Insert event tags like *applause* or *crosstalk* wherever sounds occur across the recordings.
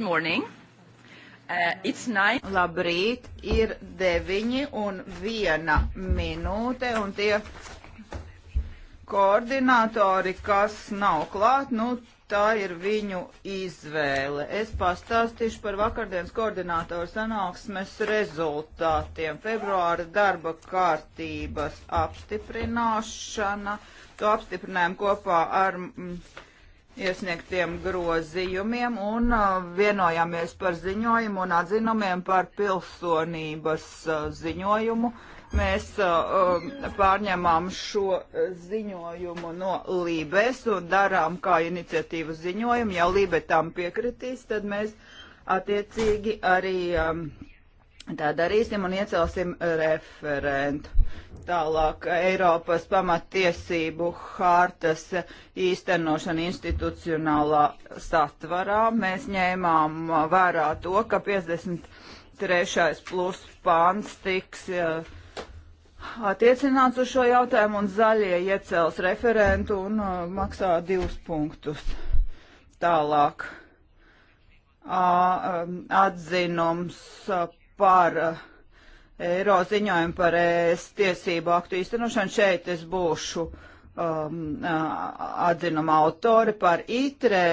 Good morning. Uh, it's nine. Labrīt, ir deviņi un viena minūte, un tie koordinātori, kas nav klāt, nu, tā ir viņu izvēle. Es pastāstīšu par vakardienas koordinātoru sanāksmes rezultātiem. Februāra darba kārtības apstiprināšana. To apstiprinājām kopā ar. Mm, iesniegtiem grozījumiem un uh, vienojāmies par ziņojumu un atzinumiem par pilsonības uh, ziņojumu. Mēs uh, um, pārņemam šo ziņojumu no Lībes un darām kā iniciatīvu ziņojumu. Ja Lībe tam piekritīs, tad mēs attiecīgi arī um, tā darīsim un iecelsim referentu. Tālāk eh, Eiropas pamatiesību hārtas īstenošana institucionālā satvarā. Mēs ņēmām vērā to, ka 53. plus pāns tiks eh, attiecināts uz šo jautājumu un zaļie iecels referentu un eh, maksā divus punktus. Tālāk atzinums par eiro ziņojumu par ES tiesību aktu īstenošanu. Šeit es būšu um, atzinuma autori par ITRE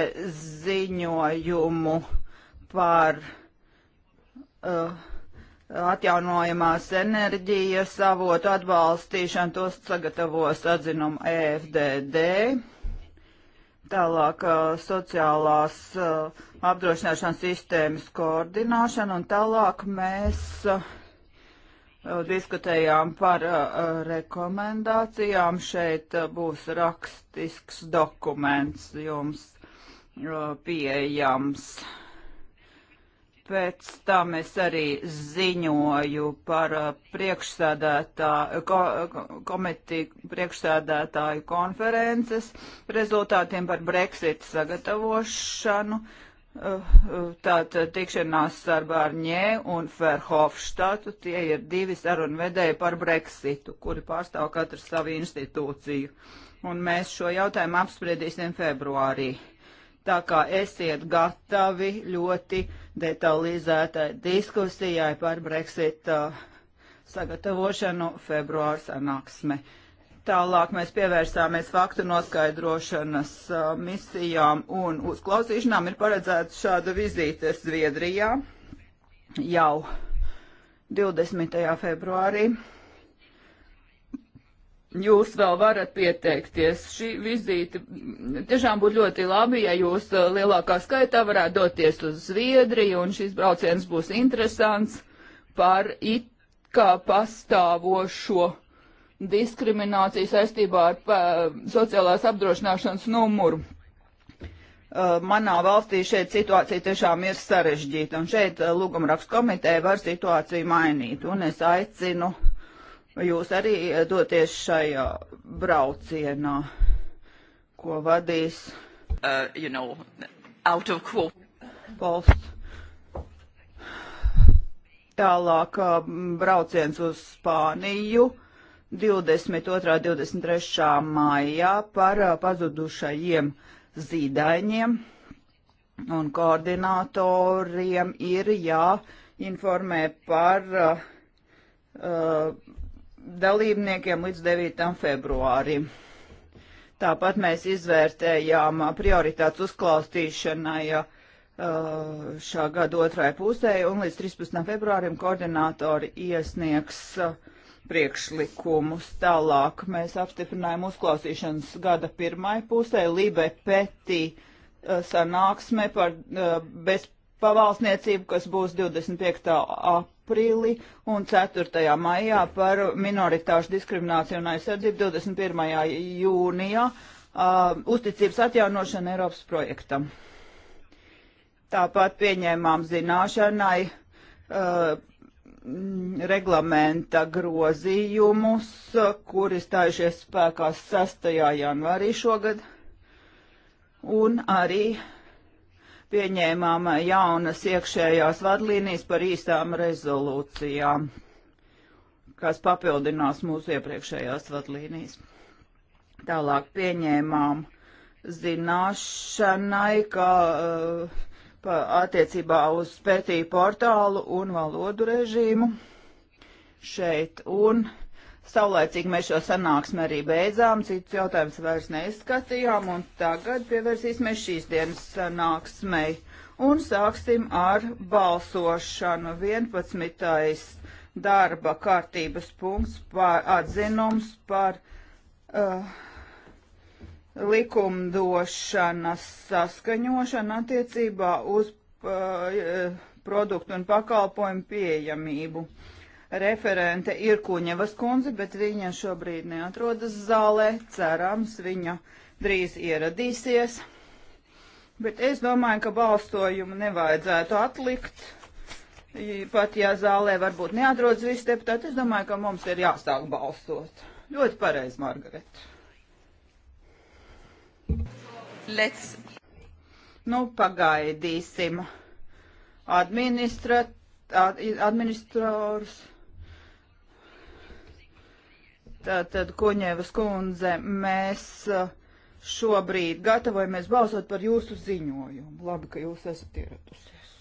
ziņojumu par uh, atjaunojamās enerģijas avotu atbalstīšanu, tos sagatavos atzinumu EFDD. Tālāk sociālās apdrošināšanas sistēmas koordināšana un tālāk mēs uh, Uh, diskutējām par uh, uh, rekomendācijām. Šeit uh, būs rakstisks dokuments jums uh, pieejams. Pēc tam es arī ziņoju par uh, priekšsēdētā, ko, komiteju priekšsēdētāju konferences rezultātiem par Brexit sagatavošanu. Uh, Tātad tikšanās ar Bārņē un Ferhofštatu, tie ir divi sarunvedēji par Brexitu, kuri pārstāv katru savu institūciju. Un mēs šo jautājumu apspriedīsim februārī. Tā kā esiet gatavi ļoti detalizētai diskusijai par Brexita sagatavošanu februāra sanāksmē. Tālāk mēs pievērsāmies faktu noskaidrošanas uh, misijām un uzklausīšanām. Ir paredzēts šāda vizīte Zviedrijā jau 20. februārī. Jūs vēl varat pieteikties. Šī vizīte tiešām būtu ļoti labi, ja jūs uh, lielākā skaitā varētu doties uz Zviedriju, un šis brauciens būs interesants par it kā pastāvošo diskrimināciju saistībā ar pa, sociālās apdrošināšanas numuru. Uh, manā valstī šeit situācija tiešām ir sarežģīta, un šeit uh, lūgumrakstu komiteja var situāciju mainīt, un es aicinu jūs arī uh, doties šajā braucienā, ko vadīs. Uh, you know, out of quote. Pols. Tālāk uh, brauciens uz Spāniju 22. un 23. maijā par uh, pazudušajiem zīdaiņiem un koordinatoriem ir jāinformē par uh, uh dalībniekiem līdz 9. februārim. Tāpat mēs izvērtējām prioritātes uzklausīšanai uh, šā gada otrai pusē, un līdz 13. februārim koordinātori iesniegs uh, priekšlikumus. Tālāk mēs apstiprinājām uzklausīšanas gada pirmai pusē Libe Peti uh, sanāksme par uh, bezpavalsniecību, kas būs 25. aprīli un 4. maijā par minoritāšu diskrimināciju un aizsardzību 21. jūnijā uh, uzticības atjaunošana Eiropas projektam. Tāpat pieņēmām zināšanai uh, Mm, reglamenta grozījumus, kuri stājušies spēkā 6. janvārī šogad, un arī pieņēmām jaunas iekšējās vadlīnijas par īstām rezolūcijām, kas papildinās mūsu iepriekšējās vadlīnijas. Tālāk pieņēmām zināšanai, ka uh, attiecībā uz pētīju portālu un valodu režīmu šeit. Un saulēcīgi mēs šo sanāksmi arī beidzām, cits jautājums vairs neizskatījām, un tagad pievērsīsimies šīs dienas sanāksmei. Un sāksim ar balsošanu. 11. darba kārtības punkts par atzinums par. Uh, likumdošanas saskaņošana attiecībā uz uh, produktu un pakalpojumu pieejamību. Referente ir Kuņevas kundze, bet viņa šobrīd neatrodas zālē. Cerams, viņa drīz ieradīsies. Bet es domāju, ka balstojumu nevajadzētu atlikt. Pat ja zālē varbūt neatrodas visi deputāti, es domāju, ka mums ir jāsāk balstot. Ļoti pareizi, Margareta. Let's. Nu, pagaidīsim administrat, ad, administrators. Tātad, Koņēvas kundze, mēs uh, šobrīd gatavojamies balsot par jūsu ziņojumu. Labi, ka jūs esat ieradusies.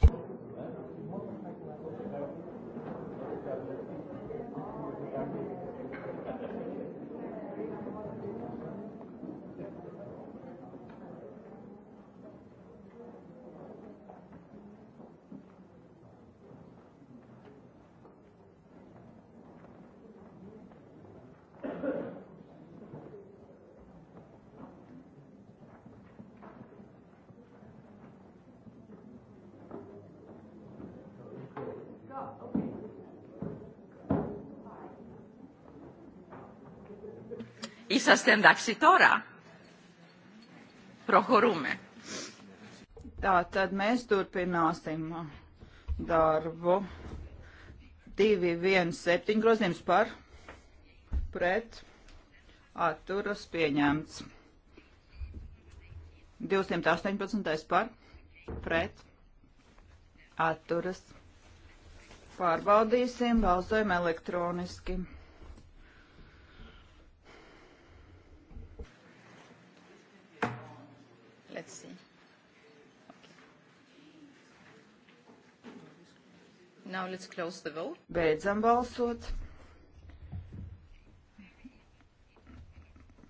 Είσαστε εντάξει τώρα. Προχωρούμε. Tā tad mēs turpināsim darbu. 2, 1, 7 grozījums par, pret, atturas pieņemts. 218 par, pret, atturas. Pārbaudīsim, balsojam elektroniski. Now let's close the vote. Beidzam balsot.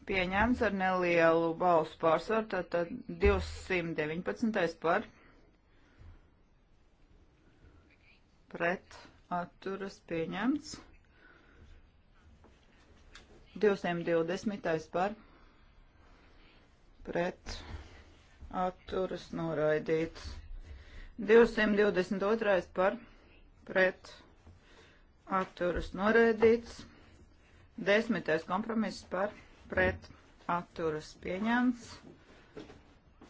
Pieņemts ar nelielu balsu pārsvaru, tātad 219 par pret atturas pieņemts. 220 par pret atturas noraidīts. 222 par pret pret atturas noraidīts. Desmitais kompromiss par pret atturas pieņemts.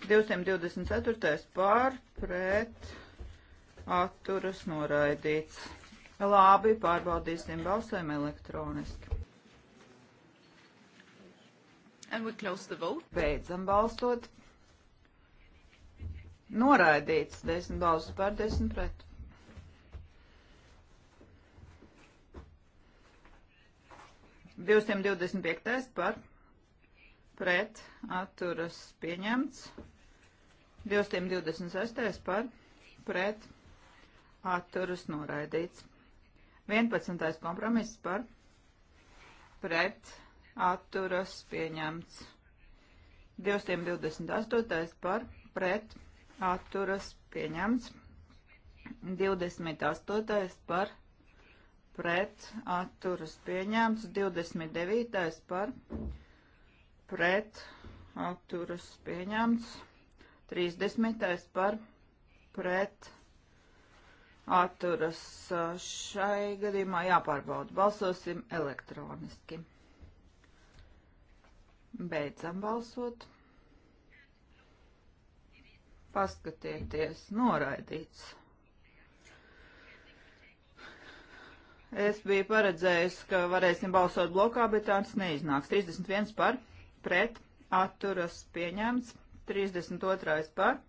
224. par pret atturas noraidīts. Labi, pārbaudīsim balsojumu elektroniski. And we close the vote. Beidzam balsot. Noraidīts 10 balsu par 10 pret. 225. par pret atturas pieņemts. 226. par pret atturas noraidīts. 11. kompromiss par pret atturas pieņemts. 228. par pret atturas pieņemts. 28. par pret pret atturas pieņemts, 29. par pret atturas pieņemts, 30. par pret atturas šai gadījumā jāpārbauda. Balsosim elektroniski. Beidzam balsot. Paskatieties, noraidīts. Es biju paredzējis, ka varēsim balsot blokā, bet tāds neiznāks. 31 par, pret, atturas pieņemts. 32 par,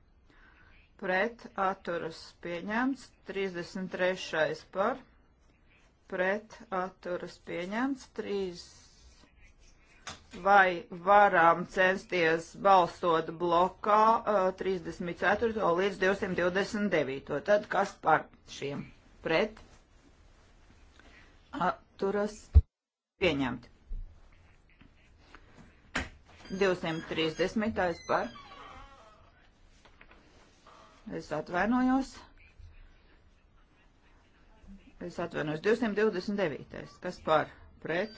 pret, atturas pieņemts. 33 par, pret, atturas pieņemts. 3. Vai varam censties balsot blokā uh, 34. līdz 229. Tad kas par šiem? Pret atturas pieņemti. 230. par. Es atvainojos. Es atvainojos. 229. Kas par? Pret.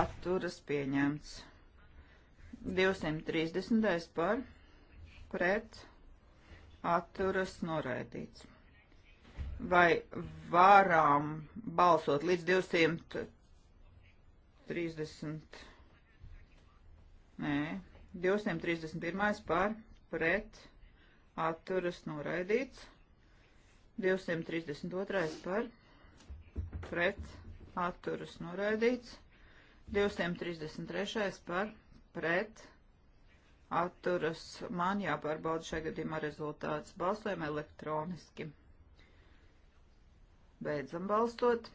Atturas pieņemts. 230. par. Pret. Atturas noraidīts vai varam balsot līdz 230. Nē, 231. par pret atturas noraidīts. 232. par pret atturas noraidīts. 233. par pret atturas man jāpārbauda šajā gadījumā rezultāts. Balsojam elektroniski. Beidzam balstot.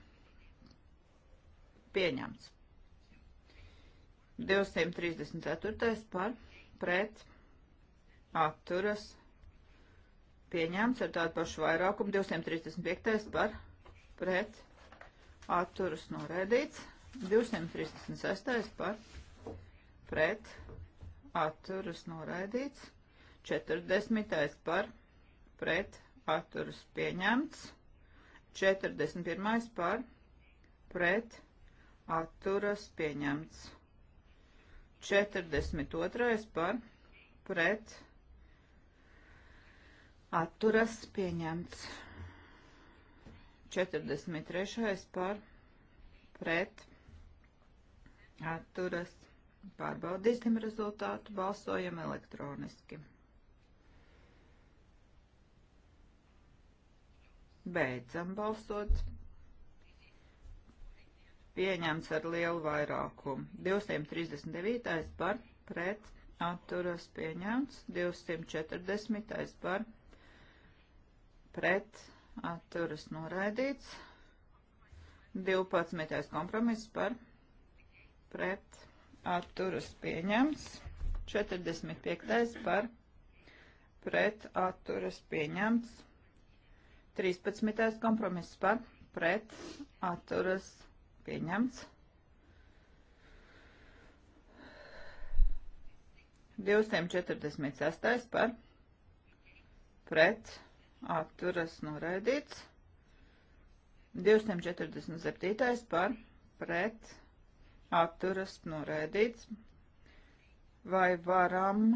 Pieņemts. 234. par pret atturas pieņemts ar tādu pašu vairākumu. 235. par pret atturas noraidīts. 236. par pret atturas noraidīts. 40. par pret atturas pieņemts. 41. par pret atturas pieņemts. 42. par pret atturas pieņemts. 43. par pret atturas. Pārbaudīsim rezultātu, balsojam elektroniski. Beidzam balsot. Pieņemts ar lielu vairākumu. 239. par pret atturas pieņemts. 240. par pret atturas noraidīts. 12. kompromiss par pret atturas pieņemts. 45. par pret atturas pieņemts. 13. kompromiss par pret atturas pieņemts. 246. par pret atturas noraidīts. 247. par pret atturas noraidīts. Vai varam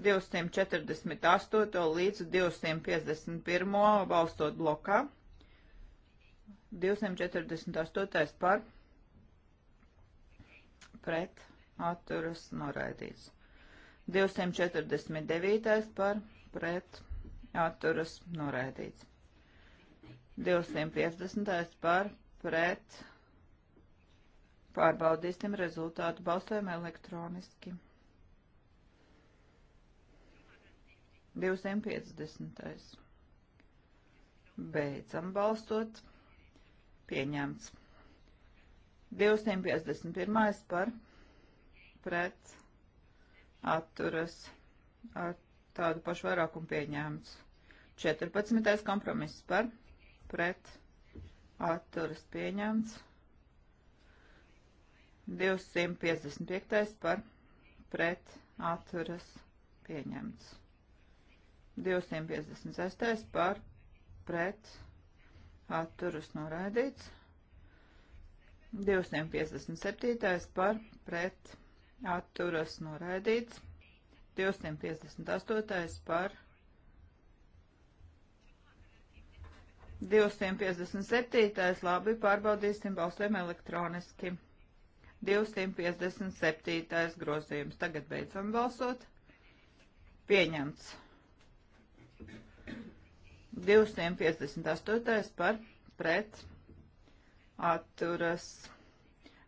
248 līdz 251 balstot blokā. 248 par pret atturas noraidīts. 249 par pret atturas noraidīts. 250 par pret. Pārbaudīsim rezultātu balsojumu elektroniski. 250. Beidzam balstot. Pieņemts. 251. par pret atturas ar tādu pašu vairākumu pieņēmts. 14. kompromiss par pret atturas pieņemts. 255. par pret atturas pieņemts. 256. par pret atturas noraidīts. 257. par pret atturas noraidīts. 258. par 257. labi pārbaudīsim balsēm elektroniski. 257. grozījums. Tagad beidzam balsot. Pieņemts. 258. par pret atturas.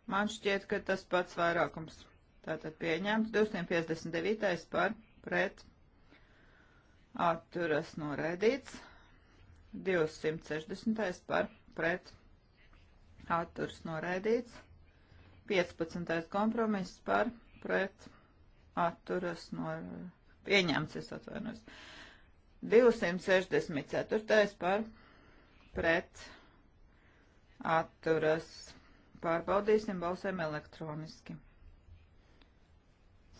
Man šķiet, ka tas pats vairākums. Tātad pieņemts 259. par pret atturas noraidīts. 260. par pret atturas noraidīts. 15. kompromiss par pret atturas noraidīts. Pieņemts, es atvainojos. 264. par pret atturas. Pārbaudīsim, balsēm elektroniski.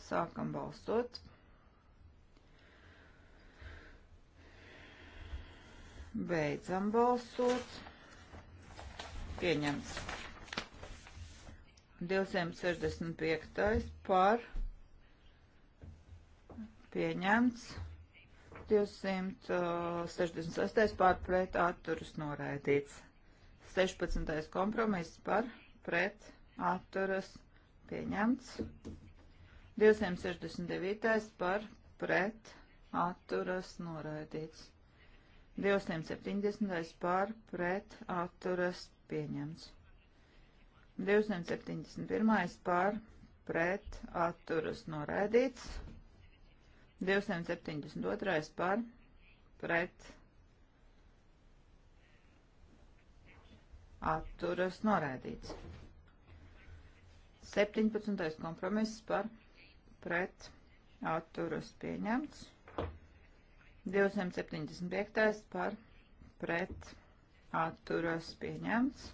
Sākam balsot. Beidzam balsot. Pieņemts. 265. par pieņemts. 266 uh, pār pret atturas noraidīts. 16. kompromiss par pret atturas pieņemts. 269. par pret atturas noraidīts. 270. par pret atturas pieņemts. 271. par pret atturas noraidīts. 272. par pret atturas noraidīts. 17. kompromiss par pret atturas pieņemts. 275. par pret atturas pieņemts.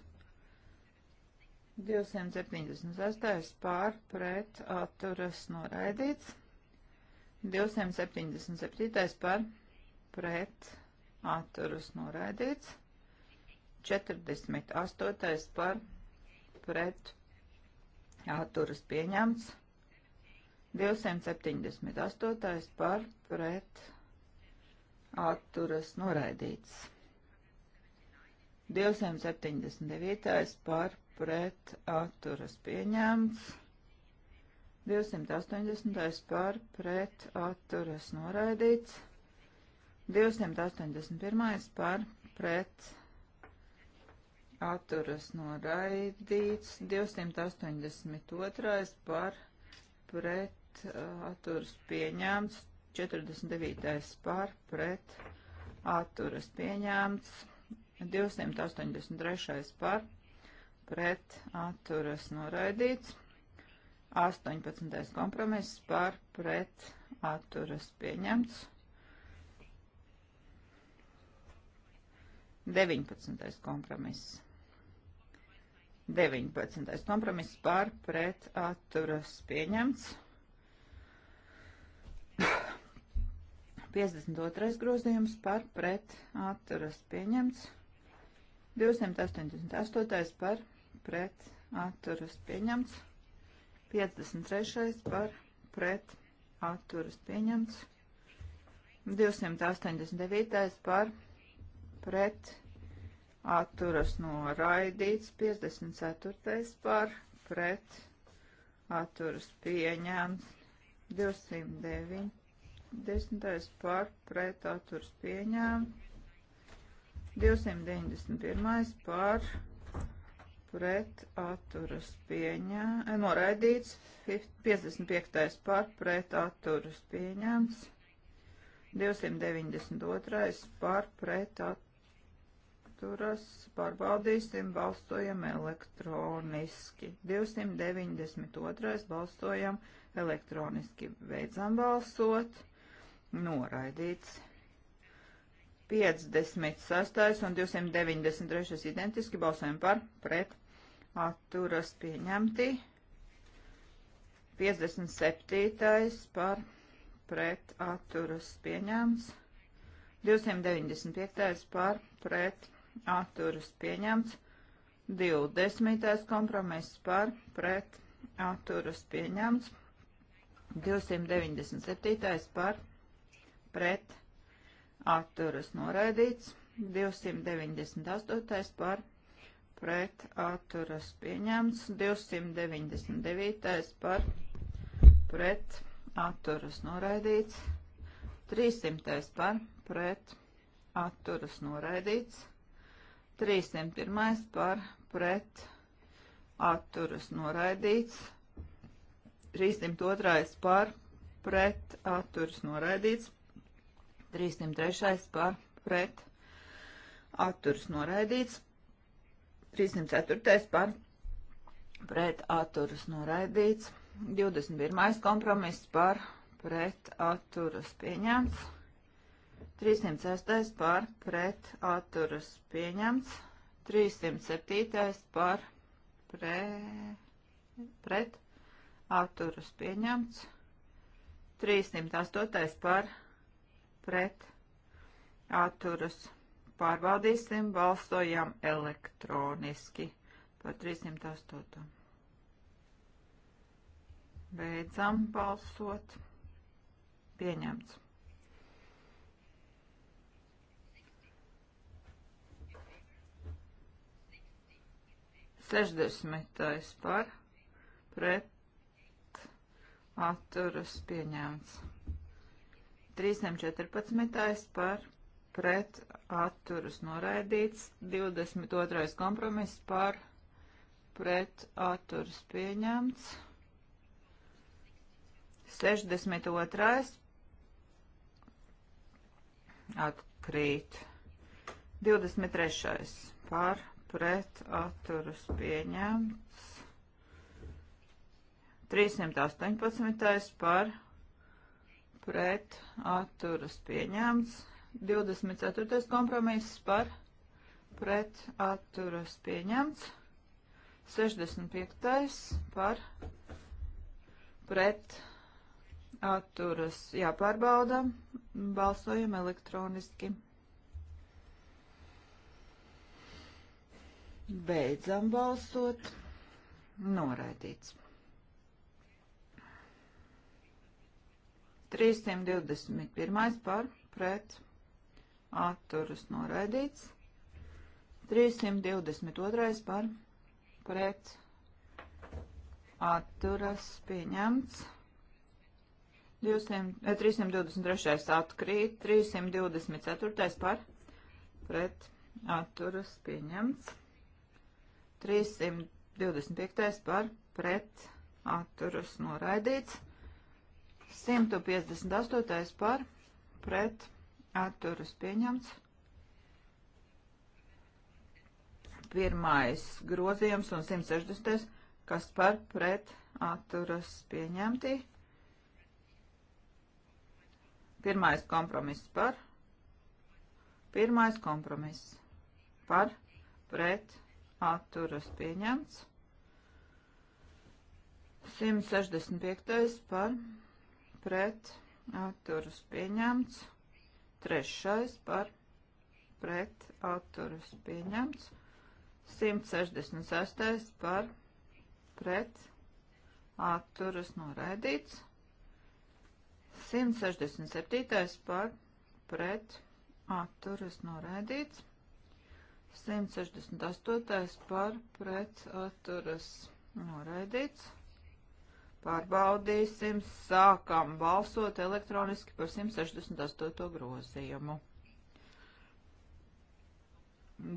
276. par pret atturas noraidīts. 277. par pret atturus noraidīts. 48. par pret atturus pieņemts. 278. par pret atturas noraidīts. 279. par pret atturas pieņemts. 280. par pret atturas noraidīts. 281. par pret atturas noraidīts. 282. par pret atturas pieņēmts. 49. par pret atturas pieņēmts. 283. par pret atturas noraidīts. 18. kompromiss par pret atturas pieņemts. 19. kompromiss. 19. kompromiss par pret atturas pieņemts. 52. grozījums par pret atturas pieņemts. 288. par pret atturas pieņemts. 53. par pret atturas pieņemts. 289. par pret atturas noraidīts. 54. par pret atturas pieņemts. 290. par pret atturas pieņemts. 291. par pret pret atturas pieņē, eh, noraidīts, 55. par pret atturas pieņēms, 292. par pret atturas pārbaudīsim, balstojam elektroniski, 292. balstojam elektroniski, beidzam balsot, noraidīts. 56. un 293. identiski balsojam par pret atturas pieņemti. 57. par pret atturas pieņemts. 295. par pret atturas pieņemts. 20. kompromiss par pret atturas pieņemts. 297. par pret atturas noraidīts. 298. par pret atturas pieņemts, 299. par pret atturas noraidīts, 300. par pret atturas noraidīts, 301. par pret atturas noraidīts, 302. par pret atturas noraidīts, 303. par pret atturas noraidīts, 304. par pret atturas noraidīts. 21. kompromiss par pret atturas pieņemts. 306. par pret atturas pieņemts. 307. par pre, pret atturas pieņemts. 308. par pret atturas pieņemts. Pārbaudīsim, balsojam elektroniski par 308. Beidzam balsot. Pieņemts. Sešdesmitais par pret atturas pieņemts. 314. par pret pret atturas noraidīts, 22. kompromiss par pret atturas pieņemts, 62. atkrīt, 23. par pret atturas pieņemts, 318. par pret atturas pieņemts, 24. kompromiss par pret atturas pieņemts. 65. par pret atturas jāpārbauda. Balsojam elektroniski. Beidzam balsot. Noraidīts. 321. par pret atturas noraidīts. 322 par pret atturas pieņemts. 200, eh, 323 atkrīt, 324 par pret atturas pieņemts. 325 par pret atturas noraidīts. 158 par pret atturas pieņemts atturas pieņemts. Pirmais grozījums un 160, kas par pret atturas pieņemti. Pirmais kompromiss par. Pirmais kompromiss par pret atturas pieņemts. 165. par pret atturas pieņemts. 163 par pret atturas pieņemts, 166 par pret atturas noraidīts, 167 par pret atturas noraidīts, 168 par pret atturas noraidīts, Pārbaudīsim, sākam balsot elektroniski par 168. grozījumu.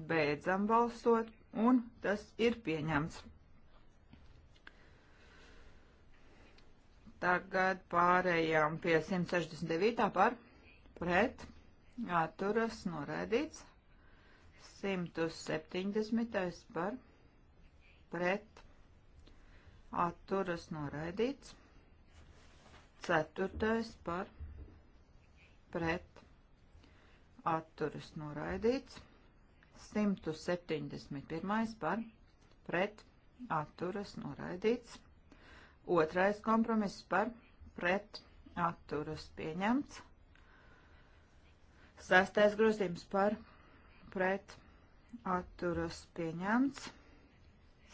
Beidzam balsot, un tas ir pieņemts. Tagad pārējām pie 169. par pret, atturas, noraidīts. 170. par pret, atturas noraidīts. Ceturtais par pret atturas noraidīts. 171. par pret atturas noraidīts. Otrais kompromiss par pret atturas pieņemts. Sastais grozījums par pret atturas pieņemts.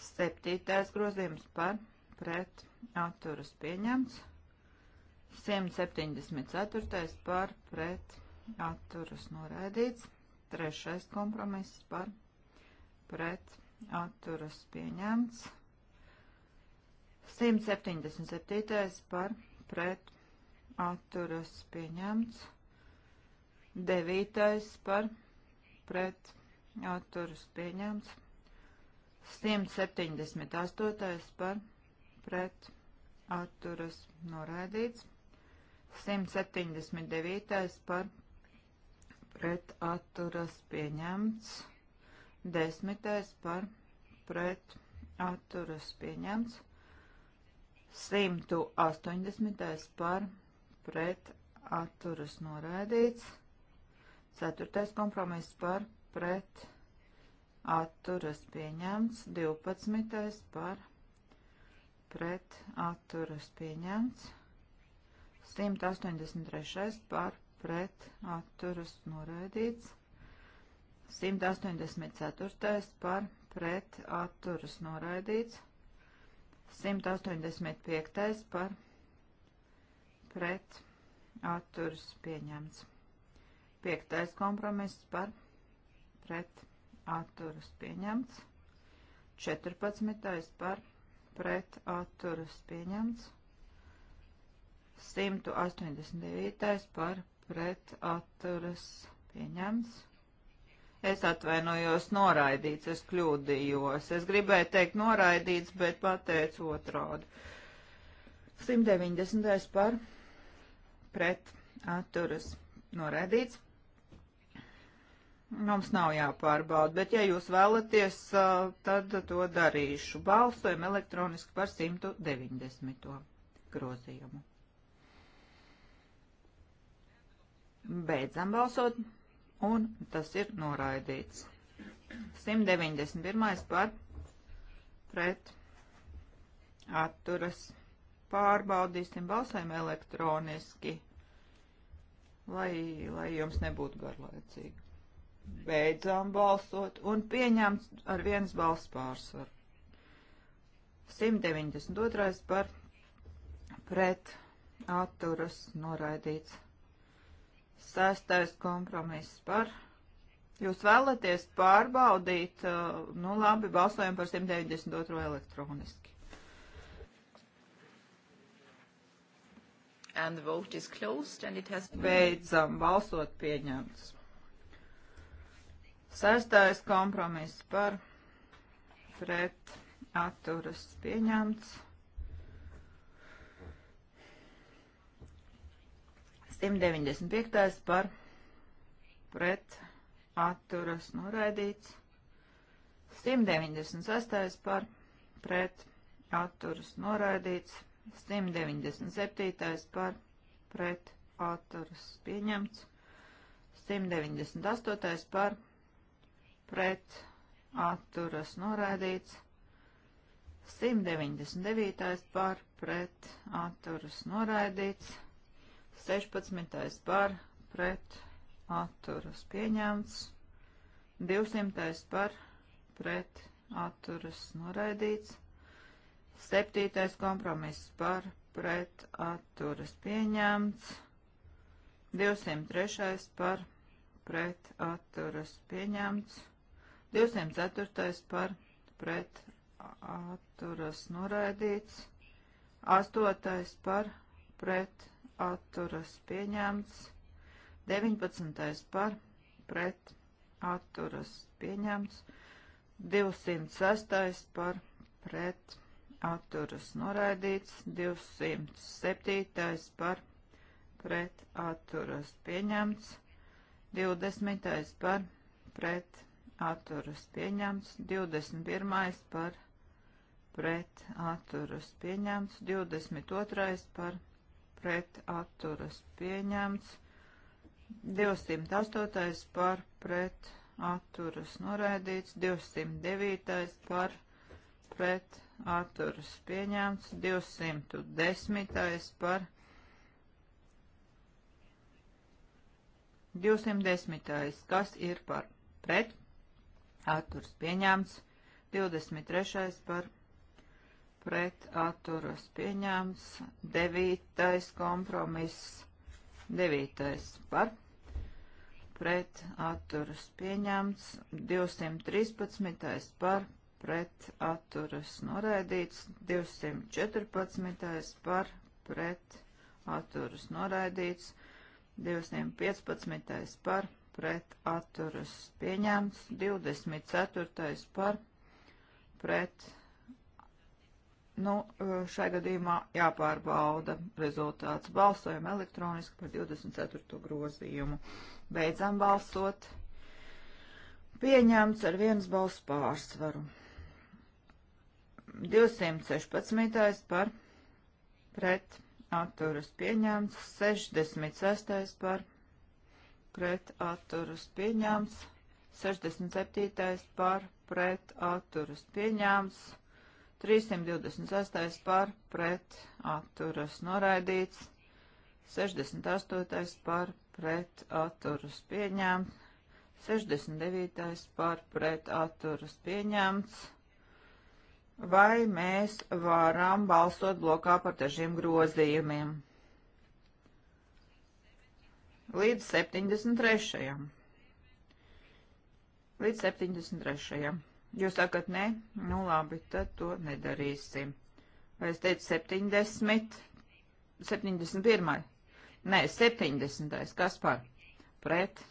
Septītais grozījums par pret atturas pieņemts. 174. par pret atturas noraidīts. Trešais kompromiss par pret atturas pieņemts. 177. par pret atturas pieņemts. 9. par pret atturas pieņemts. 178. par pret atturas noraidīts. 179. par pret atturas pieņemts. 10. par pret atturas pieņemts. 180. par pret atturas noraidīts. 4. kompromiss par pret atturas pieņemts atturas pieņemts, 12. par pret atturas pieņemts, 183. par pret atturas noraidīts, 184. par pret atturas noraidīts, 185. par pret atturas pieņemts, 5. kompromiss par pret atturas atturas pieņemts. 14. par pret atturas pieņemts. 189. par pret atturas pieņemts. Es atvainojos noraidīts, es kļūdījos. Es gribēju teikt noraidīts, bet pateicu otrādi. 190. par pret atturas noraidīts. Mums nav jāpārbauda, bet ja jūs vēlaties, tad to darīšu. Balsojam elektroniski par 190. grozījumu. Beidzam balsot, un tas ir noraidīts. 191. par pret atturas. Pārbaudīsim balsojumu elektroniski, lai, lai jums nebūtu garlaicīgi. Beidzām balsot un pieņemts ar vienas balss pārsvaru. 192. par pret atturas noraidīts. Sestais kompromiss par. Jūs vēlaties pārbaudīt, uh, nu labi, balsojam par 192 elektroniski. And the vote is closed and it has... Beidzam, balsot pieņemts. Sestais kompromiss par pret atturas pieņemts. 195. par pret atturas noraidīts. 196. par pret atturas noraidīts. 197. par pret atturas pieņemts. 198. par pret pret atturas noraidīts. 199. par pret atturas noraidīts. 16. par pret atturas pieņemts. 200. par pret atturas noraidīts. 7. kompromiss par pret atturas pieņemts. 203. par pret atturas pieņemts. 204. par pret atturas noraidīts. 8. par pret atturas pieņemts. 19. par pret atturas pieņemts. 206. par pret atturas noraidīts. 207. par pret atturas pieņemts. 20. par pret atturas pieņemts, 21. par pret atturas pieņemts, 22. par pret atturas pieņemts, 208. par pret atturas noraidīts, 209. par pret atturas pieņemts, 210. par 210. kas ir par pret atturas pieņemts, 23. par pret atturas pieņemts, 9. kompromiss, 9. par pret atturas pieņemts, 213. par pret atturas noraidīts, 214. par pret atturas noraidīts, 215. par pret pret atturas pieņemts, 24. par pret, nu, šai gadījumā jāpārbauda rezultāts. Balsojam elektroniski par 24. grozījumu. Beidzam balsot. Pieņemts ar vienas balss pārsvaru. 216. par pret atturas pieņemts, 66. par pret pret atturas pieņēmts, 67. par pret atturas pieņēmts, 326. par pret atturas noraidīts, 68. par pret atturas pieņēmts, 69. par pret atturas pieņēmts. Vai mēs varam balsot blokā par dažiem grozījumiem? līdz 73. Līdz 73. Jūs sakat, nē, nu labi, tad to nedarīsim. Vai es teicu 70, 71. Nē, 70. Kas par? Pret.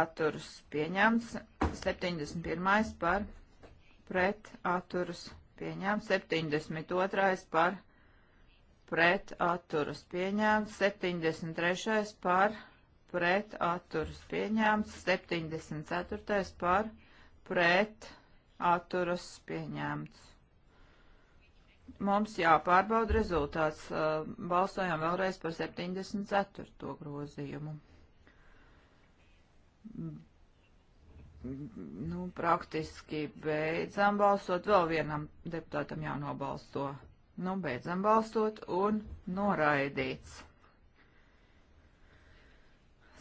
Atturas pieņemts. 71. par. Pret. Atturas pieņemts. 72. par pret atturas pieņēmts, 73. par pret atturas pieņēmts, 74. par pret atturas pieņēmts. Mums jāpārbauda rezultāts. Balsojam vēlreiz par 74. grozījumu. Nu, praktiski beidzām balsot. Vēl vienam deputātam jānobalso. Nu, beidzam balstot un noraidīts.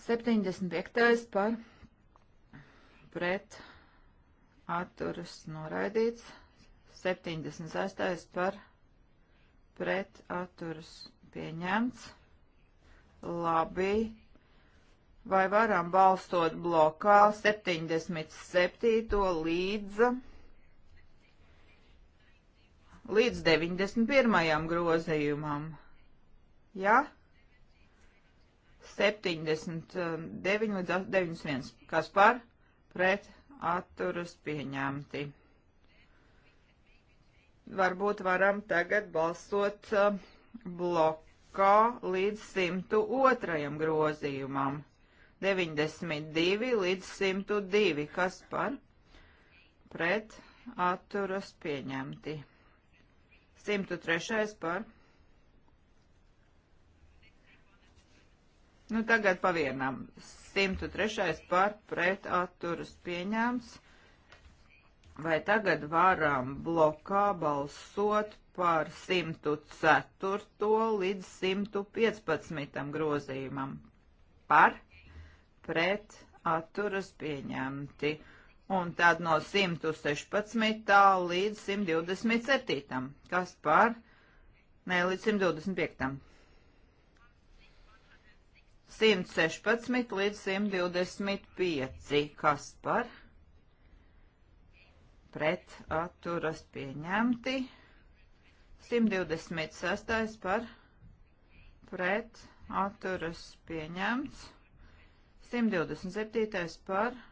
75. par pret atturas noraidīts. 76. par pret atturas pieņemts. Labi. Vai varam balstot blokā 77. līdz līdz 91. grozījumam. Ja? 79 līdz 91. Kas par? Pret atturas pieņemti. Varbūt varam tagad balsot um, blokā līdz 102. grozījumam. 92 līdz 102. Kas par? Pret atturas pieņemti. 103. par. Nu, tagad pavienam. 103. par pret atturas pieņēmts. Vai tagad varam blokā balsot par 104. līdz 115. grozījumam? Par pret atturas pieņemti un tad no 116. līdz 127. Kas par? Nē, līdz 125. 116 līdz 125. Kas par? Pret atturas pieņemti. 126 par pret atturas pieņemts. 127 par pret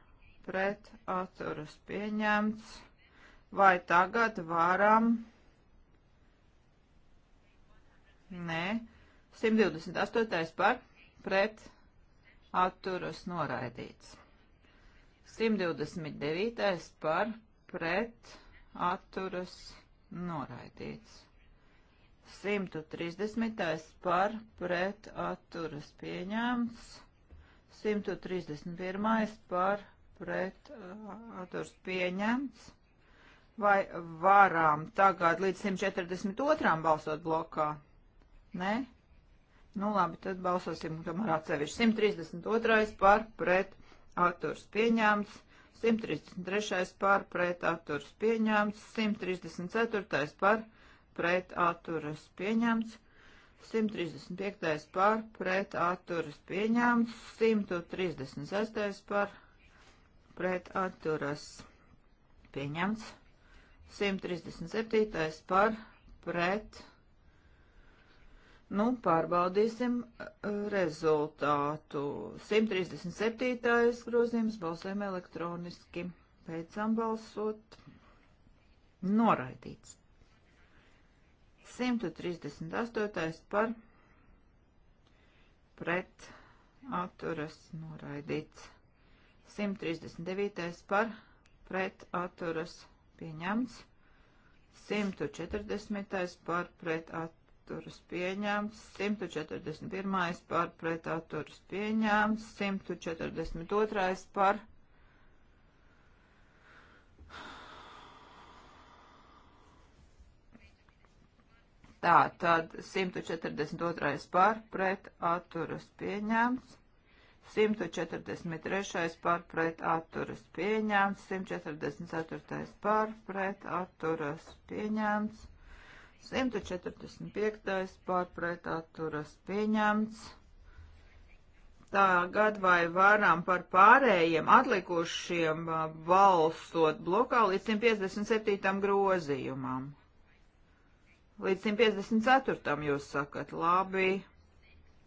pret atturas pieņemts. Vai tagad varam? Nē. 128. par pret atturas noraidīts. 129. par pret atturas noraidīts. 130. par pret atturas pieņemts. 131. par pret atturs pieņemts. Vai varam tagad līdz 142. balsot blokā? Nē? Nu labi, tad balsosim tomēr atsevišķi. 132. par pret atturs pieņemts. 133. par pret atturas pieņemts, 134. par pret atturas pieņemts, 135. par pret atturas pieņemts, 136. par pret atturas pieņemts. 137. par pret. Nu, pārbaudīsim uh, rezultātu. 137. grozījums balsēm elektroniski. Beidzam balsot. Noraidīts. 138. par pret atturas noraidīts. 139. par pret atturas pieņemts. 140. par pret atturas pieņemts. 141. par pret atturas pieņemts. 142. par Tā, tad 142. par pret atturas pieņemts. 143. par pret atturas pieņēmts, 144. par pret atturas pieņēmts, 145. par pret atturas pieņēmts. Tagad vai varam par pārējiem atlikušiem uh, balsot blokā līdz 157. grozījumam? Līdz 154. jūs sakat, labi.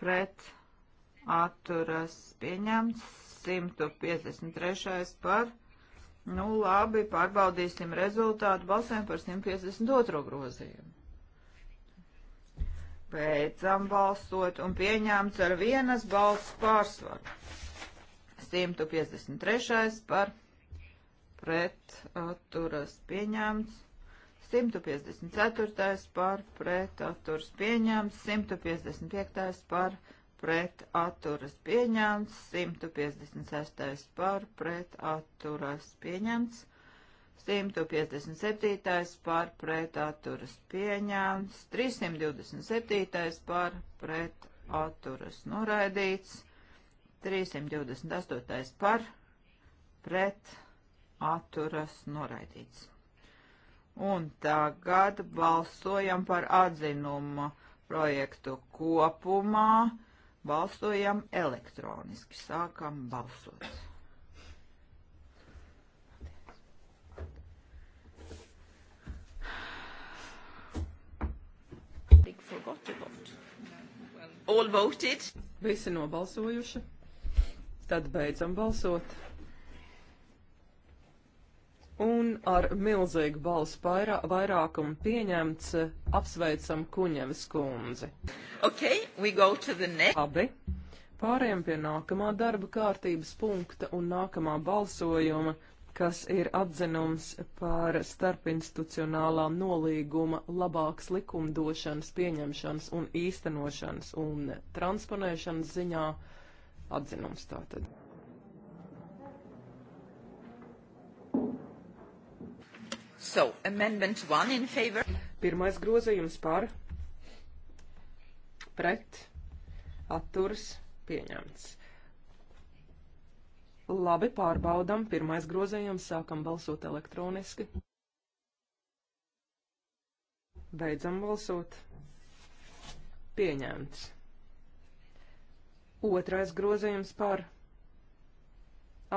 pret atturas pieņemts 153. par. Nu labi, pārbaudīsim rezultātu. Balsēm par 152. grozījumu. Beidzam balsot un pieņēmts ar vienas balss pārsvaru. 153. par pret atturas pieņēmts 154. par pret atturas pieņemts, 155. par pret atturas pieņemts, 156. par pret atturas pieņemts, 157. par pret atturas pieņemts, 327. par pret atturas noraidīts, 328. par pret atturas noraidīts. Un tagad balsojam par atzinumu projektu kopumā. Balsojam elektroniski. Sākam balsot. All voted. Visi nobalsojuši. Tad beidzam balsot un ar milzīgu balsu pairā, vairākumu pieņemts apsveicam Kuņevas kundzi. Okay, Labi, pāriem pie nākamā darba kārtības punkta un nākamā balsojuma, kas ir atzinums par starpinstitucionālā nolīguma labāks likumdošanas pieņemšanas un īstenošanas un transponēšanas ziņā atzinums tātad. So, amendment one in favor. Pirmais grozījums par, pret, atturs, pieņemts. Labi, pārbaudam, pirmais grozījums, sākam balsot elektroniski. Beidzam balsot. Pieņemts. Otrais grozījums par.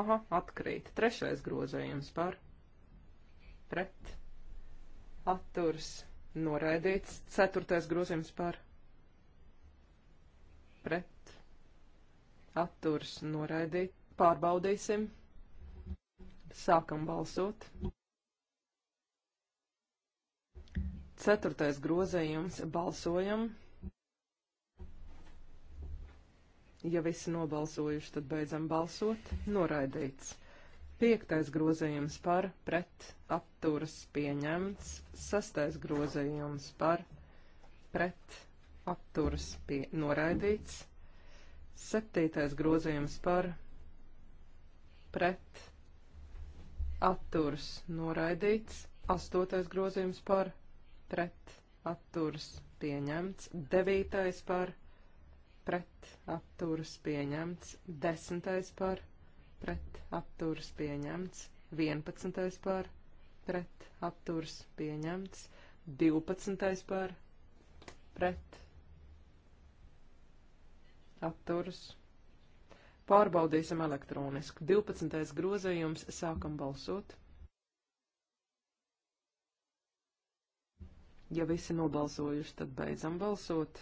Aha, atkrīt. Trešais grozījums par pret atturs noraidīts. Ceturtais grozījums par pret atturs noraidīt. Pārbaudīsim. Sākam balsot. Ceturtais grozējums - balsojam. Ja visi nobalsojuši, tad beidzam balsot. Noraidīts. Piektais grozījums par pret apturas pieņemts. Sastais grozījums par pret apturas pie, noraidīts. Septītais grozījums par pret atturas noraidīts. Astotais grozījums par pret atturas pieņemts. Devītais par pret atturas pieņemts. Desmitais par pret pret apturs pieņemts, 11. par pret apturs pieņemts, 12. par pret apturs. Pārbaudīsim elektroniski. 12. grozējums sākam balsot. Ja visi nobalsojuši, tad beidzam balsot.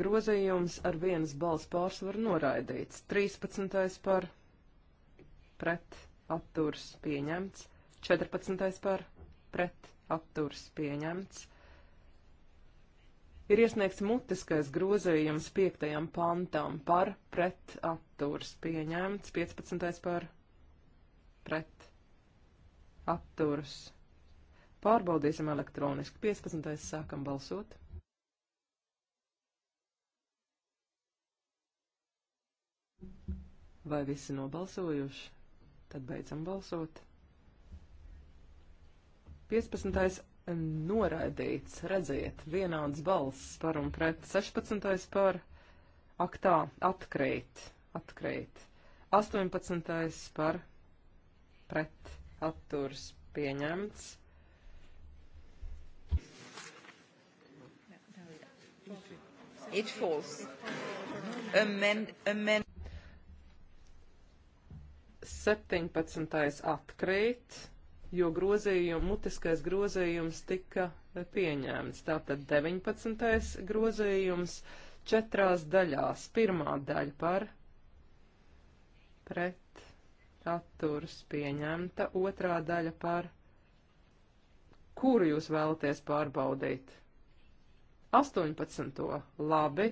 Grozījums ar vienas balss pārsvaru noraidīts. 13. par pret atturs pieņemts. 14. par pret atturs pieņemts. Ir iesniegts mutiskais grozījums 5. pantam par pret atturs pieņemts. 15. par pret atturs. Pārbaudīsim elektroniski. 15. sākam balsot. Vai visi nobalsojuši? Tad beidzam balsot. 15. Eh, noraidīts, redziet, vienāds balss par un pret 16. par aktā atkrīt, atkrīt. 18. par pret atturs pieņemts. It falls. Amend, amend. 17. atkrīt, jo grozījum, mutiskais grozījums tika pieņēmts. Tātad 19. grozījums četrās daļās. Pirmā daļa par pret atturs pieņemta, otrā daļa par kuru jūs vēlaties pārbaudīt. 18. labi.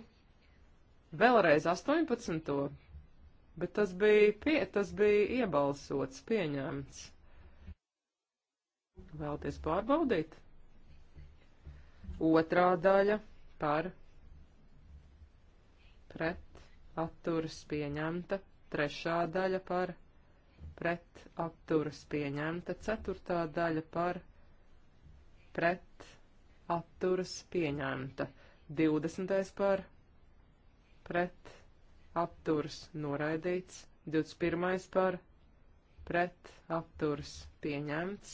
Vēlreiz 18 bet tas bija, pie, tas bija iebalsots, pieņemts. Vēlties pārbaudīt? Otrā daļa par pret atturas pieņemta, trešā daļa par pret atturas pieņemta, ceturtā daļa par pret atturas pieņemta, divdesmitais par pret apturs noraidīts, 21. par pret apturs pieņemts,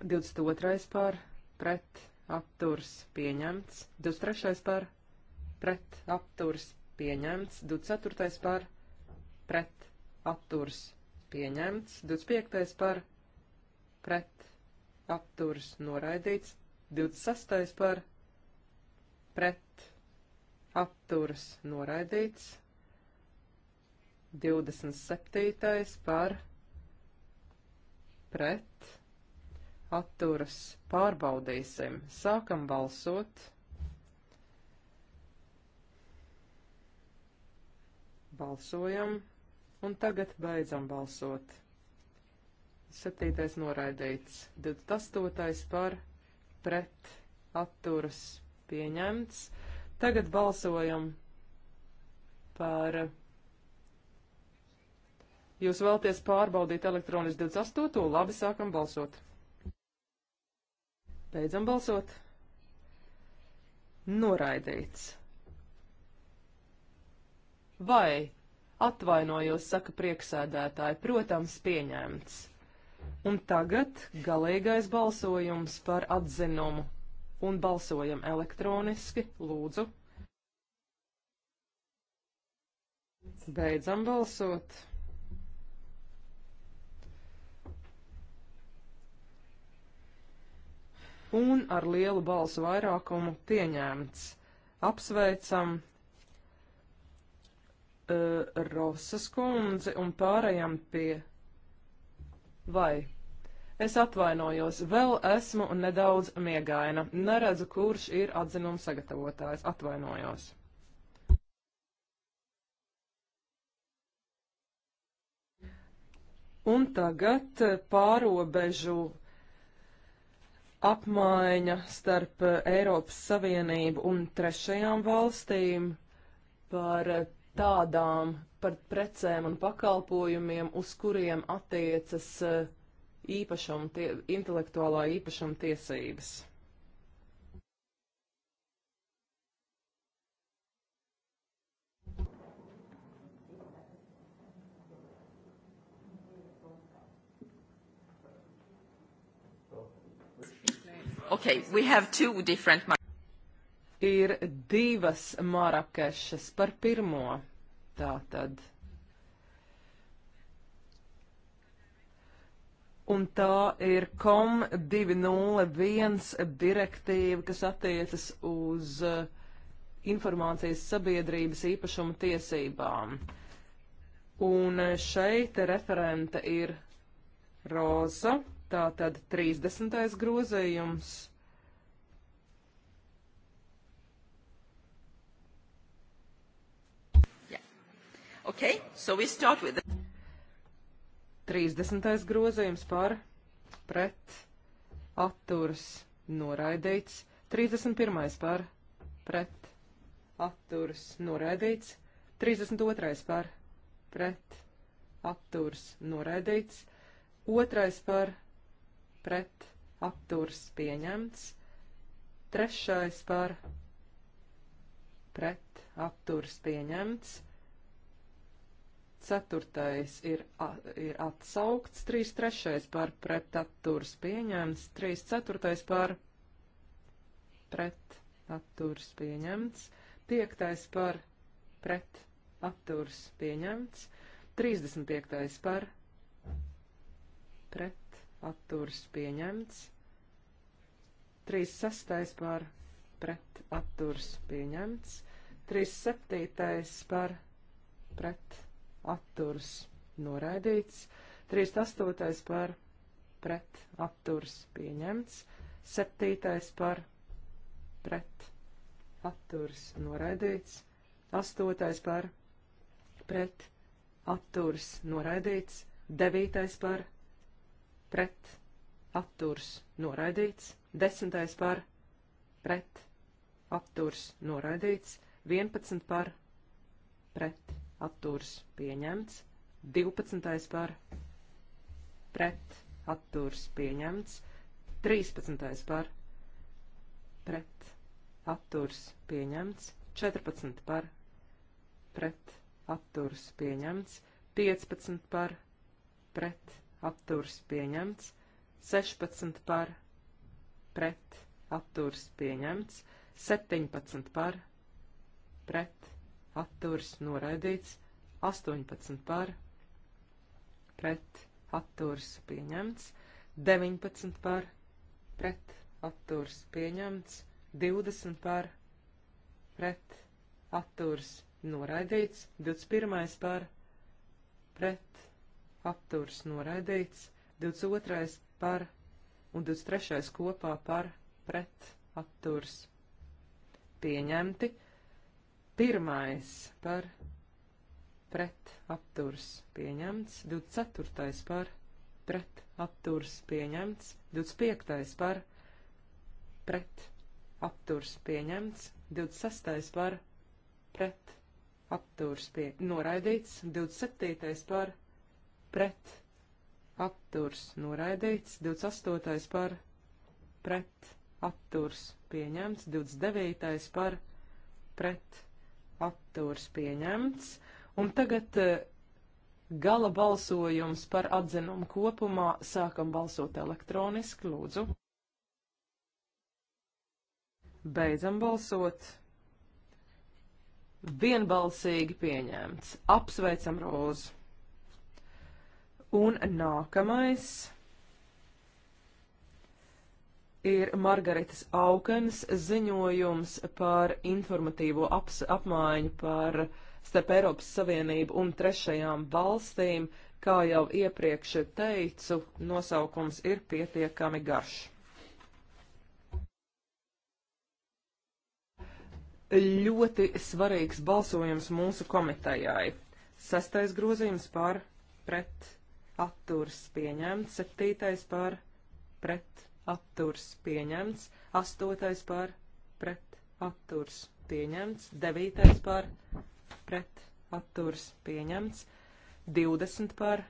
22. par pret apturs pieņemts, 23. par pret apturs pieņemts, 24. par pret apturs pieņemts, 25. par pret apturs noraidīts, 26. par pret atturas noraidīts. 27. par pret atturas pārbaudīsim. Sākam balsot. Balsojam un tagad beidzam balsot. 7. noraidīts, 28. par pret atturas pieņemts. Tagad balsojam par. Jūs vēlties pārbaudīt elektroniski 28. Labi, sākam balsot. Beidzam balsot. Noraidīts. Vai atvainojos, saka prieksēdētāji, protams, pieņemts. Un tagad galīgais balsojums par atzinumu un balsojam elektroniski. Lūdzu. Beidzam balsot. Un ar lielu balsu vairākumu pieņēmts. Apsveicam uh, Rosas kundzi un pārējām pie vai Es atvainojos, vēl esmu nedaudz miegaina. Neredzu, kurš ir atzinuma sagatavotājs. Atvainojos. Un tagad pārobežu apmaiņa starp Eiropas Savienību un trešajām valstīm par tādām, par precēm un pakalpojumiem, uz kuriem attiecas uh, īpašuma, tie, intelektuālā īpašuma tiesības. Okay, we have two different ir divas Marakešas par pirmo. Tā tad. un tā ir COM 201 direktīva, kas attiecas uz eh, informācijas sabiedrības īpašuma tiesībām. Un eh, šeit referente ir Roza, tātad 30. grozījums. Okay, so we start with the 30. grozījums par pret atturas noraidīts. 31. par pret atturas noraidīts. 32. par pret atturas noraidīts. 2. par pret atturas pieņemts. 3. par pret atturas pieņemts ceturtais ir, a, ir atsaukts, trīs trešais par pretatturas pieņemts, trīs ceturtais par pretatturas pieņemts, piektais par pretatturas pieņemts, trīsdesmit piektais par pretatturas pieņemts, trīs sastais par pretatturas pieņemts, trīs septītais par pretatturas pieņemts atturas noraidīts, 38. par pret atturas pieņemts, 7. par pret atturas noraidīts, 8. par pret atturas noraidīts, 9. par pret atturs noraidīts, 10. par pret atturs noraidīts, 11. par pret atturs pieņemts, 12. par pret atturs pieņemts, 13. par pret atturs pieņemts, 14. par pret atturs pieņemts, 15. par pret atturs pieņemts, 16. par pret atturs pieņemts, 17. par pret atturs noraidīts, 18 par, pret, atturs pieņemts, 19 par, pret, atturs pieņemts, 20 par, pret, atturs noraidīts, 21 par, pret, atturs noraidīts, 22 par un 23 kopā par, pret, atturs pieņemti, Pirmais par pret apturs pieņemts, 24. par pret apturs pieņemts, 25. par pret apturs pieņemts, 26. par pret apturs pie noraidīts, 27. par pret apturs noraidīts, 28. par pret apturs pieņemts, 29. par pret atturs pieņemts. Un tagad eh, gala balsojums par atzinumu kopumā. Sākam balsot elektroniski, lūdzu. Beidzam balsot. Vienbalsīgi pieņemts. Apsveicam Rozu. Un nākamais ir Margaritas Aukenas ziņojums par informatīvo apmaiņu par starp Eiropas Savienību un trešajām valstīm. Kā jau iepriekš teicu, nosaukums ir pietiekami garš. Ļoti svarīgs balsojums mūsu komitejai. Sastais grozījums par pret atturs pieņemts, septītais par pret atturs pieņemts, 8. par pret atturs pieņemts, 9. par pret atturs pieņemts, 20. par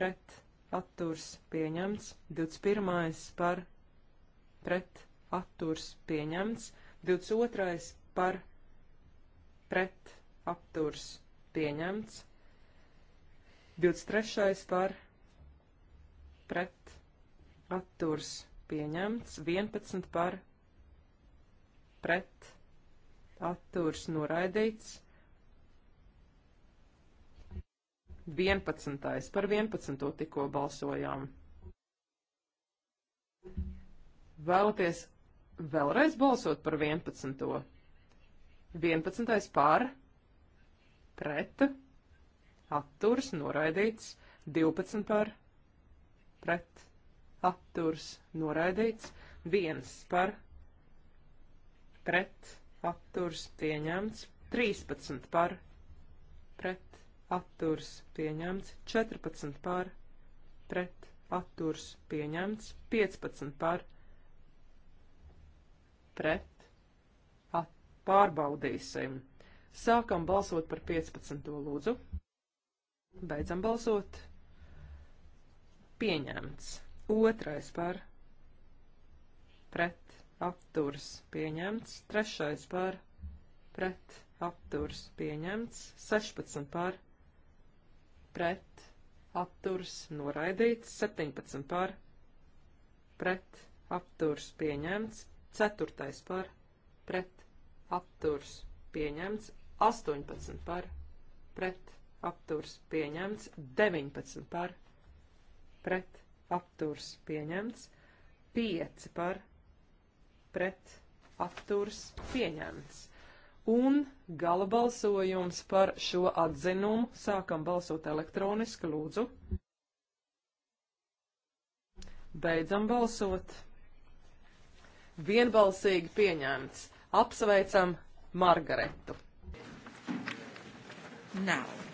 pret atturs pieņemts, 21. par pret atturs pieņemts, 22. par pret atturs pieņemts, 23. par pret atturs pieņemts atturs pieņemts, 11 par pret atturs noraidīts, 11. par 11. tikko balsojām. Vēlaties vēlreiz balsot par 11. 11. par pret atturs noraidīts, 12 par pret atturs noraidīts, viens par pret atturs pieņemts, 13 par pret atturs pieņemts, 14 par pret atturs pieņemts, 15 par pret at, pārbaudīsim. Sākam balsot par 15. lūdzu. Beidzam balsot. Pieņemts. Otrais par pret atturs pieņemts. Trešais par pret atturs pieņemts. 16 par pret atturs noraidīts. 17 par pret atturs pieņemts. Ceturtais par pret atturs pieņemts. 18 par pret atturs pieņemts. 19 par pret atturs pieņemts, 5 par pret atturs pieņemts. Un gala balsojums par šo atzinumu sākam balsot elektroniski, lūdzu. Beidzam balsot. Vienbalsīgi pieņemts. Apsveicam Margaretu. Nav.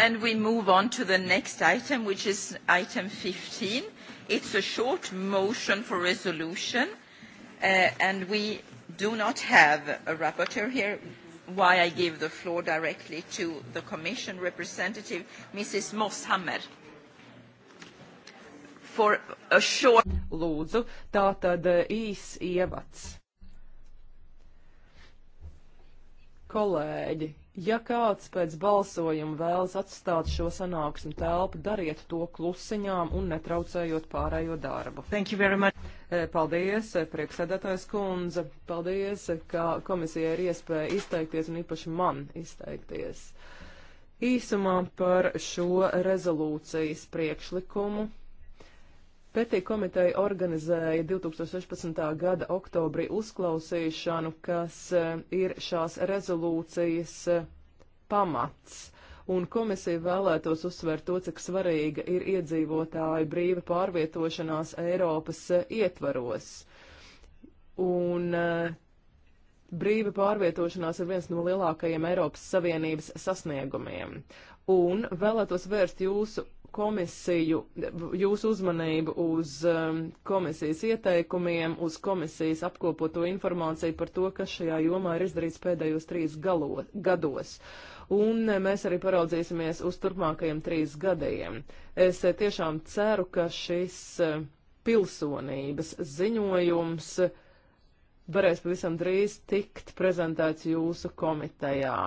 and we move on to the next item, which is item 15. It's a short motion for resolution, uh, and we do not have a rapporteur here, why I give the floor directly to the Commission representative, Mrs. Mosshammer, for a short- Lūdzu, tātad uh, īs ievads. Kolēģi, ja kāds pēc balsojuma vēlas atstāt šo sanāksmu telpu, dariet to klusiņām un netraucējot pārējo darbu. E, paldies, e, priekšsēdētājs kundze. Paldies, e, ka komisija ir iespēja izteikties un īpaši man izteikties. Īsumā par šo rezolūcijas priekšlikumu Pētī komiteja organizēja 2016. gada oktobrī uzklausīšanu, kas eh, ir šās rezolūcijas eh, pamats. Un komisija vēlētos uzsvērt to, cik svarīga ir iedzīvotāju brīva pārvietošanās Eiropas eh, ietvaros. Un brīva pārvietošanās ir viens no lielākajiem Eiropas Savienības sasniegumiem. Un vēlētos vērst jūsu komisiju, jūsu uzmanību uz um, komisijas ieteikumiem, uz komisijas apkopoto informāciju par to, kas šajā jomā ir izdarīts pēdējos trīs galo, gados. Un eh, mēs arī paraudzīsimies uz turpmākajiem trīs gadiem. Es eh, tiešām ceru, ka šis eh, pilsonības ziņojums varēs pavisam drīz tikt prezentēts jūsu komitejā.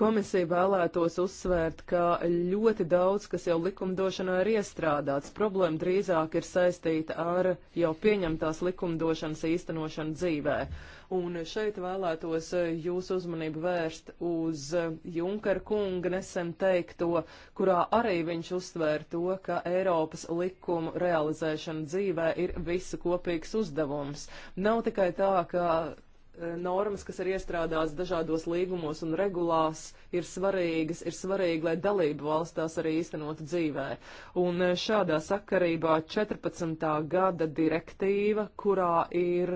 Komisija vēlētos uzsvērt, ka ļoti daudz, kas jau likumdošanā ir iestrādāts, problēma drīzāk ir saistīta ar jau pieņemtās likumdošanas īstenošanu dzīvē. Un šeit vēlētos jūsu uzmanību vērst uz Junkara kunga nesen teikto, kurā arī viņš uztvēra to, ka Eiropas likumu realizēšana dzīvē ir visu kopīgs uzdevums. Nav tikai tā, ka normas, kas ir iestrādāts dažādos līgumos un regulās, ir svarīgas, ir svarīgi, lai dalību valstās arī īstenotu dzīvē. Un e, šādā sakarībā 14. gada direktīva, kurā ir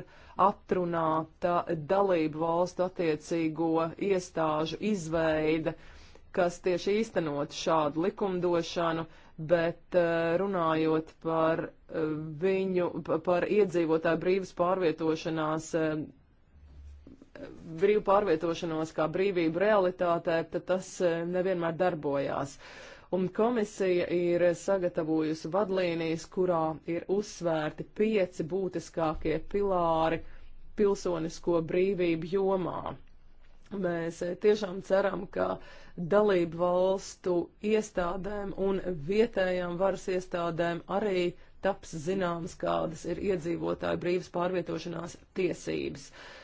atrunāta dalību valstu attiecīgo iestāžu izveide, kas tieši īstenot šādu likumdošanu, bet e, runājot par e, viņu, par iedzīvotāju brīvas pārvietošanās brīvu pārvietošanos kā brīvību realitātē, tad tas e, nevienmēr darbojās. Un komisija ir sagatavojusi vadlīnijas, kurā ir uzsvērti pieci būtiskākie pilāri pilsonisko brīvību jomā. Mēs e, tiešām ceram, ka dalību valstu iestādēm un vietējām varas iestādēm arī taps zināms, kādas ir iedzīvotāju brīvas pārvietošanās tiesības. Uh,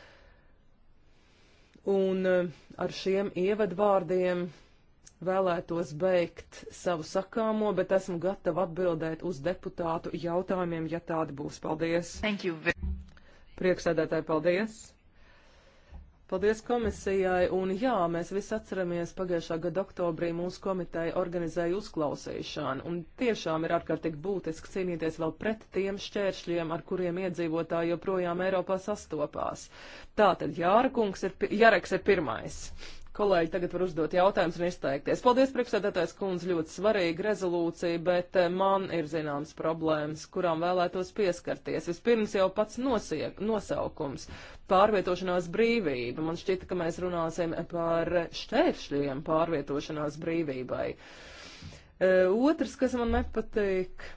Un eh, ar šiem ievadvārdiem vēlētos beigt savu sakāmo, bet esmu gatava atbildēt uz deputātu jautājumiem, ja tādi būs. Paldies! Priekšsēdētāji, paldies! Paldies komisijai, un jā, mēs visi atceramies pagājušā gada oktobrī mūsu komiteja organizēja uzklausīšanu, un tiešām ir ārkārtīgi būtiski cīnīties vēl pret tiem šķēršļiem, ar kuriem iedzīvotāji joprojām Eiropā sastopās. Tātad Jāra kungs ir, Jareks ir pirmais. Kolēģi tagad var uzdot jautājumus un izteikties. Paldies, priekšsēdētājs kundze, ļoti svarīga rezolūcija, bet eh, man ir zināmas problēmas, kurām vēlētos pieskarties. Vispirms jau pats nosiek, nosaukums - pārvietošanās brīvība. Man šķita, ka mēs runāsim par šķēršļiem pārvietošanās brīvībai. Eh, otrs, kas man nepatīk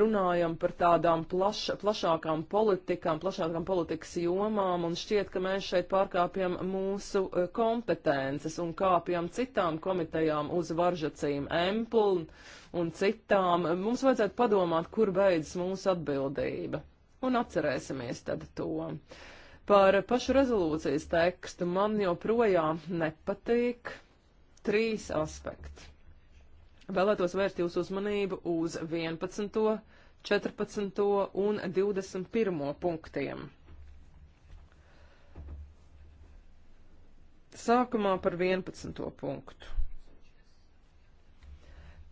runājam par tādām plaš, plašākām politikām, plašākām politikas jomām, un šķiet, ka mēs šeit pārkāpjam mūsu eh, kompetences un kāpjam citām komitejām uz varžacīm Empul un citām. Mums vajadzētu padomāt, kur beidzas mūsu atbildība, un atcerēsimies tad to. Par pašu rezolūcijas tekstu man joprojām nepatīk trīs aspekti. Vēlētos vērst jūsu uzmanību uz 11., 14. un 21. punktiem. Sākumā par 11. punktu.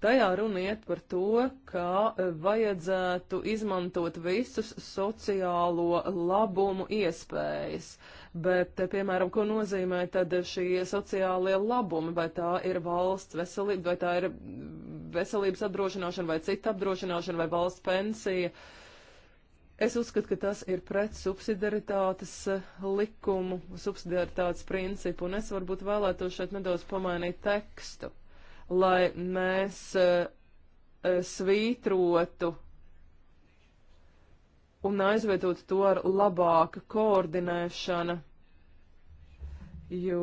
Tajā runa iet par to, ka e, vajadzētu izmantot visus sociālo labumu iespējas. Uh, bet, piemēram, ko nozīmē tad šie sociālie labumi, vai tā ir valsts veselība, vai tā ir veselības apdrošināšana, vai cita apdrošināšana, vai valsts pensija. Es uzskatu, ka tas ir pret subsidiaritātes eh, likumu, subsidiaritātes principu, un es varbūt vēlētos šeit nedaudz pamainīt tekstu, lai mēs eh, eh, svītrotu un aizvedot to ar labāku koordinēšanu, jo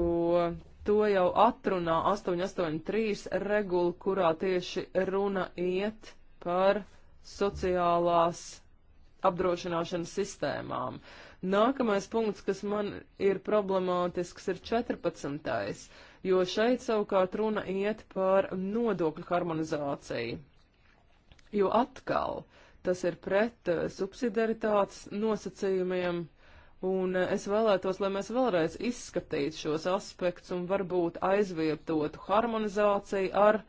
to jau atrunā 883 regula, kurā tieši runa iet par sociālās apdrošināšanas sistēmām. Nākamais punkts, kas man ir problemātisks, ir 14. jo šeit savukārt runa iet par nodokļu harmonizāciju. Jo atkal, uh, tas ir pret eh, subsidiaritātes nosacījumiem, un eh, es vēlētos, lai mēs vēlreiz izskatītu šos aspektus un varbūt aizvietotu harmonizāciju ar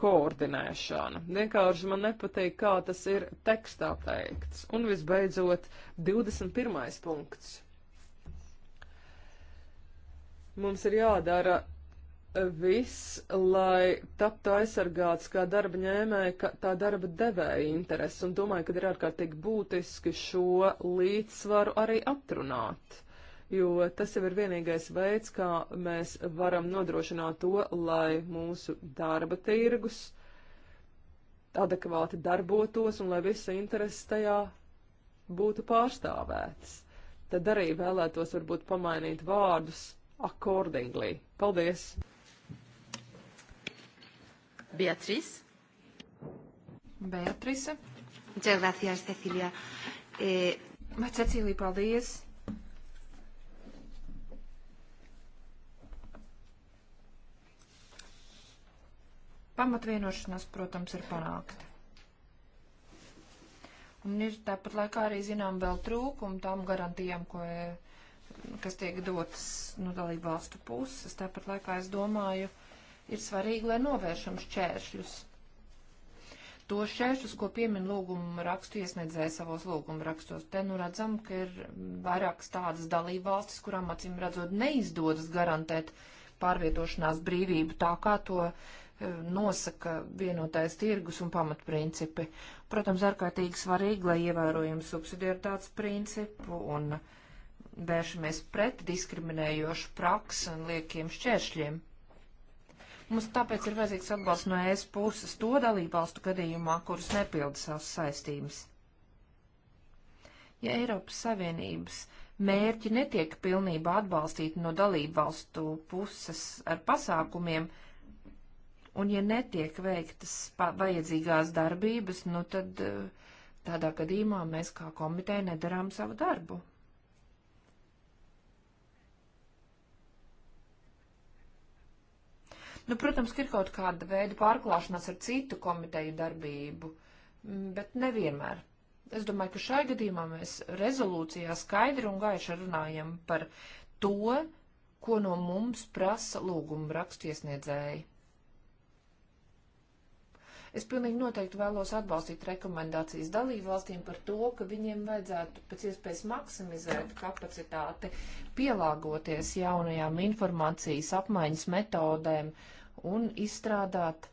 koordinēšana. Vienkārši man nepatīk, kā tas ir tekstā teikts. Un visbeidzot, 21. punkts. Mums ir jādara viss, lai taptu aizsargāts kā darba ņēmēja, kā tā darba devēja interesi, un domāju, ka ir ārkārtīgi būtiski šo līdzsvaru arī atrunāt, jo tas jau ir vienīgais veids, kā mēs varam nodrošināt to, lai mūsu darba tirgus adekvāti darbotos un lai visa interesi tajā būtu pārstāvēts. Tad arī vēlētos varbūt pamainīt vārdus accordingly. Paldies! Beatriz. Beatrice. Muchas gracias, Cecilia. Eh... Cecilija, paldies. Pamatvienošanās, protams, ir panākta. Un ir tāpat laikā arī zinām vēl trūkumu tām garantijām, ko, kas tiek dotas no dalību valstu puses. Tāpat laikā es domāju, ka ir svarīgi, lai novēršam šķēršļus. To šķēršļus, ko piemin lūguma rakstu iesniedzēja savos lūguma rakstos, te nu redzam, ka ir vairākas tādas dalībvalstis, kurām acīm redzot neizdodas garantēt pārvietošanās brīvību tā, kā to e, nosaka vienotais tirgus un pamatprincipi. Protams, ārkārtīgi svarīgi, lai ievērojam subsidiaritātes principu un vēršamies pret diskriminējošu praksu un liekiem šķēršļiem. Mums tāpēc ir vajadzīgs atbalsts no ES puses to dalībvalstu gadījumā, kuras nepilda savas saistības. Ja Eiropas Savienības mērķi netiek pilnībā atbalstīti no dalībvalstu puses ar pasākumiem, un ja netiek veiktas vajadzīgās darbības, nu tad eh, tādā gadījumā mēs kā komiteja nedarām savu darbu. Nu, protams, ka ir kaut kāda veida pārklāšanās ar citu komiteju darbību, mm, bet nevienmēr. Es domāju, ka šai gadījumā mēs rezolūcijā skaidri un gaiši runājam par to, ko no mums prasa lūguma rakstiesniedzēji. Es pilnīgi noteikti vēlos atbalstīt rekomendācijas dalību valstīm par to, ka viņiem vajadzētu pēc iespējas maksimizēt kapacitāti, pielāgoties jaunajām informācijas apmaiņas metodēm un izstrādāt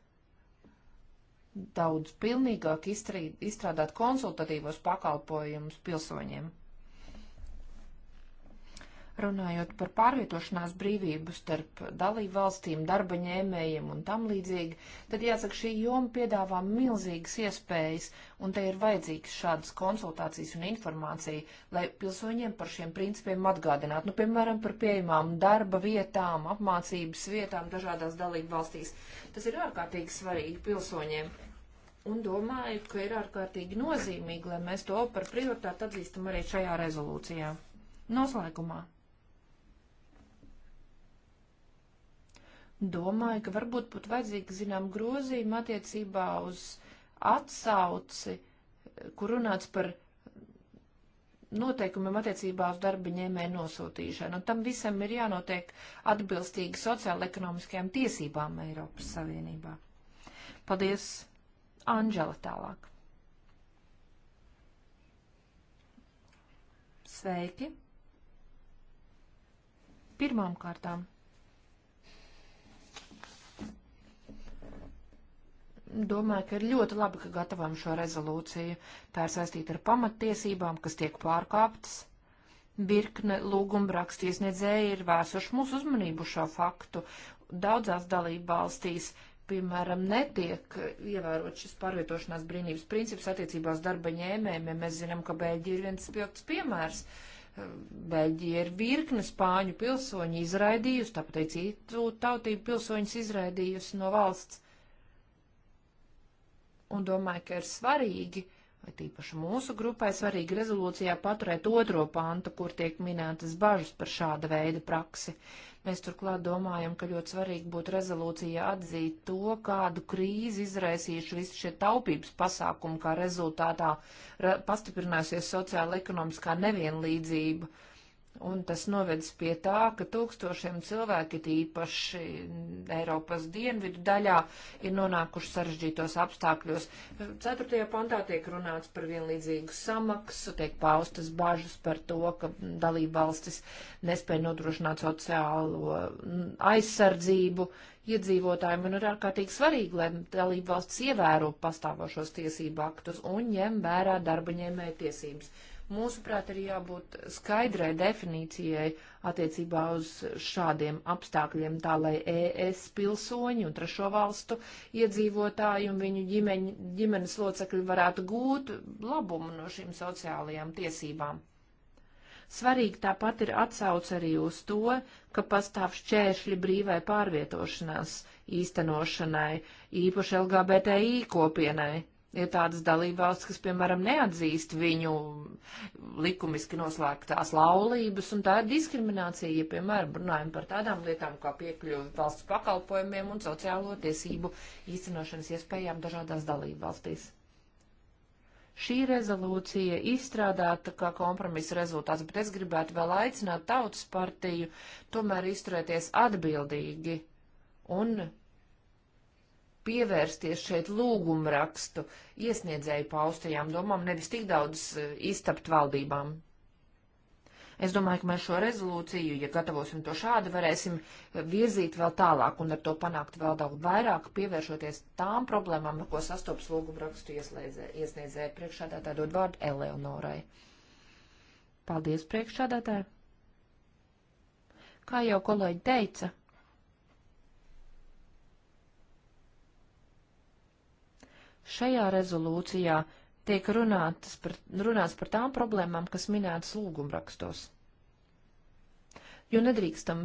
daudz pilnīgāk izstrādāt konsultatīvos pakalpojumus pilsoņiem runājot par pārvietošanās brīvību starp dalību valstīm, darba ņēmējiem un tam līdzīgi, tad jāsaka, šī joma piedāvā milzīgas iespējas, un te ir vajadzīgs šādas konsultācijas un informācija, lai pilsoņiem par šiem principiem atgādinātu, nu, piemēram, par pieejamām darba vietām, apmācības vietām dažādās dalību valstīs. Tas ir ārkārtīgi svarīgi pilsoņiem. Un domāju, ka ir ārkārtīgi nozīmīgi, lai mēs to par prioritāti atzīstam arī šajā rezolūcijā. Noslēgumā domāju, ka varbūt būtu vajadzīgi zinām grozījumi attiecībā uz atsauci, kur runāts par noteikumiem attiecībā uz darba ņēmēju nosūtīšanu. Un tam visam ir jānotiek atbilstīgi sociāla-ekonomiskajām tiesībām Eiropas Savienībā. Paldies, Anģela tālāk. Sveiki! Pirmām kārtām domāju, ka ir ļoti labi, ka gatavojam šo rezolūciju. Tā ir saistīta ar pamattiesībām, kas tiek pārkāptas. Birkne lūguma rakstiesniedzēji ir vērsuši mūsu uzmanību šo faktu. Daudzās dalība valstīs, piemēram, netiek ievērot šis pārvietošanās brīnības princips attiecībās darba ņēmējiem. Ja mēs zinām, ka Bēļģija ir viens spilgts piemērs. Beļģija ir virkne spāņu pilsoņu izraidījusi, tāpēc citu tautību pilsoņus izraidījusi no valsts un domāju, ka ir svarīgi, vai tīpaši mūsu grupai svarīgi rezolūcijā paturēt otro pantu, kur tiek minētas bažas par šāda veida praksi. Mēs turklāt domājam, ka ļoti svarīgi būtu rezolūcijā atzīt to, kādu krīzi izraisījuši visi šie taupības pasākumi, kā rezultātā pastiprināsies sociāla ekonomiskā nevienlīdzība Un tas novedz pie tā, ka tūkstošiem cilvēki, tīpaši Eiropas dienvidu daļā, ir nonākuši sarežģītos apstākļos. Ceturtajā pantā tiek runāts par vienlīdzīgu samaksu, tiek paustas bažas par to, ka dalība valstis nespēja nodrošināt sociālo aizsardzību iedzīvotājiem, un ir ārkārtīgi svarīgi, lai dalība valsts ievēro pastāvošos tiesību aktus un ņem vērā darba ņēmēja tiesības Mūsuprāt, ir jābūt skaidrai definīcijai attiecībā uz šādiem apstākļiem, tā lai ES pilsoņi un trešo valstu iedzīvotāji un viņu ģimeņi, ģimenes locekļi varētu gūt labumu no šīm sociālajām tiesībām. Svarīgi tāpat ir atsauce arī uz to, ka pastāv šķēršļi brīvai pārvietošanās īstenošanai, īpaši LGBTI kopienai. Ir tādas dalībvalstis, kas, piemēram, neatzīst viņu likumiski noslēgtās laulības, un tā ir diskriminācija, ja, piemēram, runājam par tādām lietām kā piekļuvi valsts pakalpojumiem un sociālo tiesību īstenošanas iespējām dažādās dalībvalstīs. Šī rezolūcija izstrādāta kā kompromisa rezultāts, bet es gribētu vēl aicināt tautas partiju tomēr izturēties atbildīgi un pievērsties šeit lūgumrakstu iesniedzēju paustajām domām, nevis tik daudz eh, iztapt valdībām. Es domāju, ka mēs šo rezolūciju, ja gatavosim to šādi, varēsim eh, virzīt vēl tālāk un ar to panākt vēl daudz vairāk, pievēršoties tām problēmām, ar ko sastopas lūgumrakstu iesniedzēja priekšādātāja dod vārdu Eleonorai. Paldies priekšādātāji! Kā jau kolēģi teica, Šajā rezolūcijā tiek runātas par, runāts par tām problēmām, kas minētas lūgumrakstos. Jo nedrīkstam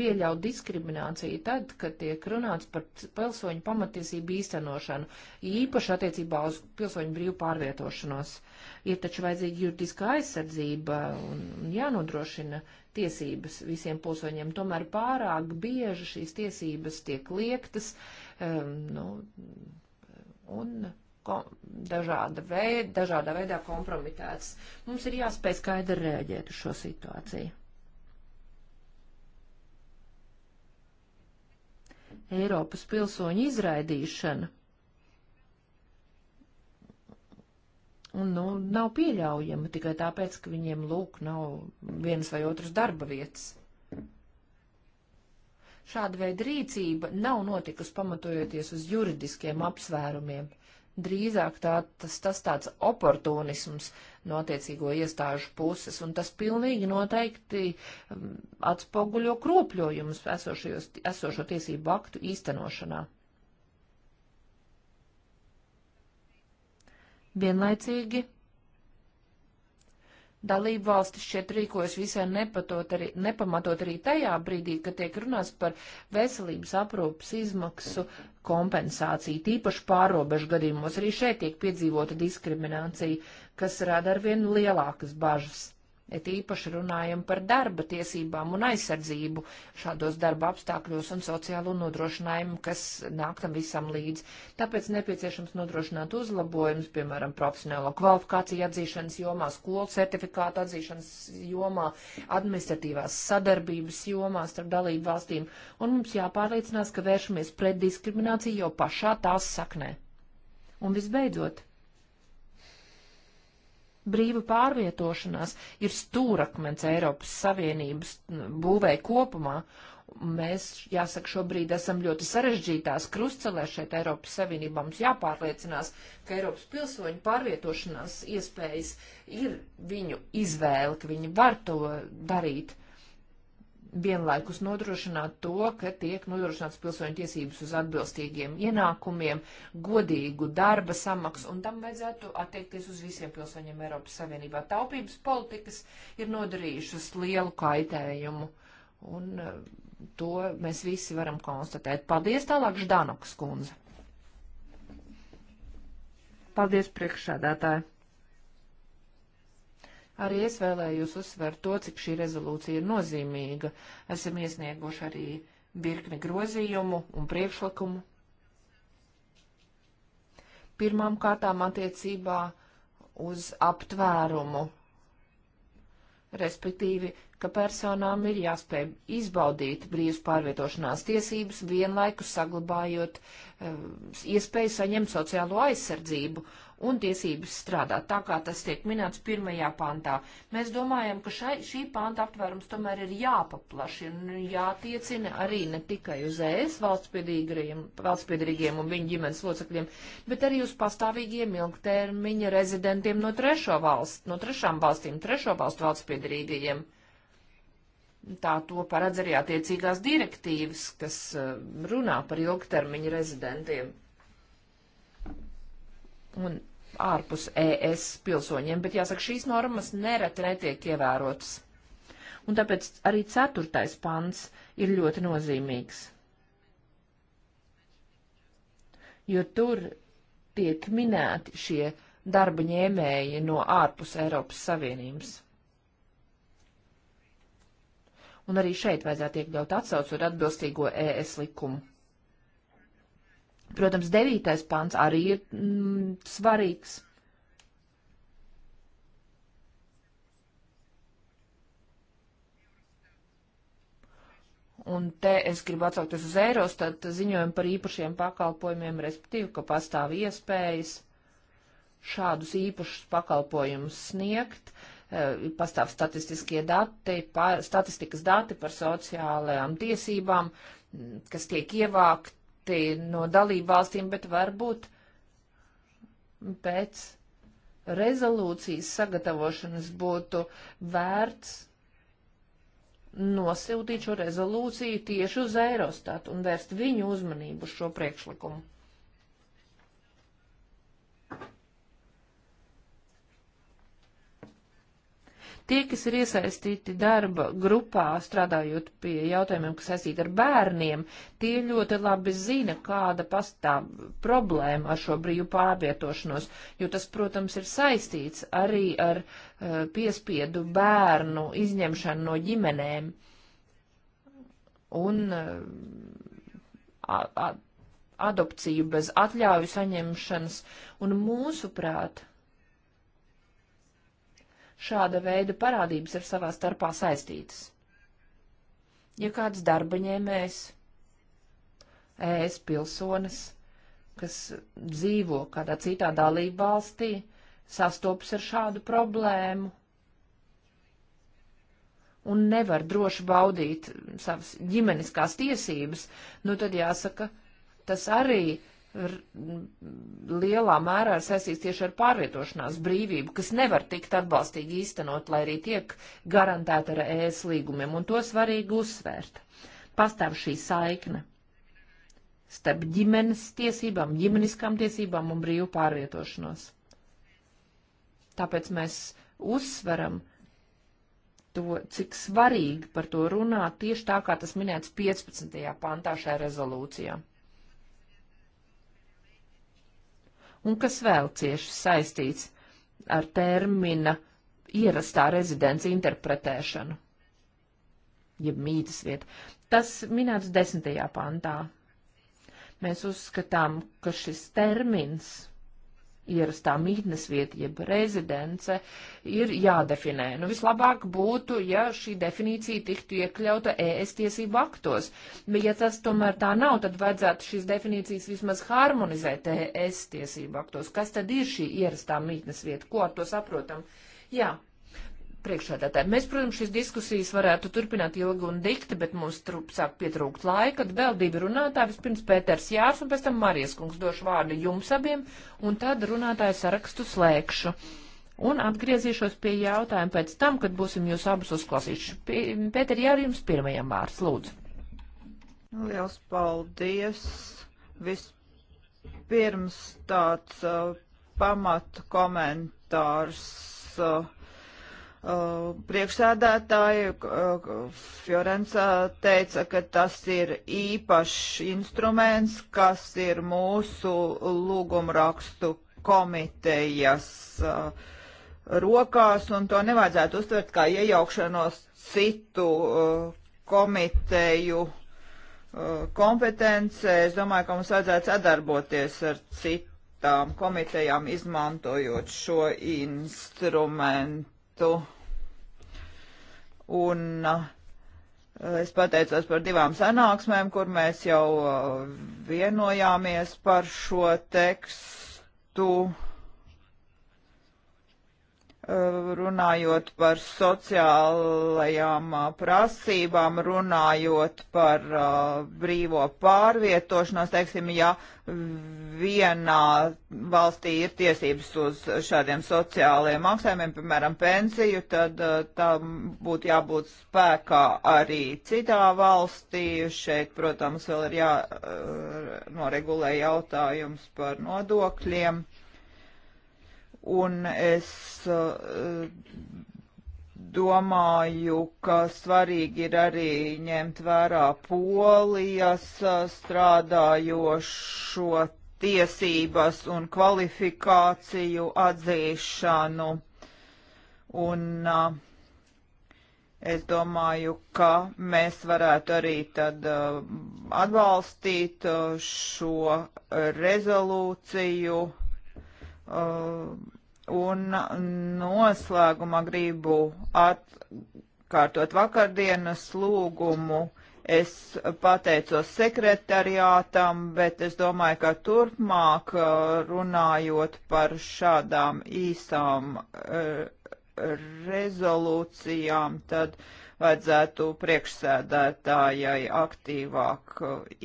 pieļaut diskrimināciju tad, kad tiek runāts par pilsoņu pamatiesību īstenošanu, īpaši attiecībā uz pilsoņu brīvu pārvietošanos. Ir taču vajadzīga juridiskā aizsardzība un jānodrošina tiesības visiem pilsoņiem. Tomēr pārāk bieži šīs tiesības tiek liektas, um, nu, un dažāda veida, dažādā veidā kompromitētas. Mums ir jāspēj skaidri rēģēt uz šo situāciju. Eiropas pilsoņu izraidīšana un, nu, nav pieļaujama tikai tāpēc, ka viņiem, lūk, nav vienas vai otras darba vietas. Šāda veida rīcība nav notikusi pamatojoties uz juridiskiem apsvērumiem. Drīzāk tā, tas, tas tāds oportunisms no attiecīgo iestāžu puses, un tas pilnīgi noteikti um, atspoguļo kropļojumus esošajos, esošo tiesību aktu īstenošanā. Vienlaicīgi Dalību valstis šeit rīkojas visai arī, nepamatot arī tajā brīdī, kad tiek runāts par veselības aprūpas izmaksu kompensāciju, tīpaši pārobežu gadījumos. Arī šeit tiek piedzīvota diskriminācija, kas rada arvien lielākas bažas. Et īpaši runājam par darba tiesībām un aizsardzību šādos darba apstākļos un sociālo nodrošinājumu, kas nāk tam visam līdz. Tāpēc nepieciešams nodrošināt uzlabojumus, piemēram, profesionālo kvalifikāciju atzīšanas jomā, skolu certifikātu atzīšanas jomā, administratīvās sadarbības jomā starp dalību valstīm, un mums jāpārliecinās, ka vēršamies pret diskrimināciju jau pašā tās saknē. Un visbeidzot, brīva pārvietošanās ir stūrakmens Eiropas Savienības būvē kopumā. Mēs, jāsaka, šobrīd esam ļoti sarežģītās krustcelēs šeit Eiropas Savienībā. Mums jāpārliecinās, ka Eiropas pilsoņu pārvietošanās iespējas ir viņu izvēle, ka viņi var to darīt. Uh, vienlaikus nodrošināt to, ka tiek nodrošināts pilsoņu tiesības uz atbilstīgiem ienākumiem, godīgu darba samaksu, un tam vajadzētu attiekties uz visiem pilsoņiem Eiropas Savienībā. Taupības politikas ir nodarījušas lielu kaitējumu, un eh, to mēs visi varam konstatēt. Paldies tālāk, Ždanoks kundze. Paldies priekšsēdētāji. Arī es vēlējos uzsvērt to, cik šī rezolūcija ir nozīmīga. Esam iesnieguši arī virkni grozījumu un priekšlikumu. Pirmām kārtām attiecībā uz aptvērumu, respektīvi, ka personām ir jāspēj izbaudīt brīvas pārvietošanās tiesības, vienlaikus saglabājot um, iespēju saņemt sociālo aizsardzību un tiesības strādāt, tā kā tas tiek minēts pirmajā pantā. Mēs domājam, ka šai, šī panta aptvērums tomēr ir jāpaplašina un jātiecina arī ne tikai uz ES valstspiedrīgiem un viņu ģimenes locekļiem, bet arī uz pastāvīgiem ilgtermiņa rezidentiem no, trešo valst, no trešām valstīm, trešo valstu valstspiedrīgajiem. Tā to paredz arī attiecīgās direktīvas, kas eh, runā par ilgtermiņa rezidentiem un ārpus ES pilsoņiem, bet jāsaka, šīs normas nereti netiek ievērotas. Un tāpēc arī ceturtais pants ir ļoti nozīmīgs. Jo tur tiek minēti šie darba ņēmēji no ārpus Eiropas Savienības. Un arī šeit vajadzētu iekļaut atsaucu ar atbilstīgo ES likumu. Protams, devītais pants arī ir mm, svarīgs. un te es gribu atsaukties uz Eirostat ziņojumu par īpašiem pakalpojumiem, respektīvi, ka pastāv iespējas šādus īpašus pakalpojumus sniegt, e, pastāv statistiskie dati, pa, statistikas dati par sociālajām tiesībām, mm, kas tiek ievākt, dati no dalību valstīm, bet varbūt pēc rezolūcijas sagatavošanas būtu vērts nosildīt šo rezolūciju tieši uz Eirostatu un vērst viņu uzmanību uz šo priekšlikumu. Tie, kas ir iesaistīti darba grupā, strādājot pie jautājumiem, kas saistīti ar bērniem, tie ļoti labi zina, kāda pastāv problēma ar šo brīvu pārvietošanos, jo tas, protams, ir saistīts arī ar uh, piespiedu bērnu izņemšanu no ģimenēm. Un uh, a, a, adopciju bez atļauju saņemšanas, un mūsuprāt, šāda veida parādības ir savā starpā saistītas. Ja kāds darbaņēmējs, ēs pilsonis, kas dzīvo kādā citā dalība valstī, sastopas ar šādu problēmu un nevar droši baudīt savas ģimeniskās tiesības, nu tad jāsaka, tas arī lielā mērā ir saistīts tieši ar pārvietošanās brīvību, kas nevar tikt atbalstīgi īstenot, lai arī tiek garantēta ar ES līgumiem, un to svarīgi uzsvērt. Pastāv šī saikne starp ģimenes tiesībām, ģimeniskām tiesībām un brīvu pārvietošanos. Tāpēc mēs uzsveram to, cik svarīgi par to runāt tieši tā, kā tas minēts 15. pantā šajā rezolūcijā. un kas vēl cieši saistīts ar termina ierastā rezidents interpretēšanu, jeb mītas vieta. Tas minēts desmitajā pantā. Mēs uzskatām, ka šis termins ierastā mītnes vieta, jeb rezidence, ir jādefinē. Nu, vislabāk būtu, ja šī definīcija tiktu iekļauta ES tiesību aktos, bet ja tas tomēr tā nav, tad vajadzētu šīs definīcijas vismaz harmonizēt ES tiesību aktos. Kas tad ir šī ierastā mītnes vieta? Ko ar to saprotam? Jā, priekšādātāji. Mēs, protams, šīs diskusijas varētu turpināt ilgi un dikti, bet mums trup, sāk pietrūkt laika. Tad vēl divi runātāji, vispirms Pēters Jārs un pēc tam Marijas kungs došu vārdu jums abiem, un tad runātāju sarakstu slēgšu. Un atgriezīšos pie jautājuma pēc tam, kad būsim jūs abus uzklausījuši. Pēter Jāri, jums pirmajam vārds, lūdzu. Liels paldies. Vispirms tāds uh, pamatu komentārs. Uh, Uh, priekšsēdētāju uh, Fiorenca teica, ka tas ir īpašs instruments, kas ir mūsu lūgumrakstu komitejas uh, rokās, un to nevajadzētu uztvert kā iejaukšanos citu komiteju kompetence. Es domāju, ka mums vajadzētu sadarboties ar citu tām komitejām izmantojot šo instrumentu lietu. Un eh, es pateicos par divām sanāksmēm, kur mēs jau eh, vienojāmies par šo tekstu runājot par sociālajām prasībām, runājot par uh, brīvo pārvietošanos, teiksim, ja vienā valstī ir tiesības uz šādiem sociālajiem maksājumiem, piemēram, pensiju, tad uh, tam būtu jābūt spēkā arī citā valstī. Šeit, protams, vēl ir jānoregulē uh, jautājums par nodokļiem. Uh, un es eh, domāju, ka svarīgi ir arī ņemt vērā polijas eh, strādājošo tiesības un kvalifikāciju atzīšanu. Un uh, es domāju, ka mēs varētu arī tad uh, atbalstīt uh, šo rezolūciju. Uh, Uh, un noslēgumā gribu atkārtot vakardienas lūgumu. Es pateicos sekretariātam, bet es domāju, ka turpmāk uh, runājot par šādām īsām uh, rezolūcijām, tad vajadzētu priekšsēdētājai aktīvāk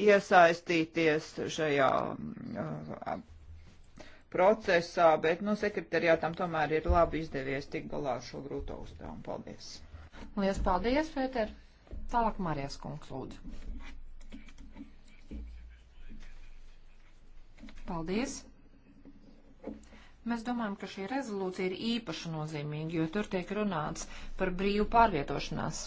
iesaistīties šajā procesā, bet, nu, sekretariātam tomēr ir labi izdevies tik galā ar šo grūto uzdevumu. Paldies! Lielas paldies, Pēter! Tālāk Marijas kungs lūdzu. Paldies! Mēs domājam, ka šī rezolūcija ir īpaši nozīmīga, jo tur tiek runāts par brīvu pārvietošanās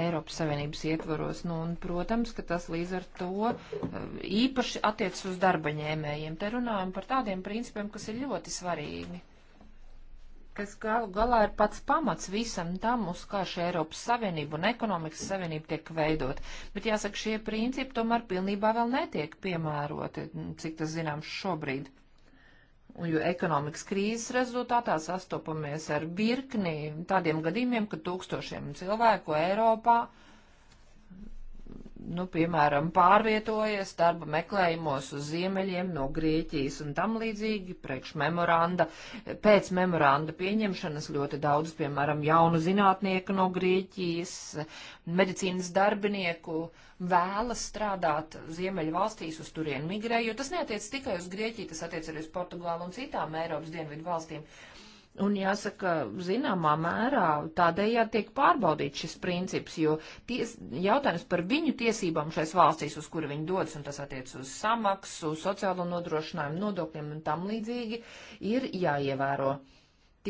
Eiropas Savienības ietvaros. Nu, un, protams, ka tas līdz ar to eh, īpaši attiecas uz darba ņēmējiem. Te runājam par tādiem principiem, kas ir ļoti svarīgi, kas gal, galā ir pats pamats visam tam, uz kā šī Eiropas Savienība un ekonomikas savienība tiek veidot. Bet jāsaka, šie principi tomēr pilnībā vēl netiek piemēroti, cik tas zināms šobrīd. Un jo ekonomikas krīzes rezultātā sastopamies ar virkni tādiem gadījumiem, ka tūkstošiem cilvēku Eiropā uh, nu, piemēram, pārvietojies darba meklējumos uz ziemeļiem no Grieķijas un tam līdzīgi, priekš memoranda, pēc memoranda pieņemšanas ļoti daudz, piemēram, jaunu zinātnieku no Grieķijas, medicīnas darbinieku vēlas strādāt ziemeļu valstīs uz turien migrē, jo tas neatiec tikai uz Grieķiju, tas attiec arī uz Portugālu un citām Eiropas dienvidu valstīm. Un jāsaka, zināmā mērā tādējādi tiek pārbaudīts šis princips, jo ties, jautājums par viņu tiesībām šais valstīs, uz kuri viņi dodas, un tas attiec uz samaksu, sociālo nodrošinājumu, nodokļiem un tam līdzīgi, ir jāievēro.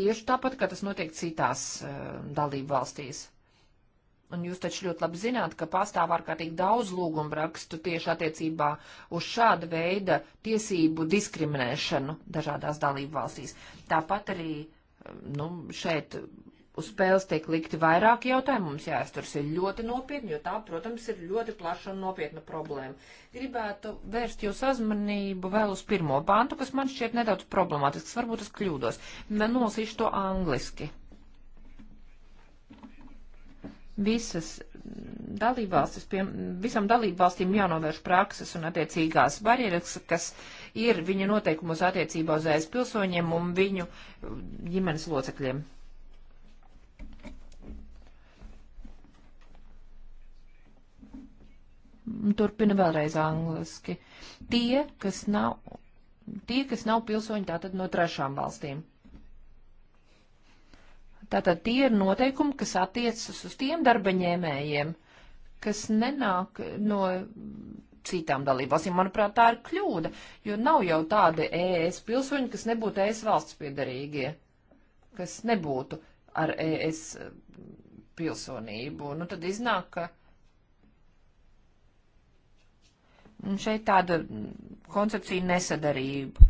Tieši tāpat, kā tas notiek citās uh, dalību valstīs. Un jūs taču ļoti labi zināt, ka pastāv ārkārtīgi daudz lūgumu rakstu tieši attiecībā uz šāda veida tiesību diskriminēšanu dažādās dalību valstīs. Tāpat arī nu, šeit uz spēles tiek likti vairāk jautājumu, mums jāizturas ir ļoti nopietni, jo tā, protams, ir ļoti plaša un nopietna problēma. Gribētu vērst jūs uzmanību vēl uz pirmo pantu, kas man šķiet nedaudz problemātisks, varbūt es kļūdos. Nolasīšu to angliski visas dalībvalstis, pie, visam dalībvalstīm jānovērš prakses un attiecīgās barjeras, kas ir viņa noteikumos attiecībā uz ēst pilsoņiem un viņu ģimenes locekļiem. Turpina vēlreiz angliski. Tie, kas nav, tie, kas nav pilsoņi tātad no trešām valstīm. Tātad tie ir noteikumi, kas attiecas uz tiem darbaņēmējiem, kas nenāk no citām dalībvalstīm. Manuprāt, tā ir kļūda, jo nav jau tādi ES pilsoņi, kas nebūtu ES valsts piedarīgie, kas nebūtu ar ES eh, pilsonību. Nu, tad iznāk, ka Un šeit tāda koncepcija nesadarība.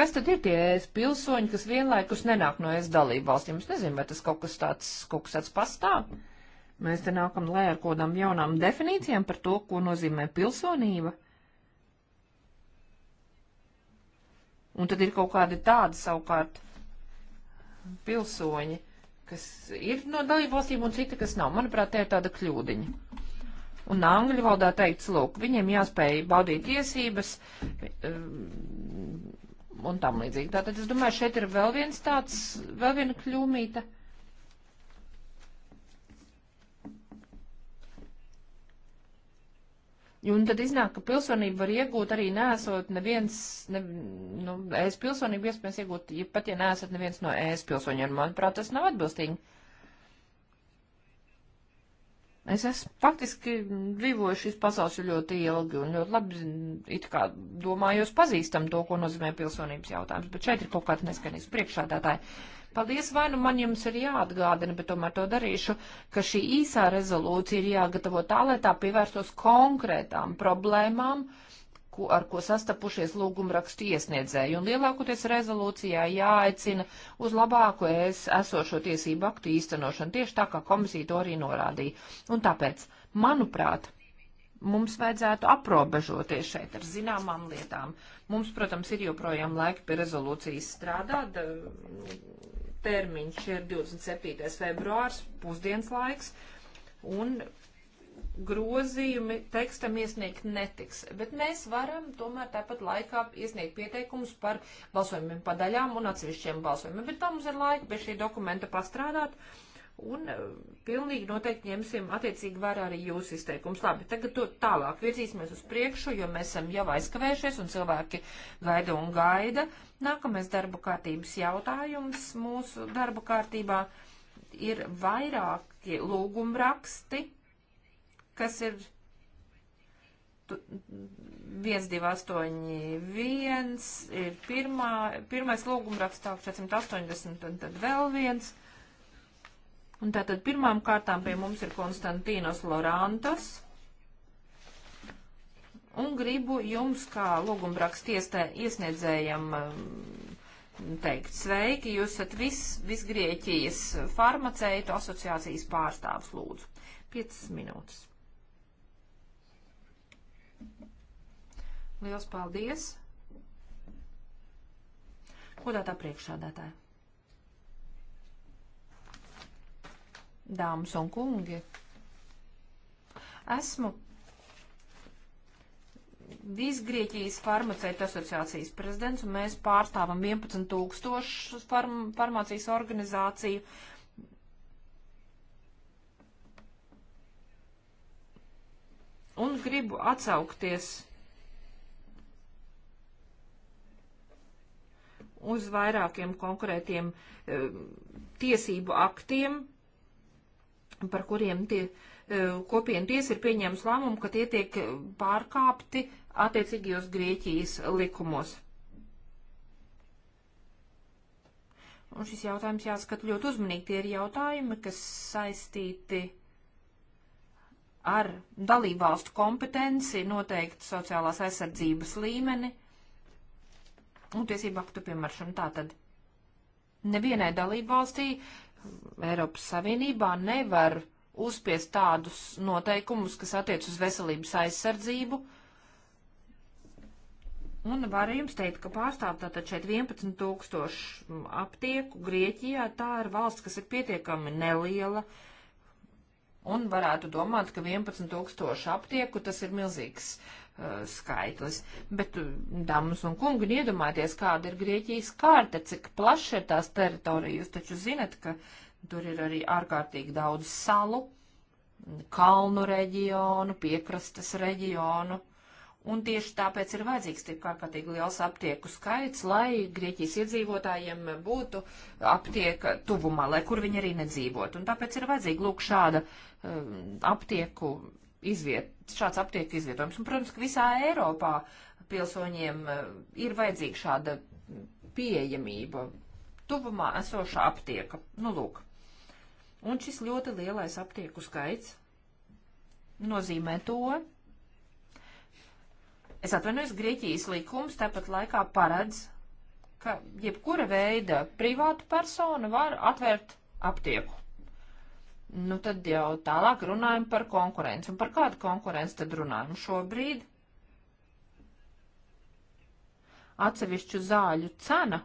Kas tad ir tie ES pilsoņi, kas vienlaikus nenāk no ES dalību valstīm? Es nezinu, vai tas kaut kas tāds, kaut kas tāds pastāv. Mēs te nākam lē ar kodām jaunām definīcijām par to, ko nozīmē pilsonība. Un tad ir kaut kādi tādi savukārt pilsoņi, kas ir no dalību valstīm un citi, kas nav. Manuprāt, tā ir tāda kļūdiņa. Un angļu valodā teikts, lūk, viņiem jāspēj baudīt tiesības, un tam līdzīgi. Tātad es domāju, šeit ir vēl viens tāds, vēl viena kļūmīta. Un tad iznāk, ka pilsonību var iegūt arī nesot neviens, ne, nu, ēs pilsonību iespējams iegūt, ja pat ja nesat neviens no ēs pilsoņiem. Manuprāt, tas nav atbilstīgi. Es esmu faktiski dzīvojuši šīs pasaules ļoti ilgi un ļoti labi, it kā domājos pazīstam to, ko nozīmē pilsonības jautājums, bet šeit ir kaut kāds neskanīgs priekšādātāji. Paldies, vai nu man jums ir jāatgādina, bet tomēr to darīšu, ka šī īsā rezolūcija ir jāgatavo tā, lai tā pievērstos konkrētām problēmām, uh, ko, ar ko sastapušies lūgumrakstu iesniedzēji, un lielākoties rezolūcijā jāaicina uz labāko es esošo tiesību aktu īstenošanu, tieši tā kā komisija to arī norādīja. Un tāpēc, manuprāt, mums vajadzētu aprobežoties šeit ar zināmām lietām. Mums, protams, ir joprojām laika pie rezolūcijas strādāt. Termiņš ir 27. februārs, pusdienas laiks. Un grozījumi tekstam iesniegt netiks, bet mēs varam tomēr tāpat laikā iesniegt pieteikumus par balsojumiem pa daļām un atsevišķiem balsojumiem, bet tā mums ir laika pie šī dokumenta pastrādāt. Un eh, pilnīgi noteikti ņemsim attiecīgi vērā arī jūsu izteikums. Labi, tagad to tālāk virzīsimies uz priekšu, jo mēs esam jau aizkavējušies un cilvēki gaida un gaida. Nākamais darba kārtības jautājums mūsu darba kārtībā ir vairāki lūgumraksti. raksti kas ir 1281, ir pirmā, pirmais lūgumrakstā 480 un tad vēl viens. Un tātad pirmām kārtām pie mums ir Konstantīnos Lorantas. Un gribu jums, kā lūgumrakstiestē iesniedzējam, um, teikt sveiki, jūs esat vis, visgrieķijas farmaceitu asociācijas pārstāvs lūdzu. 5 minūtes. Liels paldies! Godātā priekšsādātāja! Dāmas un kungi, esmu Visgrieķijas farmaceitu asociācijas prezidents, un mēs pārstāvam 11 tūkstošu farm farmācijas organizāciju. Un gribu atsaukties uz vairākiem konkrētiem e, tiesību aktiem, par kuriem tie e, kopienu tiesa ir pieņēmusi lēmumu, ka tie tiek pārkāpti attiecīgajos Grieķijas likumos. Un šis jautājums jāskat ļoti uzmanīgi. Tie ir jautājumi, kas saistīti ar dalībvalstu kompetenci, noteikti sociālās aizsardzības līmeni un tiesību aktu piemēršanu. Tātad nevienai dalību valstī Eiropas Savienībā nevar uzspiest tādus noteikumus, kas attiec uz veselības aizsardzību. Un varu jums teikt, ka pārstāv tātad šeit 11 tūkstošu aptieku Grieķijā. Tā ir valsts, kas ir pietiekami neliela. Un varētu domāt, ka 11 tūkstošu aptieku tas ir milzīgs uh, Uh, skaitlis. Bet, uh, dāmas un kungi, nu iedomājieties, kāda ir Grieķijas kārta, cik plaša ir tās teritorija. Jūs taču zinat, ka tur ir arī ārkārtīgi daudz salu, kalnu reģionu, piekrastes reģionu. Un tieši tāpēc ir vajadzīgs tik ārkārtīgi liels aptieku skaits, lai Grieķijas iedzīvotājiem būtu aptieka tuvumā, lai kur viņi arī nedzīvot. Un tāpēc ir vajadzīga lūk šāda um, aptieku izviet, šāds aptiek izvietojums. Un, protams, ka visā Eiropā pilsoņiem eh, ir vajadzīga šāda pieejamība, tuvumā esoša aptieka. Nu, lūk. Un šis ļoti lielais aptieku skaits nozīmē to, es atvainojos, Grieķijas likums tāpat laikā paredz, ka jebkura veida privāta persona var atvērt aptieku. Nu, tad jau tālāk runājam par konkurenci. Un par kādu konkurenci tad runājam šobrīd? Atsevišķu zāļu cena,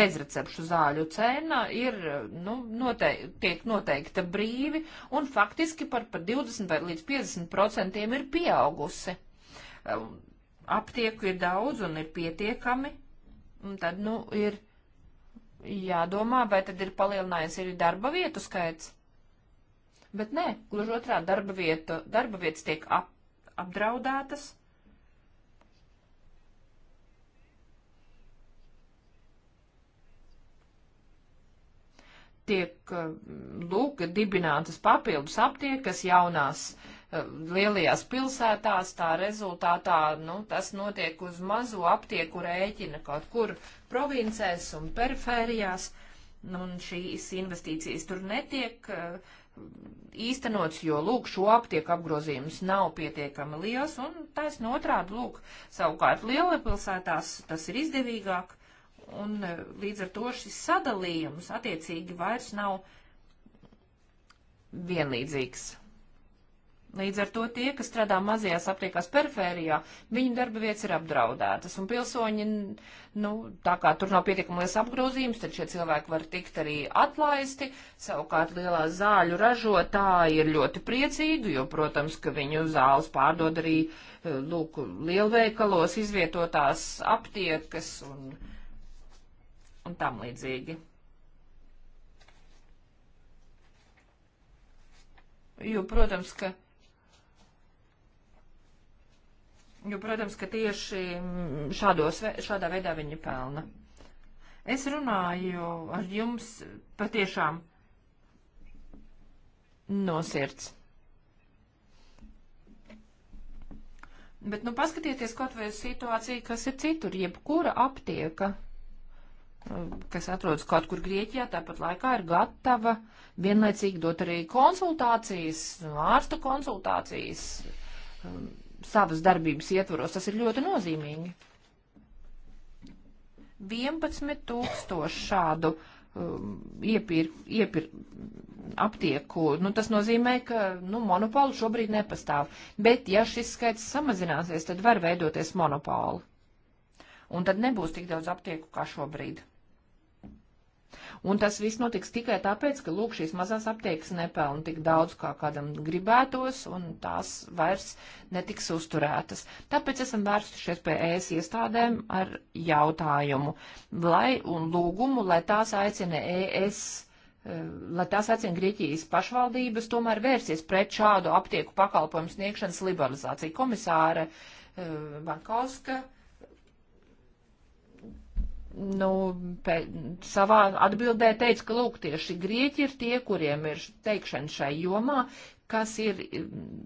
bezrecepšu zāļu cena ir, nu, noteik, tiek noteikta brīvi un faktiski par, par 20 vai līdz 50 procentiem ir pieaugusi. Aptieku ir daudz un ir pietiekami, un tad, nu, ir jādomā, vai tad ir palielinājies arī darba vietu skaits. Bet nē, gluži otrā darba, vietu, darba vietas tiek ap, apdraudētas. Tiek, eh, lūk, dibinātas papildus aptiekas, jaunās uh, lielajās pilsētās, tā rezultātā nu, tas notiek uz mazo aptieku rēķina kaut kur provincēs un perifērijās, nu, un šīs investīcijas tur netiek eh, īstenots, jo, lūk, šo aptieku apgrozījums nav pietiekami liels, un taisn otrādi, lūk, savukārt lielapilsētās tas ir izdevīgāk, un eh, līdz ar to šis sadalījums attiecīgi vairs nav vienlīdzīgs. Līdz ar to tie, kas strādā mazajās aptiekās perifērijā, viņu darba vietas ir apdraudētas. Un pilsoņi, nu, tā kā tur nav pietiekami liels apgrozījums, tad šie cilvēki var tikt arī atlaisti. Savukārt lielā zāļu ražotāji ir ļoti priecīgi, jo, protams, ka viņu zāles pārdod arī, eh, lūk, lielveikalos izvietotās aptiekas un, un tam līdzīgi. Jo, protams, ka Jo, protams, ka tieši šādos, šādā veidā viņi pelna. Es runāju ar jums patiešām no sirds. Bet, nu, paskatieties kaut vai situāciju, kas ir citur, jebkura aptieka, kas atrodas kaut kur Grieķijā, tāpat laikā ir gatava vienlaicīgi dot arī konsultācijas, ārstu konsultācijas savas darbības ietvaros. Tas ir ļoti nozīmīgi. 11 tūkstoši šādu um, iepir, iepir aptieku. Nu, tas nozīmē, ka nu, monopolu šobrīd nepastāv. Bet, ja šis skaits samazināsies, tad var veidoties monopoli. Un tad nebūs tik daudz aptieku kā šobrīd. Un tas viss notiks tikai tāpēc, ka, lūk, šīs mazās aptiekas nepelna tik daudz, kā kādam gribētos, un tās vairs netiks uzturētas. Tāpēc esam vērstušies pie ES iestādēm ar jautājumu lai, un lūgumu, lai tās aicina ES eh, lai tās aicina Grieķijas pašvaldības tomēr vērsties pret šādu aptieku pakalpojumu sniegšanas liberalizāciju. Komisāra eh, Bankovska uh, nu, pē, savā atbildē teica, ka lūk, tieši grieķi ir tie, kuriem ir teikšana šai jomā, kas ir mm,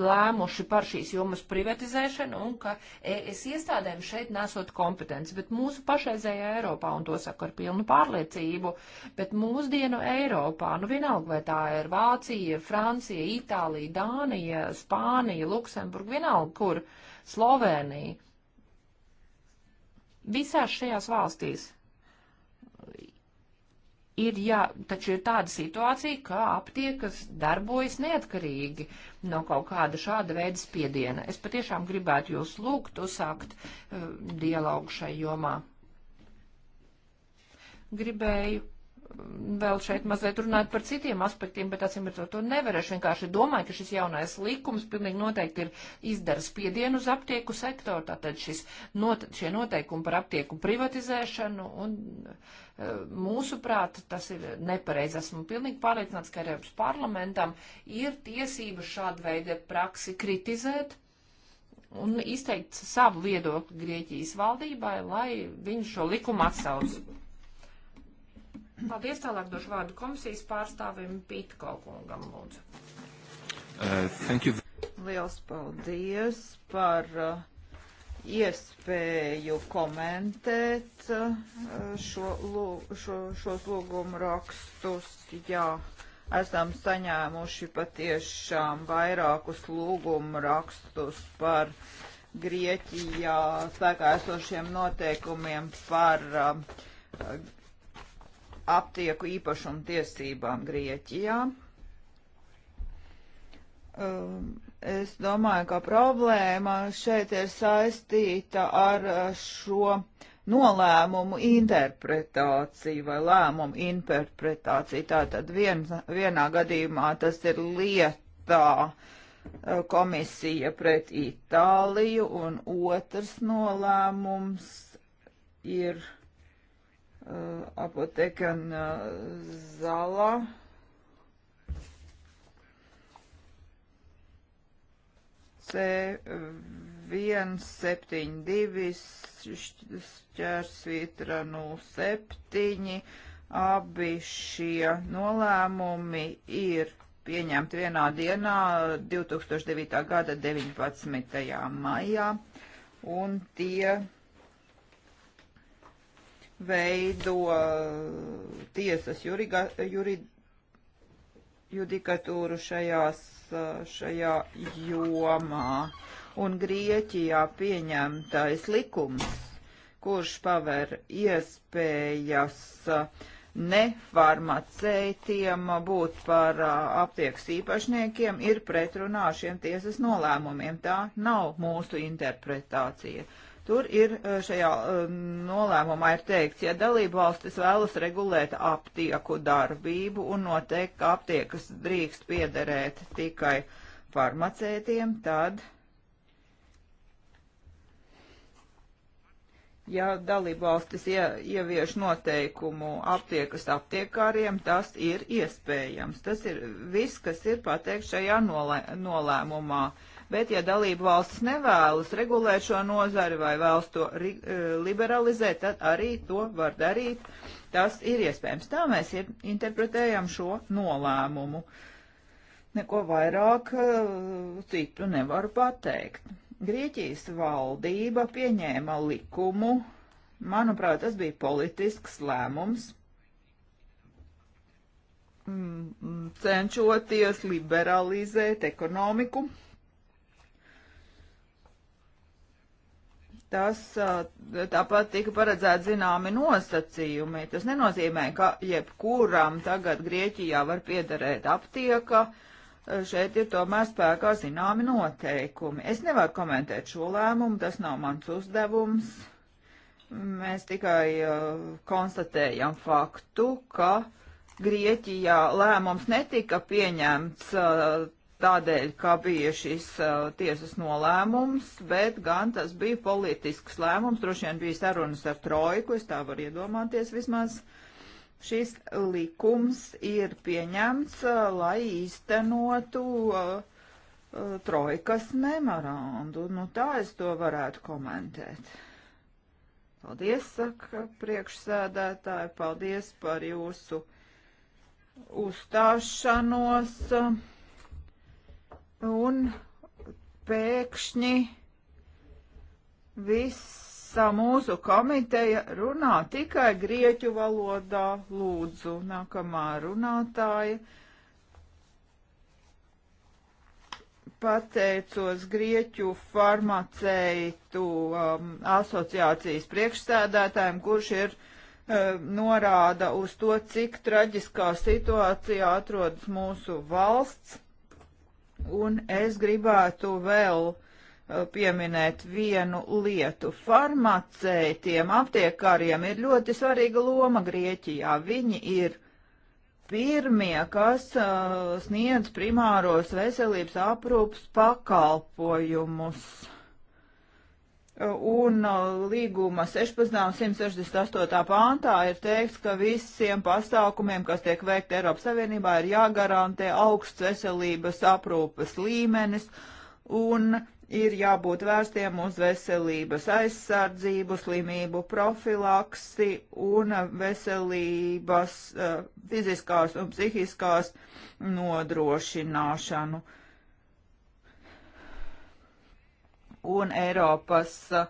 lēmuši par šīs jomas privatizēšanu un ka es iestādēm šeit nesot kompetenci, bet mūsu pašreizējā Eiropā, un to saku ar pilnu pārliecību, bet mūsdienu Eiropā, nu vienalga vai tā ir Vācija, Francija, Itālija, Dānija, Spānija, Luksemburga, vienalga kur, Slovēnija Visās šajās valstīs ir, jā, taču ir tāda situācija, ka aptiekas darbojas neatkarīgi no kaut kāda šāda veida spiediena. Es patiešām gribētu jūs lūgt uzsākt uh, dialogu šai jomā. Gribēju vēl šeit mazliet runāt par citiem aspektiem, bet acīm redzot, to nevarēšu. Vienkārši domāju, ka šis jaunais likums pilnīgi noteikti ir izdara spiedienu uz aptieku sektoru, tātad šis, not, šie noteikumi par aptieku privatizēšanu un e, mūsuprāt, tas ir nepareizi. Esmu pilnīgi pārliecināts, ka Eiropas parlamentam ir tiesības šādu veidu praksi kritizēt un izteikt savu viedokli Grieķijas valdībai, lai viņi šo likumu atsauc. Paldies, tālāk došu vārdu komisijas pārstāvim Pitko kungam, lūdzu. Uh, thank you. Liels paldies par uh, iespēju komentēt uh, šo, šo, šos lūgumu rakstus. Jā, esam saņēmuši patiešām vairākus lūgumu rakstus par Grieķijā spēkā esošiem noteikumiem par uh, aptieku īpašumu tiesībām Grieķijā. Um, es domāju, ka problēma šeit ir saistīta ar uh, šo nolēmumu interpretāciju vai lēmumu interpretāciju. Tātad vien, vienā gadījumā tas ir lietā uh, komisija pret Itāliju un otrs nolēmums ir apotekarna zala. C172 šķērsvītra 07. Abi šie nolēmumi ir pieņemti vienā dienā 2009. gada 19. maijā, un tie veido uh, tiesas juriga, jurid, judikatūru šajās, uh, šajā jomā. Un Grieķijā pieņemtais likums, kurš paver iespējas uh, nefarmaceitiem būt par aptiekas īpašniekiem, ir pretrunā šiem tiesas nolēmumiem. Tā nav mūsu interpretācija. Uh, Tur ir e, šajā e, nolēmumā ir teikts, ja dalību valstis vēlas regulēt aptieku darbību un noteikt, ka aptiekas drīkst piederēt tikai farmacētiem, tad, ja dalību valstis ie, ievieš noteikumu aptiekas aptiekāriem, tas ir iespējams. Tas ir viss, kas ir pateikts šajā nolē, nolēmumā. Uh, bet ja dalību valstis nevēlas regulēt šo nozari vai vēlas to e, liberalizēt, tad arī to var darīt. Tas ir iespējams. Tā mēs interpretējam šo nolēmumu. Neko vairāk e, citu nevaru pateikt. Grieķijas valdība pieņēma likumu, manuprāt, tas bija politisks lēmums, mm, mm, cenšoties liberalizēt ekonomiku tas tāpat tika paredzēt zināmi nosacījumi. Tas nenozīmē, ka jebkuram tagad Grieķijā var piederēt aptieka. Šeit ir tomēr spēkā zināmi noteikumi. Es nevaru komentēt šo lēmumu, tas nav mans uzdevums. Mēs tikai uh, konstatējam faktu, ka Grieķijā lēmums netika pieņemts uh, tādēļ, ka bija šis uh, tiesas nolēmums, bet gan tas bija politisks lēmums, droši vien bija sarunas ar trojku, es tā varu iedomāties vismaz. Šis likums ir pieņemts, uh, lai īstenotu uh, uh, trojkas memorandu. Nu tā es to varētu komentēt. Paldies, saka priekšsēdētāji, paldies par jūsu uzstāšanos. Uh, un pēkšņi visa mūsu komiteja runā tikai grieķu valodā. Lūdzu, nākamā runātāja. Pateicos Grieķu farmaceitu um, asociācijas priekšsēdētājiem, kurš ir um, norāda uz to, cik traģiskā situācijā atrodas mūsu valsts Un es gribētu vēl uh, pieminēt vienu lietu. Farmacētiem, aptiekāriem ir ļoti svarīga loma Grieķijā. Viņi ir pirmie, kas uh, sniedz primāros veselības aprūpas pakalpojumus. Un uh, līguma 16. un 168. pāntā ir teikts, ka visiem pasākumiem, kas tiek veikti Eiropas Savienībā, ir jāgarantē augsts veselības aprūpes līmenis un ir jābūt vērstiem uz veselības aizsardzību, slimību profilaksi un veselības uh, fiziskās un psihiskās nodrošināšanu. Uh, un Eiropas uh,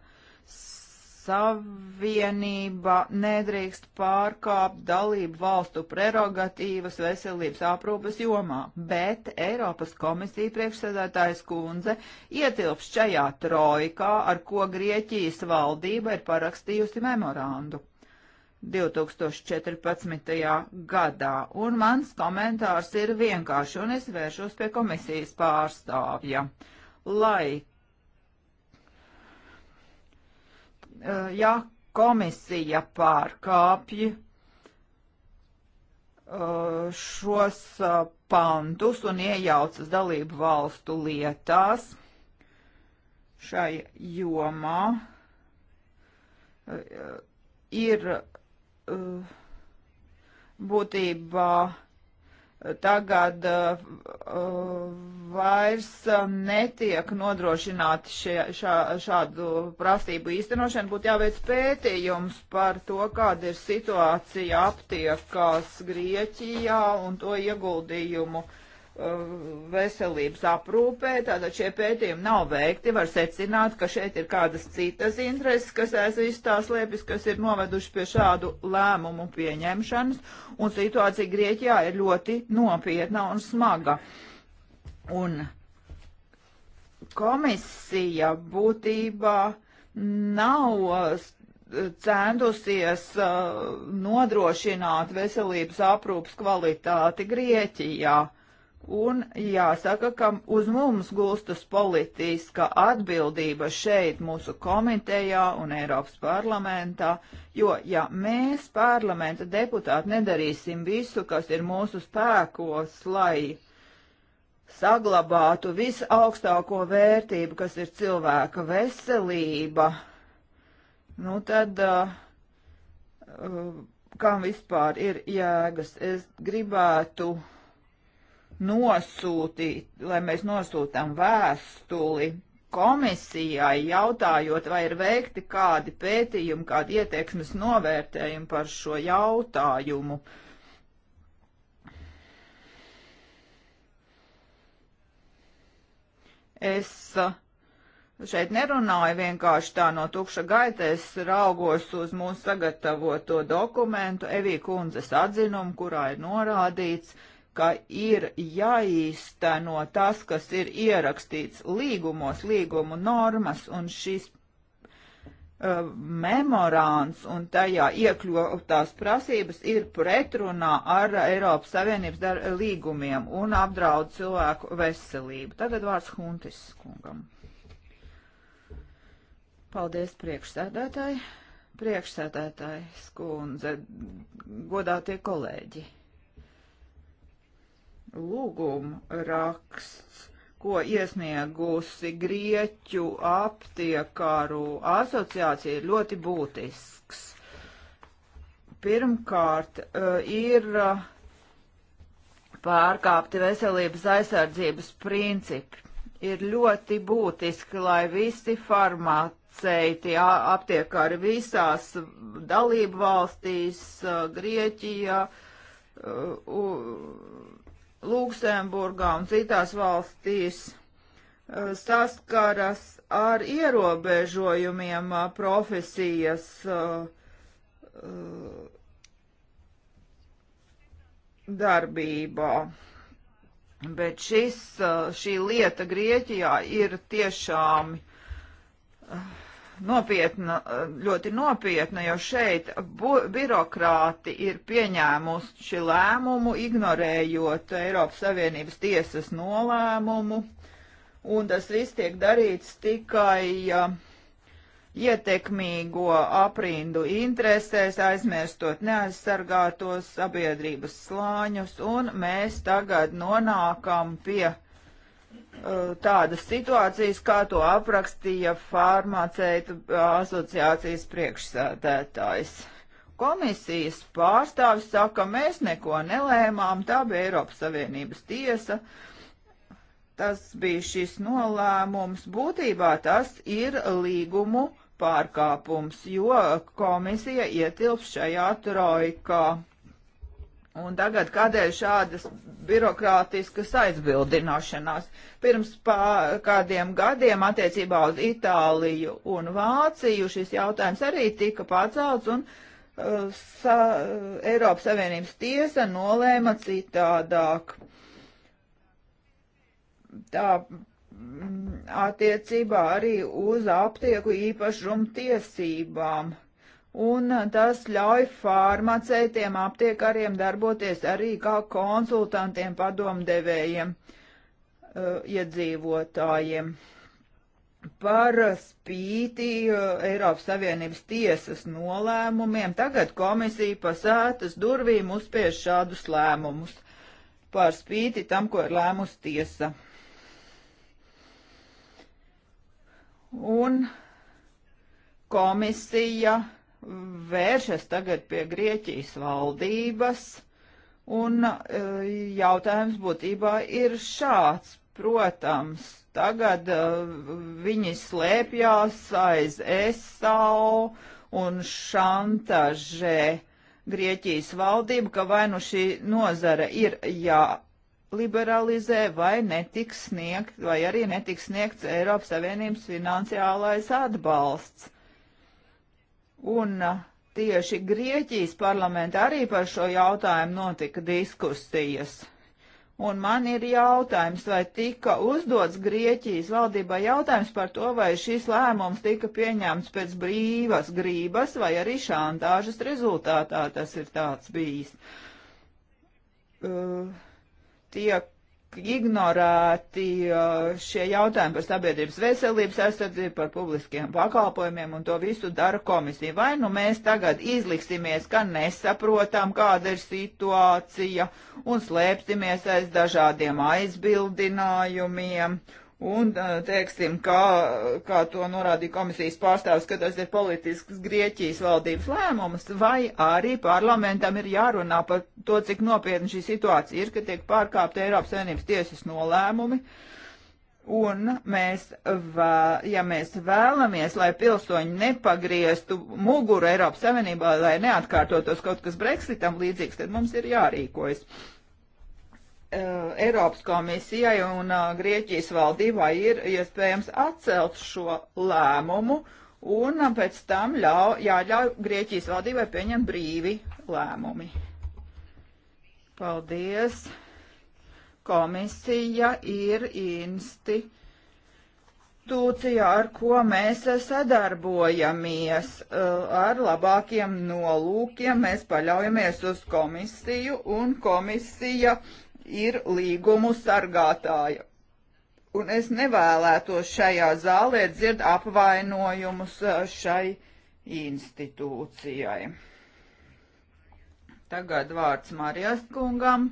Savienība nedrīkst pārkāpt dalību valstu prerogatīvas veselības aprūpas jomā, bet Eiropas komisija priekšsēdētājs kundze ietilps šajā trojkā, ar ko Grieķijas valdība ir parakstījusi memorandu. 2014. gadā, un mans komentārs ir vienkārši, un es vēršos pie komisijas pārstāvja. Lai Eh, ja komisija pārkāpj eh, šos eh, pantus un iejaucas dalību valstu lietās šai jomā, ir būtībā uh, tagad uh, uh vairs um, netiek nodrošināti šie, šā, šādu prasību īstenošanu, būtu jāveic pētījums par to, kāda ir situācija aptiekās Grieķijā un to ieguldījumu uh, Uh, veselības aprūpē, tātad šie pētījumi nav veikti, var secināt, ka šeit ir kādas citas intereses, kas aizvis tās liepis, kas ir noveduši pie šādu lēmumu pieņemšanas, un situācija Grieķijā ir ļoti nopietna un smaga. Un komisija būtībā nav uh, centusies uh, nodrošināt veselības aprūpas kvalitāti Grieķijā Un jāsaka, ka uz mums gulstas politiska atbildība šeit mūsu komitejā un Eiropas parlamentā, jo ja mēs parlamenta deputāti nedarīsim visu, kas ir mūsu spēkos, lai saglabātu visaugstāko vērtību, kas ir cilvēka veselība, nu tad. Uh, uh Kam vispār ir jēgas? Es gribētu uh, nosūtīt, lai mēs nosūtām vēstuli komisijai, jautājot, vai ir veikti kādi pētījumi, kādi ieteiksmes novērtējumi par šo jautājumu. Es uh, šeit nerunāju vienkārši tā no tukša gaita, es raugos uz mūsu sagatavoto dokumentu, Evī kundzes atzinumu, kurā ir norādīts, ka ir jāīsteno tas, kas ir ierakstīts līgumos, līgumu normas un šis uh, memorāns un tajā iekļautās prasības ir pretrunā ar Eiropas Savienības līgumiem un apdraud cilvēku veselību. Tagad vārds Huntis kungam. Paldies priekšsēdētāji, priekšsēdētāji skundze, godātie kolēģi lūgumu raksts, ko iesniegusi Grieķu aptiekaru asociācija, ir ļoti būtisks. Pirmkārt, eh, ir eh, pārkāpti veselības aizsardzības principi. Ir ļoti būtiski, lai visi farmāti farmaceiti aptiekāri visās dalību valstīs, eh, Grieķijā, Luksemburgā un citās valstīs eh, saskaras ar ierobežojumiem eh, profesijas eh, darbībā. Bet šis, šī lieta Grieķijā ir tiešām uh, nopietna, ļoti nopietna, jo šeit bu, birokrāti ir pieņēmuši lēmumu, ignorējot Eiropas Savienības tiesas nolēmumu, un tas viss tiek darīts tikai uh, ietekmīgo aprindu interesēs, aizmirstot neaizsargātos sabiedrības slāņus, un mēs tagad nonākam pie Uh, tādas situācijas, kā to aprakstīja farmaceitu asociācijas priekšsēdētājs. Komisijas pārstāvis saka, mēs neko nelēmām, tā bija Eiropas Savienības tiesa. Tas bija šis nolēmums. Būtībā tas ir līgumu pārkāpums, jo komisija ietilps šajā trojkā. Un tagad kādēļ šādas birokrātiskas aizbildināšanās? Pirms pā, kādiem gadiem attiecībā uz Itāliju un Vāciju šis jautājums arī tika pacelts un uh, sa, Eiropas Savienības tiesa nolēma citādāk. Tā mm, attiecībā arī uz aptieku īpašumu tiesībām un tas ļauj farmaceitiem, aptiekariem darboties arī kā konsultantiem, padomdevējiem, uh, iedzīvotājiem. Par spīti uh, Eiropas Savienības tiesas nolēmumiem tagad komisija pa sētas durvīm uzspiež šādus lēmumus. Par spīti tam, ko ir lēmusi tiesa. Un komisija vēršas tagad pie Grieķijas valdības, un e, jautājums būtībā ir šāds. Protams, tagad e, viņi slēpjās aiz ESAU un šantažē Grieķijas valdību, ka vai nu šī nozara ir jāliberalizē, vai netiks sniegt, vai arī netiks sniegts Eiropas Savienības finansiālais atbalsts Un uh, tieši Grieķijas parlamentā arī par šo jautājumu notika diskusijas. Un man ir jautājums, vai tika uzdots Grieķijas valdībā jautājums par to, vai šis lēmums tika pieņemts pēc brīvas grības, vai arī šantāžas rezultātā tas ir tāds bijis. Uh, tiek tiek ignorēti uh, šie jautājumi par sabiedrības veselības aizsardzību, par publiskiem pakalpojumiem, un to visu dara komisija. Vai nu mēs tagad izliksimies, ka nesaprotam, kāda ir situācija, un slēpsimies aiz dažādiem aizbildinājumiem, Un, teiksim, kā, kā to norādīja komisijas pārstāvis, ka tas ir politisks Grieķijas valdības lēmums, vai arī parlamentam ir jārunā par to, cik nopietna šī situācija ir, ka tiek pārkāpta Eiropas Savienības tiesas nolēmumi. Un mēs, vā, ja mēs vēlamies, lai pilsoņi nepagrieztu muguru Eiropas Savienībā, lai neatkārtotos kaut kas Brexitam līdzīgs, tad mums ir jārīkojas. Uh, Uh, Eiropas komisijai un uh, Grieķijas valdībai ir iespējams atcelt šo lēmumu un uh, pēc tam ļau, jāļauj Grieķijas valdībai pieņemt brīvi lēmumi. Paldies. Komisija ir institūcija institūcija, ar ko mēs sadarbojamies, ar labākiem nolūkiem mēs paļaujamies uz komisiju, un komisija ir līgumu sargātāja. Un es nevēlētos šajā zālē dzird apvainojumus šai institūcijai. Tagad vārds Marijas kungam,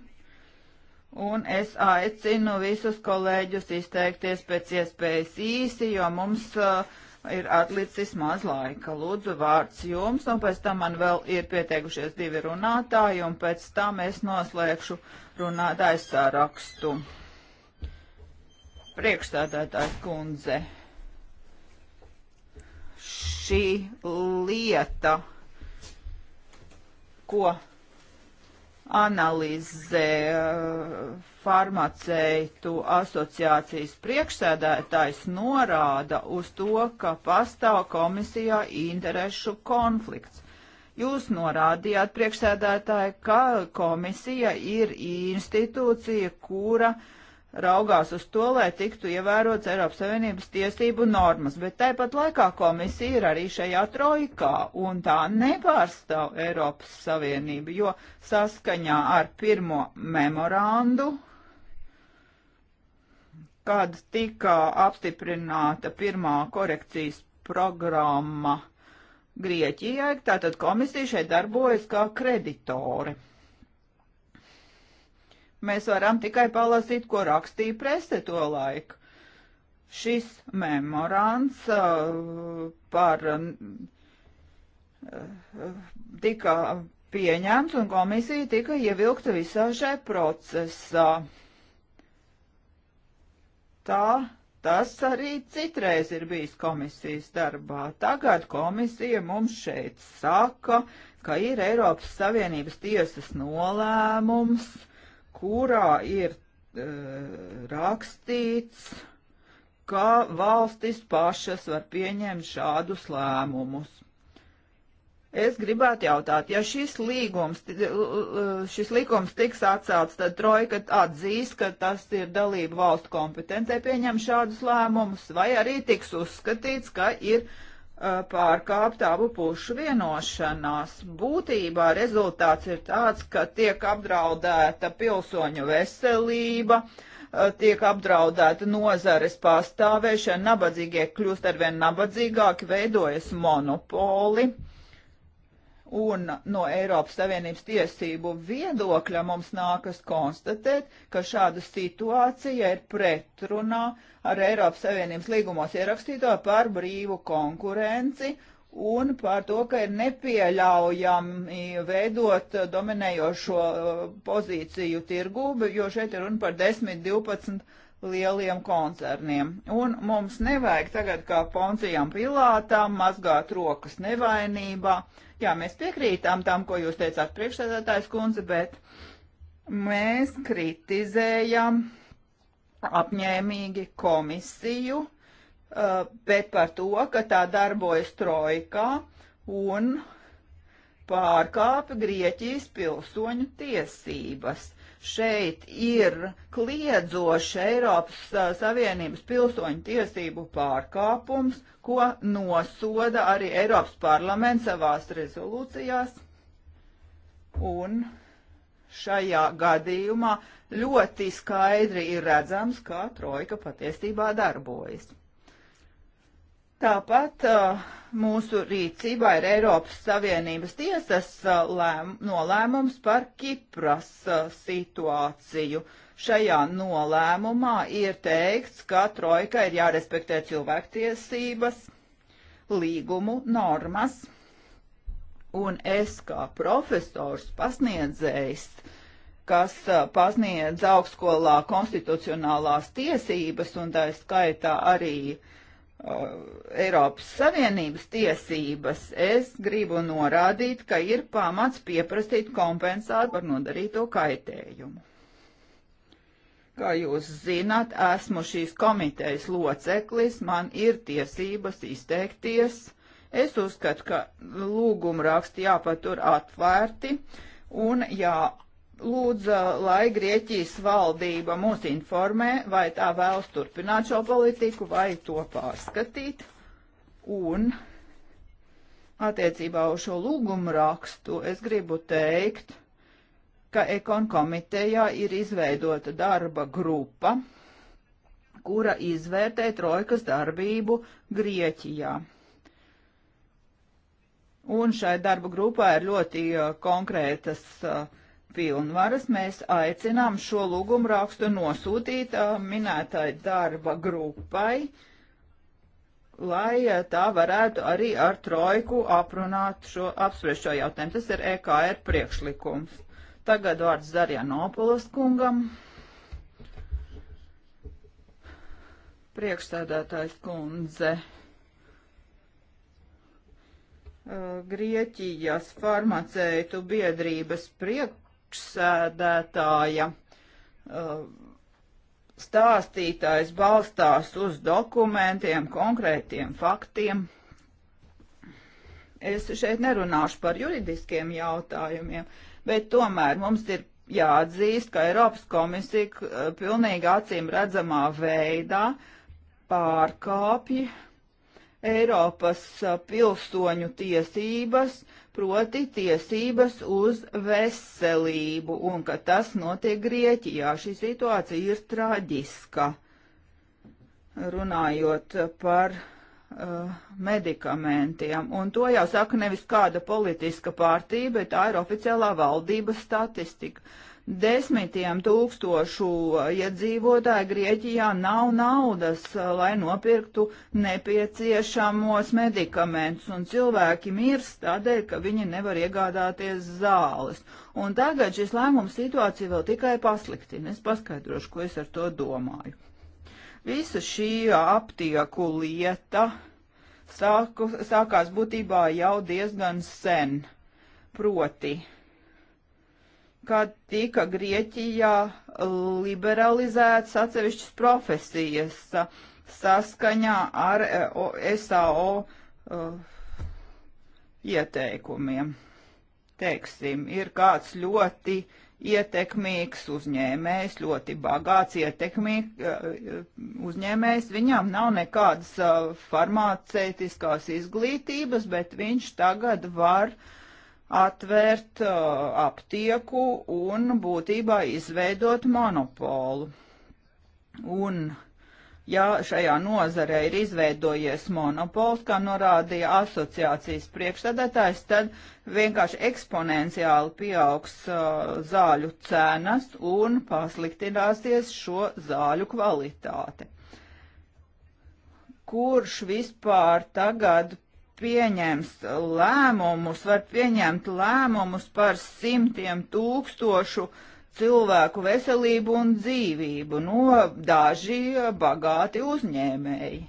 un es aicinu visus kolēģus izteikties pēc iespējas īsi, jo mums uh, ir atlicis maz laika. Lūdzu, vārds jums, un pēc tam man vēl ir pieteikušies divi runātāji, un pēc tam es noslēgšu uh, runātāju sārakstu. Priekšstādātājs kundze, šī lieta, ko analizē eh, farmaceitu asociācijas priekšsēdētājs norāda uz to, ka pastāv komisijā interešu konflikts Jūs norādījāt priekšsēdētāji, ka komisija ir institūcija, kura raugās uz to, lai tiktu ievērots Eiropas Savienības tiesību normas, bet tāpat laikā komisija ir arī šajā trojkā, un tā nepārstāv Eiropas Savienību, jo saskaņā ar pirmo memorandu, kad tika apstiprināta pirmā korekcijas programma, Grieķijai, tātad komisija šeit darbojas kā kreditore. Mēs varam tikai palasīt, ko rakstīja prese to laiku. Šis memorands uh, par uh, tika pieņemts un komisija tika ievilkta visā šajā procesā. Tā Tas arī citreiz ir bijis komisijas darbā. Tagad komisija mums šeit saka, ka ir Eiropas Savienības tiesas nolēmums, kurā ir e, rakstīts, ka valstis pašas var pieņemt šādus lēmumus. Es gribētu jautāt, ja šis līgums, šis līgums tiks atcelts, tad Trojka atzīs, ka tas ir dalību valstu kompetencija pieņem šādus lēmumus, vai arī tiks uzskatīts, ka ir pārkāpt abu pušu vienošanās. Būtībā rezultāts ir tāds, ka tiek apdraudēta pilsoņu veselība, tiek apdraudēta nozares pastāvēšana, nabadzīgie kļūst arvien nabadzīgāki, veidojas monopoli. Un no Eiropas Savienības tiesību viedokļa mums nākas konstatēt, ka šāda situācija ir pretrunā ar Eiropas Savienības līgumos ierakstīto par brīvu konkurenci un par to, ka ir nepieļaujami veidot dominējošo pozīciju tirgū, jo šeit ir runa par 10-12 lieliem koncerniem. Un mums nevajag tagad kā poncijam pilātām mazgāt rokas nevainībā. Jā, mēs piekrītām tam, ko jūs teicāt priekšsēdētājs kundze, bet mēs kritizējam apņēmīgi komisiju, uh, bet par to, ka tā darbojas trojkā un uh, pārkāpa Grieķijas pilsoņu tiesības. Šeit ir kliedzoša Eiropas Savienības pilsoņu tiesību pārkāpums, ko nosoda arī Eiropas parlaments savās rezolūcijās. Un šajā gadījumā ļoti skaidri ir redzams, kā trojka patiesībā darbojas. Tāpat uh, mūsu rīcībā ir Eiropas Savienības tiesas uh, lēm, nolēmums par Kipras uh, situāciju. Šajā nolēmumā ir teikts, ka trojka ir jārespektē cilvēktiesības, līgumu normas, un es kā profesors pasniedzējs kas uh, pasniedz augstskolā konstitucionālās tiesības un tā skaitā arī uh, Uh, Eiropas Savienības tiesības, es gribu norādīt, ka ir pamats pieprasīt kompensāciju par nodarīto kaitējumu. Kā jūs zināt, esmu šīs komitejas loceklis, man ir tiesības izteikties. Es uzskatu, ka lūguma raksti jāpatur atvērti un jā, lūdza, lai Grieķijas valdība mūs informē, vai tā vēlas turpināt šo politiku, vai to pārskatīt. Un attiecībā uz šo lūgumu rakstu es gribu teikt, ka Ekon komitejā ir izveidota darba grupa, kura izvērtē trojkas darbību Grieķijā. Un šai darba grupā ir ļoti uh, konkrētas uh, pilnvaras, mēs aicinām šo lūgumu rakstu nosūtīt minētai darba grupai, lai tā varētu arī ar trojku aprunāt šo, apspriest šo jautājumu. Tas ir EKR priekšlikums. Tagad vārds Darjanopolas kungam. Priekšstādātājs kundze. Grieķijas farmaceitu biedrības priekšlikums priekšsēdētāja uh, stāstītājs balstās uz dokumentiem, konkrētiem faktiem. Es šeit nerunāšu par juridiskiem jautājumiem, bet tomēr mums ir jāatzīst, ka Eiropas komisija uh, pilnīgi acīm redzamā veidā pārkāpja Eiropas uh, pilsoņu tiesības, uh, proti tiesības uz veselību, un ka tas notiek Grieķijā. Šī situācija ir traģiska, runājot par uh, medikamentiem. Un to jau saka nevis kāda politiska pārtība, bet tā ir oficiālā valdības statistika. Uh, desmitiem tūkstošu uh, iedzīvotāju ja Grieķijā nav naudas, uh, lai nopirktu nepieciešamos medikamentus, un cilvēki mirst tādēļ, ka viņi nevar iegādāties zāles. Un tagad šis lēmums situācija vēl tikai pasliktina. Es paskaidrošu, ko es ar to domāju. Visa šī aptieku lieta sāku, sākās būtībā jau diezgan sen. Proti, kad tika Grieķijā liberalizētas atsevišķas profesijas saskaņā ar SAO e, uh, e, ieteikumiem. Teiksim, ir kāds ļoti ietekmīgs uzņēmējs, ļoti bagāts ietekmīgs uh, e, uzņēmējs, viņam nav nekādas uh, farmāceitiskās izglītības, bet viņš tagad var uh, atvērt uh, aptieku un būtībā izveidot monopolu. Un, ja šajā nozarē ir izveidojies monopols, kā norādīja asociācijas priekšstādātājs, tad vienkārši eksponenciāli pieaugs uh, zāļu cenas un pasliktināsies šo zāļu kvalitāte. Kurš vispār tagad pieņems lēmumus, var pieņemt lēmumus par simtiem tūkstošu cilvēku veselību un dzīvību no daži bagāti uzņēmēji.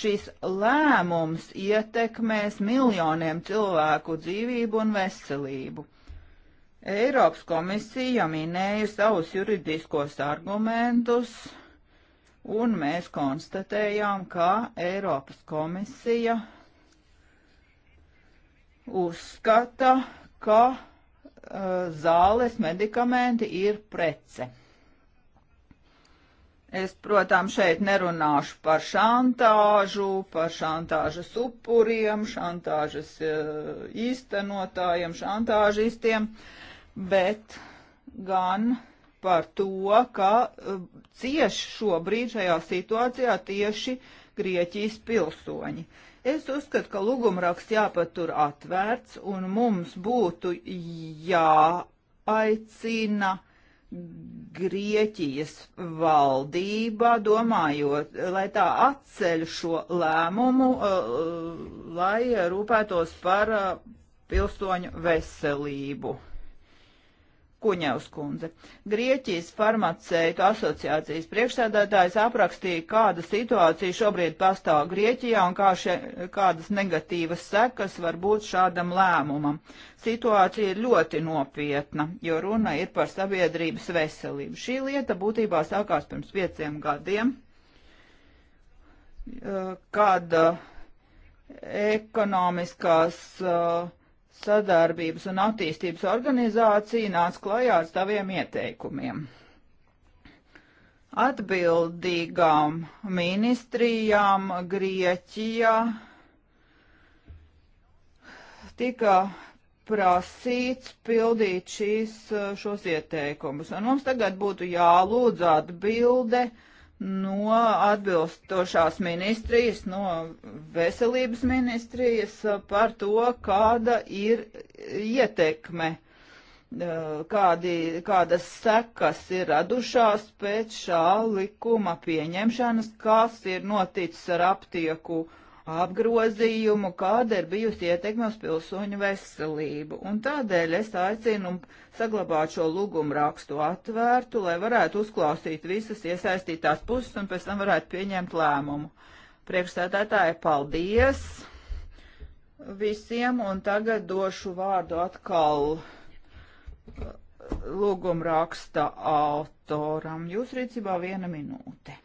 Šis lēmums ietekmēs miljoniem cilvēku dzīvību un veselību. Eiropas komisija minēja savus juridiskos argumentus, un mēs konstatējām, ka Eiropas komisija uzskata, ka eh, zāles medikamenti ir prece. Es, protams, šeit nerunāšu par šantāžu, par šantāžas upuriem, šantāžas eh, īstenotājiem, šantāžistiem, bet gan par to, ka eh, cieši šobrīd šajā situācijā tieši Grieķijas pilsoņi. Es uzskatu, ka lūgumraksts jāpatur atvērts un mums būtu jāaicina. Grieķijas valdība, domājot, lai tā atceļ šo lēmumu, uh, lai rūpētos par uh, pilsoņu veselību. Kuņevs kundze. Grieķijas farmaceitu asociācijas priekšsēdētājs aprakstīja, kāda situācija šobrīd pastāv Grieķijā un kā še, kādas negatīvas sekas var būt šādam lēmumam. Situācija ir ļoti nopietna, jo runa ir par sabiedrības veselību. Šī lieta būtībā sākās pirms pieciem gadiem, eh, kad eh, ekonomiskās uh, sadarbības un attīstības organizācija nāca klajā ar saviem ieteikumiem. Atbildīgām ministrijām Grieķijā tika prasīts pildīt šīs, šos ieteikumus. Un mums tagad būtu jālūdz atbilde uh, no atbilstošās ministrijas, no veselības ministrijas par to, kāda ir ietekme, kādi, kādas sekas ir radušās pēc šā likuma pieņemšanas, kas ir noticis ar aptieku uh, apgrozījumu, kāda ir bijusi ietekme uz pilsoņu veselību. Un tādēļ es aicinu saglabāt šo lūgumu rakstu atvērtu, lai varētu uzklausīt visas iesaistītās puses un pēc tam varētu pieņemt lēmumu. Priekšstādātāji, paldies visiem, un tagad došu vārdu atkal uh, lūgumu raksta autoram. Jūs rīcībā viena minūte.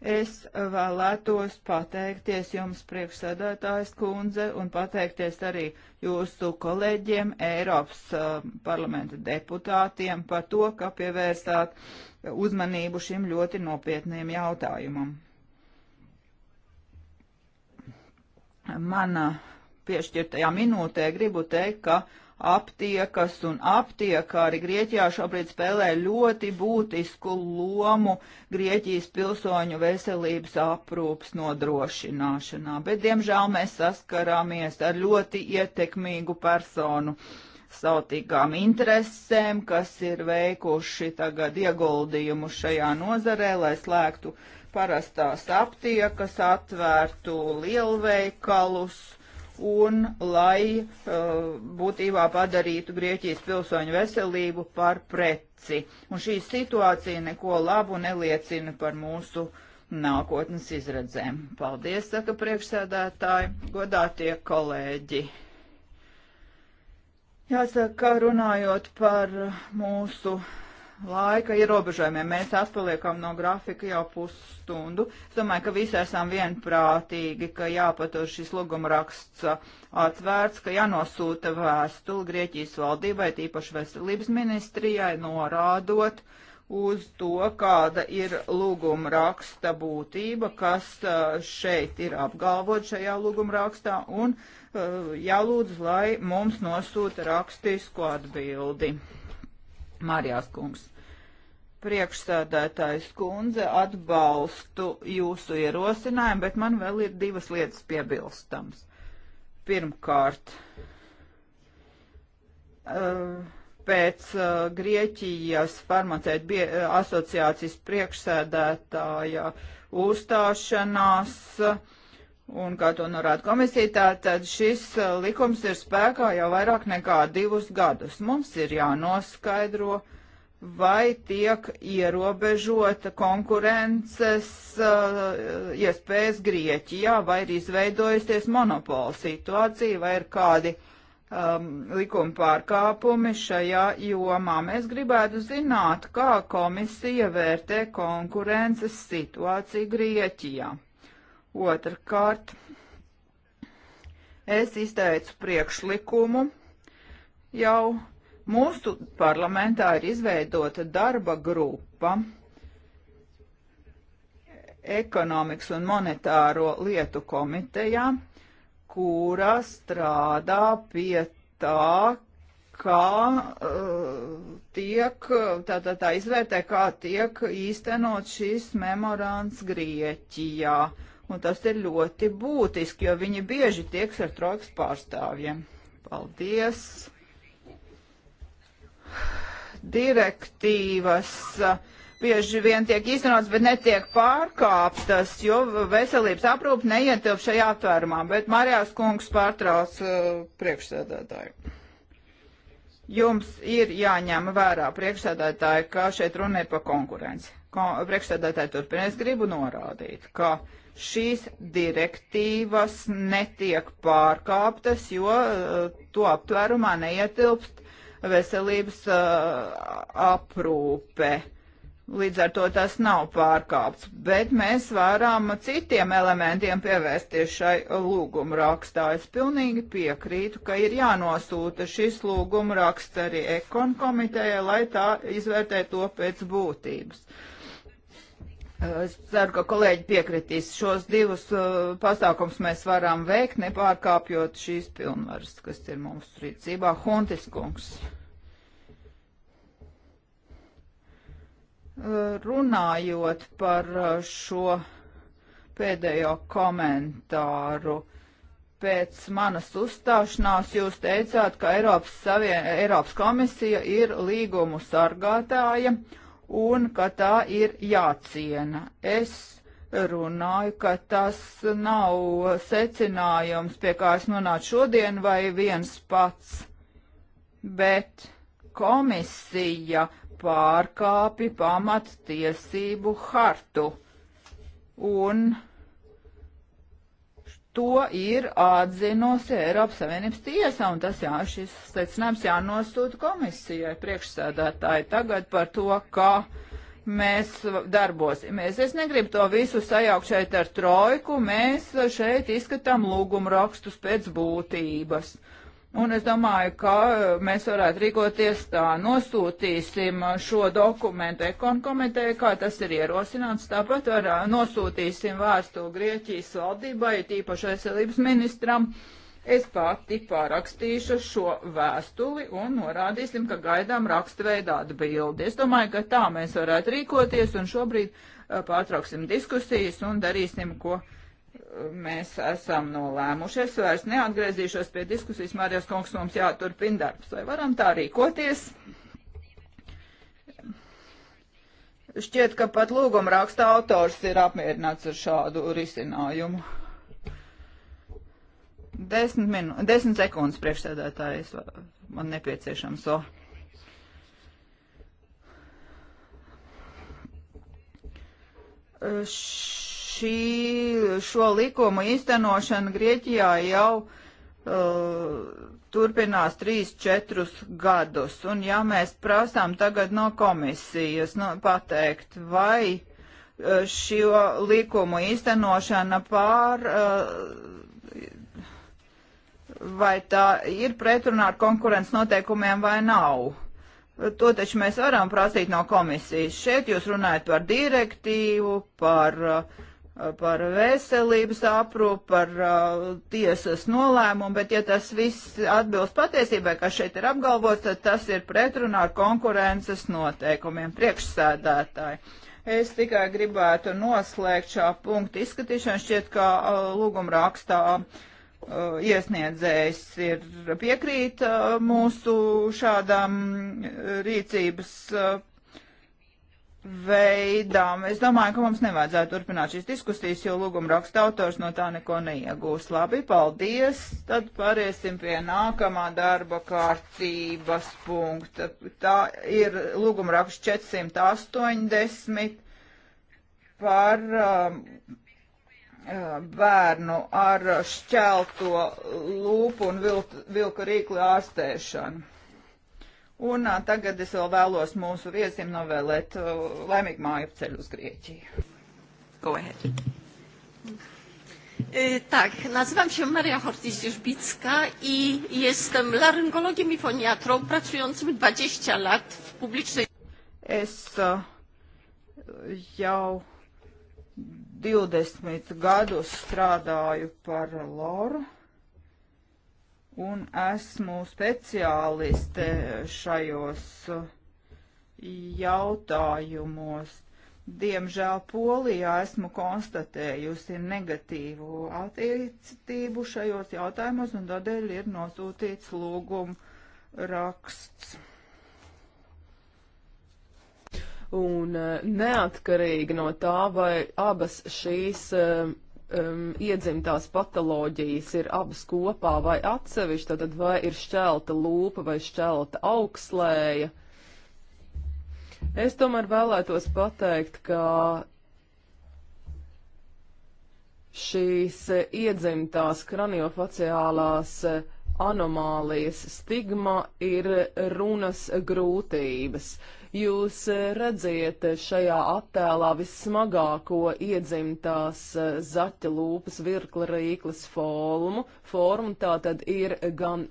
Es vēlētos pateikties jums priekšsēdētājs kundze un pateikties arī jūsu kolēģiem, Eiropas uh, parlamenta deputātiem par to, ka pievērsāt uzmanību šim ļoti nopietniem jautājumam. Mana piešķirtajā minūtē gribu teikt, ka aptiekas un aptiekāri Grieķijā šobrīd spēlē ļoti būtisku lomu Grieķijas pilsoņu veselības aprūpas nodrošināšanā, bet diemžēl mēs saskarāmies ar ļoti ietekmīgu personu sautīgām interesēm, kas ir veikuši tagad ieguldījumu šajā nozarē, lai slēgtu parastās aptiekas, atvērtu lielveikalus un lai uh, būtībā padarītu Grieķijas pilsoņu veselību par preci. Un šī situācija neko labu neliecina par mūsu nākotnes izredzēm. Paldies, saka priekšsēdētāji, godātie kolēģi. Jāsaka, runājot par mūsu laika ierobežojumiem. Mēs atpaliekam no grafika jau pusstundu. Es domāju, ka visi esam vienprātīgi, ka jāpatur šis logumraksts uh, atvērts, ka jānosūta vēstuli Grieķijas valdībai, tīpaši veselības ministrijai, norādot uz to, kāda ir lūguma raksta būtība, kas uh, šeit ir apgalvot šajā lūguma rakstā, un uh, jālūdz, lai mums nosūta rakstisku atbildi. Mārijās kungs. Priekšsēdētājs kundze atbalstu jūsu ierosinājumu, bet man vēl ir divas lietas piebilstams. Pirmkārt, eh, pēc eh, Grieķijas farmaceitu eh, asociācijas priekšsēdētāja uzstāšanās Un, kā to norāda komisija, tātad šis uh, likums ir spēkā jau vairāk nekā divus gadus. Mums ir jānoskaidro, vai tiek ierobežota konkurences uh, iespējas Grieķijā, vai ir izveidojusies monopola situācija, vai ir kādi um, likuma pārkāpumi šajā jomā. Mēs gribētu zināt, kā komisija vērtē konkurences situāciju Grieķijā. Otrakārt, es izteicu priekšlikumu jau mūsu parlamentā ir izveidota darba grupa ekonomikas un monetāro lietu komitejā, kurā strādā pie tā, kā uh, tiek, tā, tā, tā izvērtē, kā tiek īstenot šis memorands Grieķijā. Uh, un tas ir ļoti būtiski, jo viņi bieži tieks ar trojkas pārstāvjiem. Paldies! Direktīvas uh, bieži vien tiek īstenots, bet netiek pārkāptas, jo veselības aprūpe neietilp šajā aptvērumā, bet Marijās kungs pārtrauc uh, priekšsēdētāju. Jums ir jāņem vērā priekšsēdētāji, ka šeit runa ir par konkurenci. Kon priekšsēdētāji turpina. Es gribu norādīt, ka uh, šīs direktīvas netiek pārkāptas, jo eh, to aptvērumā neietilpst veselības eh, aprūpe. Līdz ar to tas nav pārkāpts, bet mēs varam citiem elementiem pievērsties šai lūgumu rakstā. Es pilnīgi piekrītu, ka ir jānosūta šis lūgumu raksts arī ekon komitejai, lai tā izvērtē to pēc būtības. Uh, Es ceru, ka kolēģi piekritīs. Šos divus uh, pasākums mēs varam veikt, nepārkāpjot šīs pilnvaras, kas ir mums rīcībā. Huntis kungs. Uh, runājot par uh, šo pēdējo komentāru, pēc manas uzstāšanās jūs teicāt, ka Eiropas, Savien Eiropas komisija ir līgumu sargātāja un ka tā ir jāciena. Es runāju, ka tas nav secinājums, pie kā es nonācu šodien vai viens pats, bet komisija pārkāpi pamat tiesību hartu. Un To ir atzinusi Eiropas Savienības tiesa, un tas jā, šis secinājums jānosūta komisijai priekšsēdētāji tagad par to, kā mēs darbosimies. Es negribu to visu sajaukt šeit ar trojku, mēs šeit izskatām lūgumu rakstus pēc būtības. Uh, Un es domāju, ka eh, mēs varētu rīkoties tā, nosūtīsim eh, šo dokumentu ekonkomitē, kā tas ir ierosināts, tāpat var, eh, nosūtīsim vārstu Grieķijas valdībai, tīpaši veselības ministram. Es pati pārakstīšu šo vēstuli un norādīsim, ka gaidām rakstveidā atbildi. Es domāju, ka tā mēs varētu rīkoties un šobrīd pārtrauksim diskusijas un darīsim, ko mēs esam nolēmuši. Es vairs neatgriezīšos pie diskusijas. Mārijas kungs mums jāturpina darbs. Vai varam tā rīkoties? Šķiet, ka pat lūguma raksta autors ir apmierināts ar šādu risinājumu. Desmit, minu, desmit sekundes priekšsēdētājs man nepieciešams. So. Š šī, šo likumu īstenošana Grieķijā jau uh, turpinās 3-4 gadus. Un ja mēs prasām tagad no komisijas no, nu, pateikt, vai uh, šo likumu īstenošana pār. Uh, vai tā ir pretrunā ar konkurences noteikumiem vai nav. To taču mēs varam prasīt no komisijas. Šeit jūs runājat par direktīvu, par uh, par veselības aprūpu, par uh, tiesas nolēmumu, bet ja tas viss atbilst patiesībai, kas šeit ir apgalvots, tad tas ir pretrunā ar konkurences noteikumiem priekšsēdētāji. Es tikai gribētu noslēgt šā punkta izskatīšanu, šķiet, ka uh, lūguma rakstā uh, iesniedzējs ir piekrīt mūsu šādām rīcības veidām. Es domāju, ka mums nevajadzētu turpināt šīs diskusijas, jo lūguma raksta autors no tā neko neiegūs. Labi, paldies. Tad pāriesim pie nākamā darba kārtības punkta. Tā ir lūguma raksts 480 par um, um, bērnu ar šķelto lūpu un vilku rīkli ārstēšanu. Un a, tagad es vēl vēlos mūsu viesim novēlēt uh, laimīgu māju ceļu uz Grieķiju. Go ahead. E, tak, nazywam się Maria Hortis-Dziurzbicka i jestem laryngologiem i foniatrą pracującym 20 lat w publicznej... Es uh, jau 20 gadus strādāju par Loru un esmu speciāliste šajos uh, jautājumos. Diemžēl Polijā esmu konstatējusi negatīvu attīstību šajos jautājumos, un tādēļ ir nosūtīts lūguma raksts. Un uh, neatkarīgi no tā, vai abas šīs uh, um, iedzimtās patoloģijas ir abas kopā vai atsevišķi, tad vai ir šķelta lūpa vai šķelta augslēja. Es tomēr vēlētos pateikt, ka šīs iedzimtās kraniofaciālās uh, anomālijas, stigma ir runas grūtības. Jūs redziet šajā attēlā vissmagāko iedzimtās zaķa lūpas virkla rīklas formu. Forma tā tad ir gan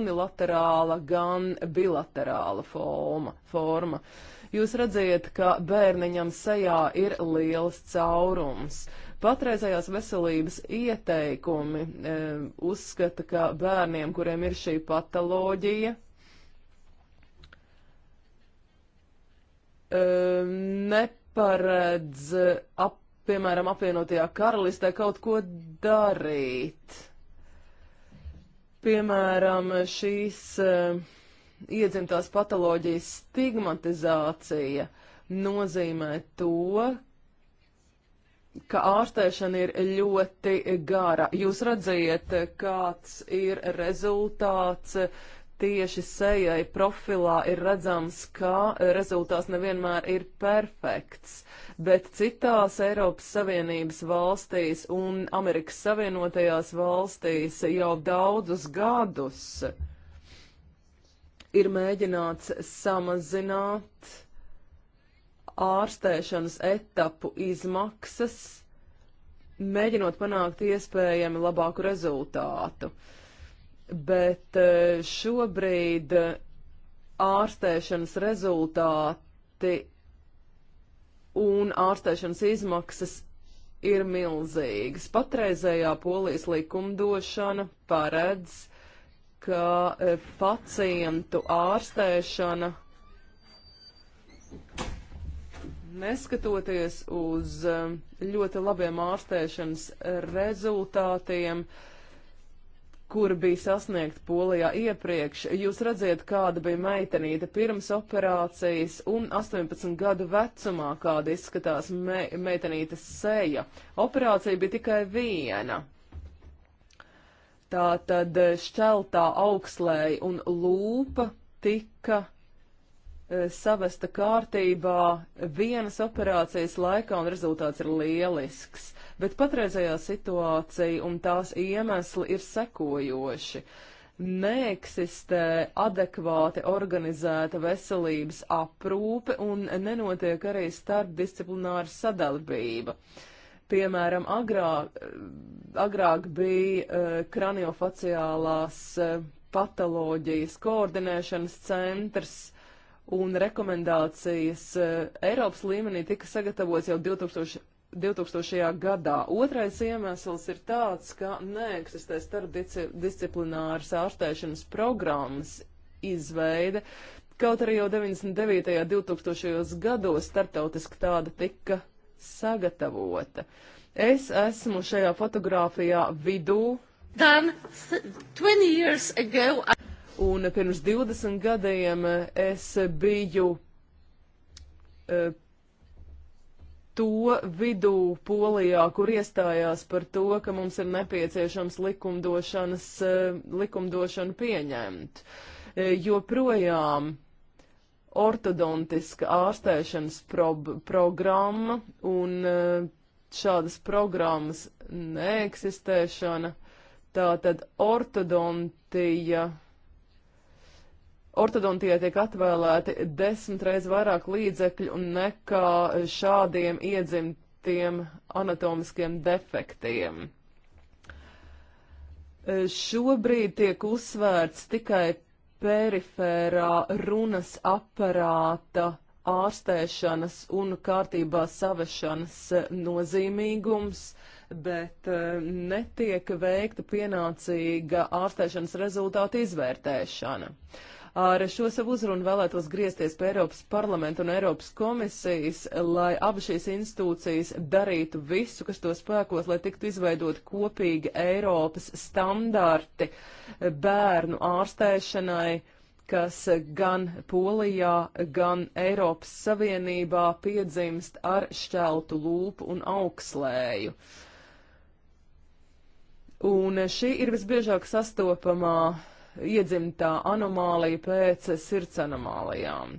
unilaterāla, gan bilaterāla forma. forma. Jūs redziet, ka bērniņam sejā ir liels caurums. Uh, Patreizējās veselības ieteikumi e, uzskata, ka bērniem, kuriem ir šī patoloģija, e, neparedz, ap, piemēram, apvienotajā karalistē kaut ko darīt. Piemēram, šīs e, iedzimtās patoloģijas stigmatizācija nozīmē to, ka ārstēšana ir ļoti gara. Jūs redzējat, kāds ir rezultāts. Tieši sejai profilā ir redzams, ka rezultāts nevienmēr ir perfekts, bet citās Eiropas Savienības valstīs un Amerikas Savienotajās valstīs jau daudzus gadus ir mēģināts samazināt ārstēšanas etapu izmaksas, mēģinot panākt iespējami labāku rezultātu. Bet e, šobrīd e, ārstēšanas rezultāti un ārstēšanas izmaksas ir milzīgas. Patreizējā polijas likumdošana paredz, ka e, pacientu ārstēšana Neskatoties uz um, ļoti labiem ārstēšanas rezultātiem, kur bija sasniegt polijā iepriekš, jūs redziet, kāda bija meitenīte pirms operācijas un 18 gadu vecumā, kāda izskatās me meitenītes seja. Operācija bija tikai viena. Tā tad šķeltā augslēja un lūpa tika Eh, savesta kārtībā vienas operācijas laikā un rezultāts ir lielisks. Bet patreizējā situācija un tās iemesli ir sekojoši. Neeksistē adekvāti organizēta veselības aprūpe un nenotiek arī starpdisciplināra sadarbība. Piemēram, agrāk, eh, agrāk bija uh, kraniofaciālās uh, patoloģijas koordinēšanas centrs, un rekomendācijas eh, Eiropas līmenī tika sagatavots jau 2000. 2000. gadā. Otrais iemesls ir tāds, ka neeksistē starpdisciplināras ārstēšanas programmas izveide, kaut arī jau 99. un 2000. gados starptautiski tāda tika sagatavota. Es esmu šajā fotografijā vidū. Then, 20 years ago, I... Un pirms 20 gadiem es biju uh, to vidū Polijā, kur iestājās par to, ka mums ir nepieciešams likumdošanas, uh, likumdošanu pieņemt. Uh, eh, jo projām ortodontiska ārstēšanas programma un šādas programmas neeksistēšana, tātad ortodontija ortodontijai tiek atvēlēti desmit reizes vairāk līdzekļu nekā šādiem iedzimtiem anatomiskiem defektiem. Šobrīd tiek uzsvērts tikai perifērā runas aparāta ārstēšanas un kārtībā savešanas nozīmīgums, bet e, netiek veikta pienācīga ārstēšanas rezultātu izvērtēšana. Uh, Ar šo savu uzrunu vēlētos griezties pie Eiropas parlamenta un Eiropas komisijas, lai abi šīs institūcijas darītu visu, kas to spēkos, lai tiktu izveidot kopīgi Eiropas standarti bērnu ārstēšanai kas gan Polijā, gan Eiropas Savienībā piedzimst ar šķeltu lūpu un augslēju. Un šī ir visbiežāk sastopamā uh, iedzimtā anomālija pēc sirds anomālijām.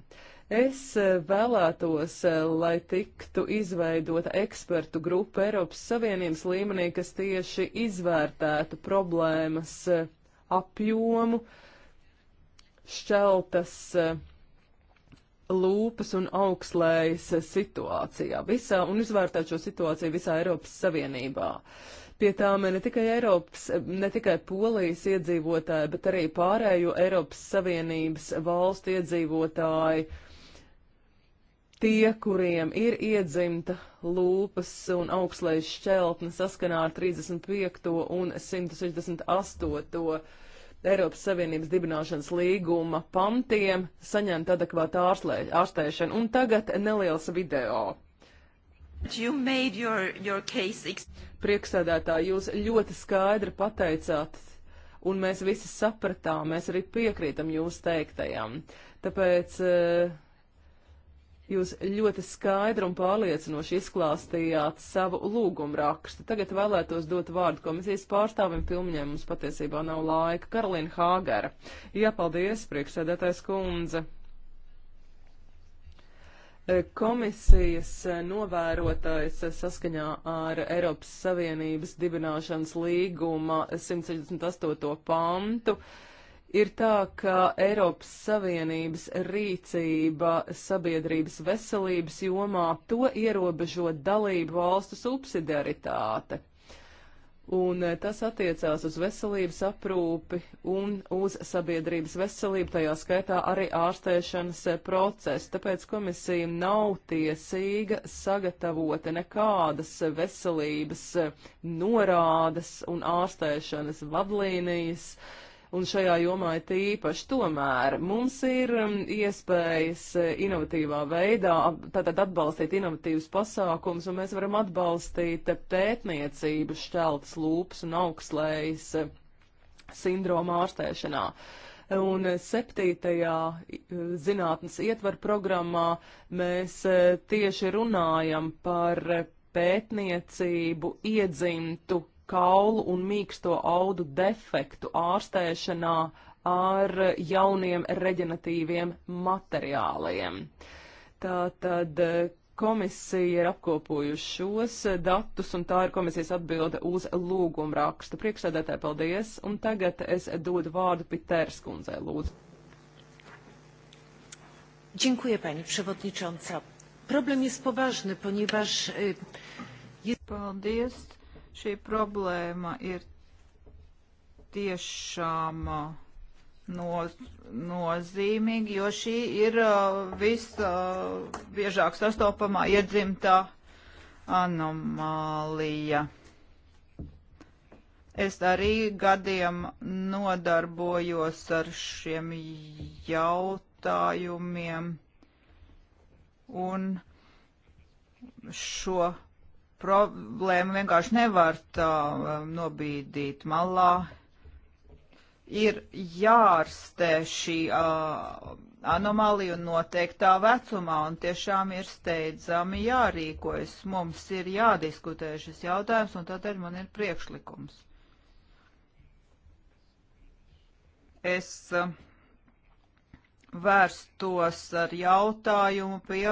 Es eh, vēlētos, eh, lai tiktu izveidota ekspertu grupa Eiropas Savienības līmenī, kas tieši izvērtētu problēmas eh, apjomu, šķeltas uh, lūpas un augslējas situācijā visā un izvērtēt šo situāciju visā Eiropas Savienībā. Pie tām ne tikai Eiropas, ne tikai Polijas iedzīvotāji, bet arī pārējo Eiropas Savienības valstu iedzīvotāji, tie, kuriem ir iedzimta lūpas un augslējas šķeltne saskanā ar 35. un 168 Eiropas Savienības dibināšanas līguma pantiem saņemt adekvātu ārstēšanu. Un tagad neliels video. You your, your case... Prieksēdētāji, jūs ļoti skaidri pateicāt, un mēs visi sapratām, mēs arī piekrītam jūs teiktajam. Tāpēc uh, Jūs ļoti skaidri un pārliecinoši izklāstījāt savu lūgumu rakstu. Tagad vēlētos dot vārdu komisijas pārstāvim filmņiem. Mums patiesībā nav laika. Karolīna Hāgara. Jā, paldies, priekšsēdētājs kundze. E, komisijas novērotājs saskaņā ar Eiropas Savienības dibināšanas līguma 168. pantu ir tā, ka Eiropas Savienības rīcība sabiedrības veselības jomā to ierobežo dalību valstu subsidiaritāte. Un eh, tas attiecās uz veselības aprūpi un uz sabiedrības veselību, tajā skaitā arī ārstēšanas eh, procesu. Tāpēc komisija nav tiesīga sagatavot nekādas eh, veselības norādes un ārstēšanas vadlīnijas. Uh, un šajā jomā ir tīpaši. Tomēr mums ir um, iespējas eh, inovatīvā veidā, tātad atbalstīt inovatīvas pasākums, un mēs varam atbalstīt pētniecību šķeltas lūpas un augslējas eh, sindroma ārstēšanā. Un eh, septītajā zinātnes ietvar programmā mēs tieši runājam par pētniecību iedzimtu kaulu un mīksto audu defektu ārstēšanā ar jauniem reģenatīviem materiāliem. Tātad eh, komisija ir apkopojuši šos eh, datus, un tā ir komisijas atbilde uz lūgumu rakstu. Priekšsēdētāji, paldies, un tagad es dodu vārdu Pitērs kundzei, lūdzu. Dziękuję Pani Przewodnicząca. Problem jest poważny, ponieważ... Jest... Paldies, Šī problēma ir tiešām uh, no, nozīmīga, jo šī ir uh, visbiežāk uh, sastopamā iedzimtā anomālija. Es arī gadiem nodarbojos ar šiem jautājumiem un šo problēmu vienkārši nevar tā um, nobīdīt malā. Ir jārastē šī uh, anomālija un noteiktā vecumā, un tiešām ir steidzami jārīkojas. Mums ir jādiskutē šis jautājums, un tādēļ man ir priekšlikums. Es uh, vērstos ar jautājumu pie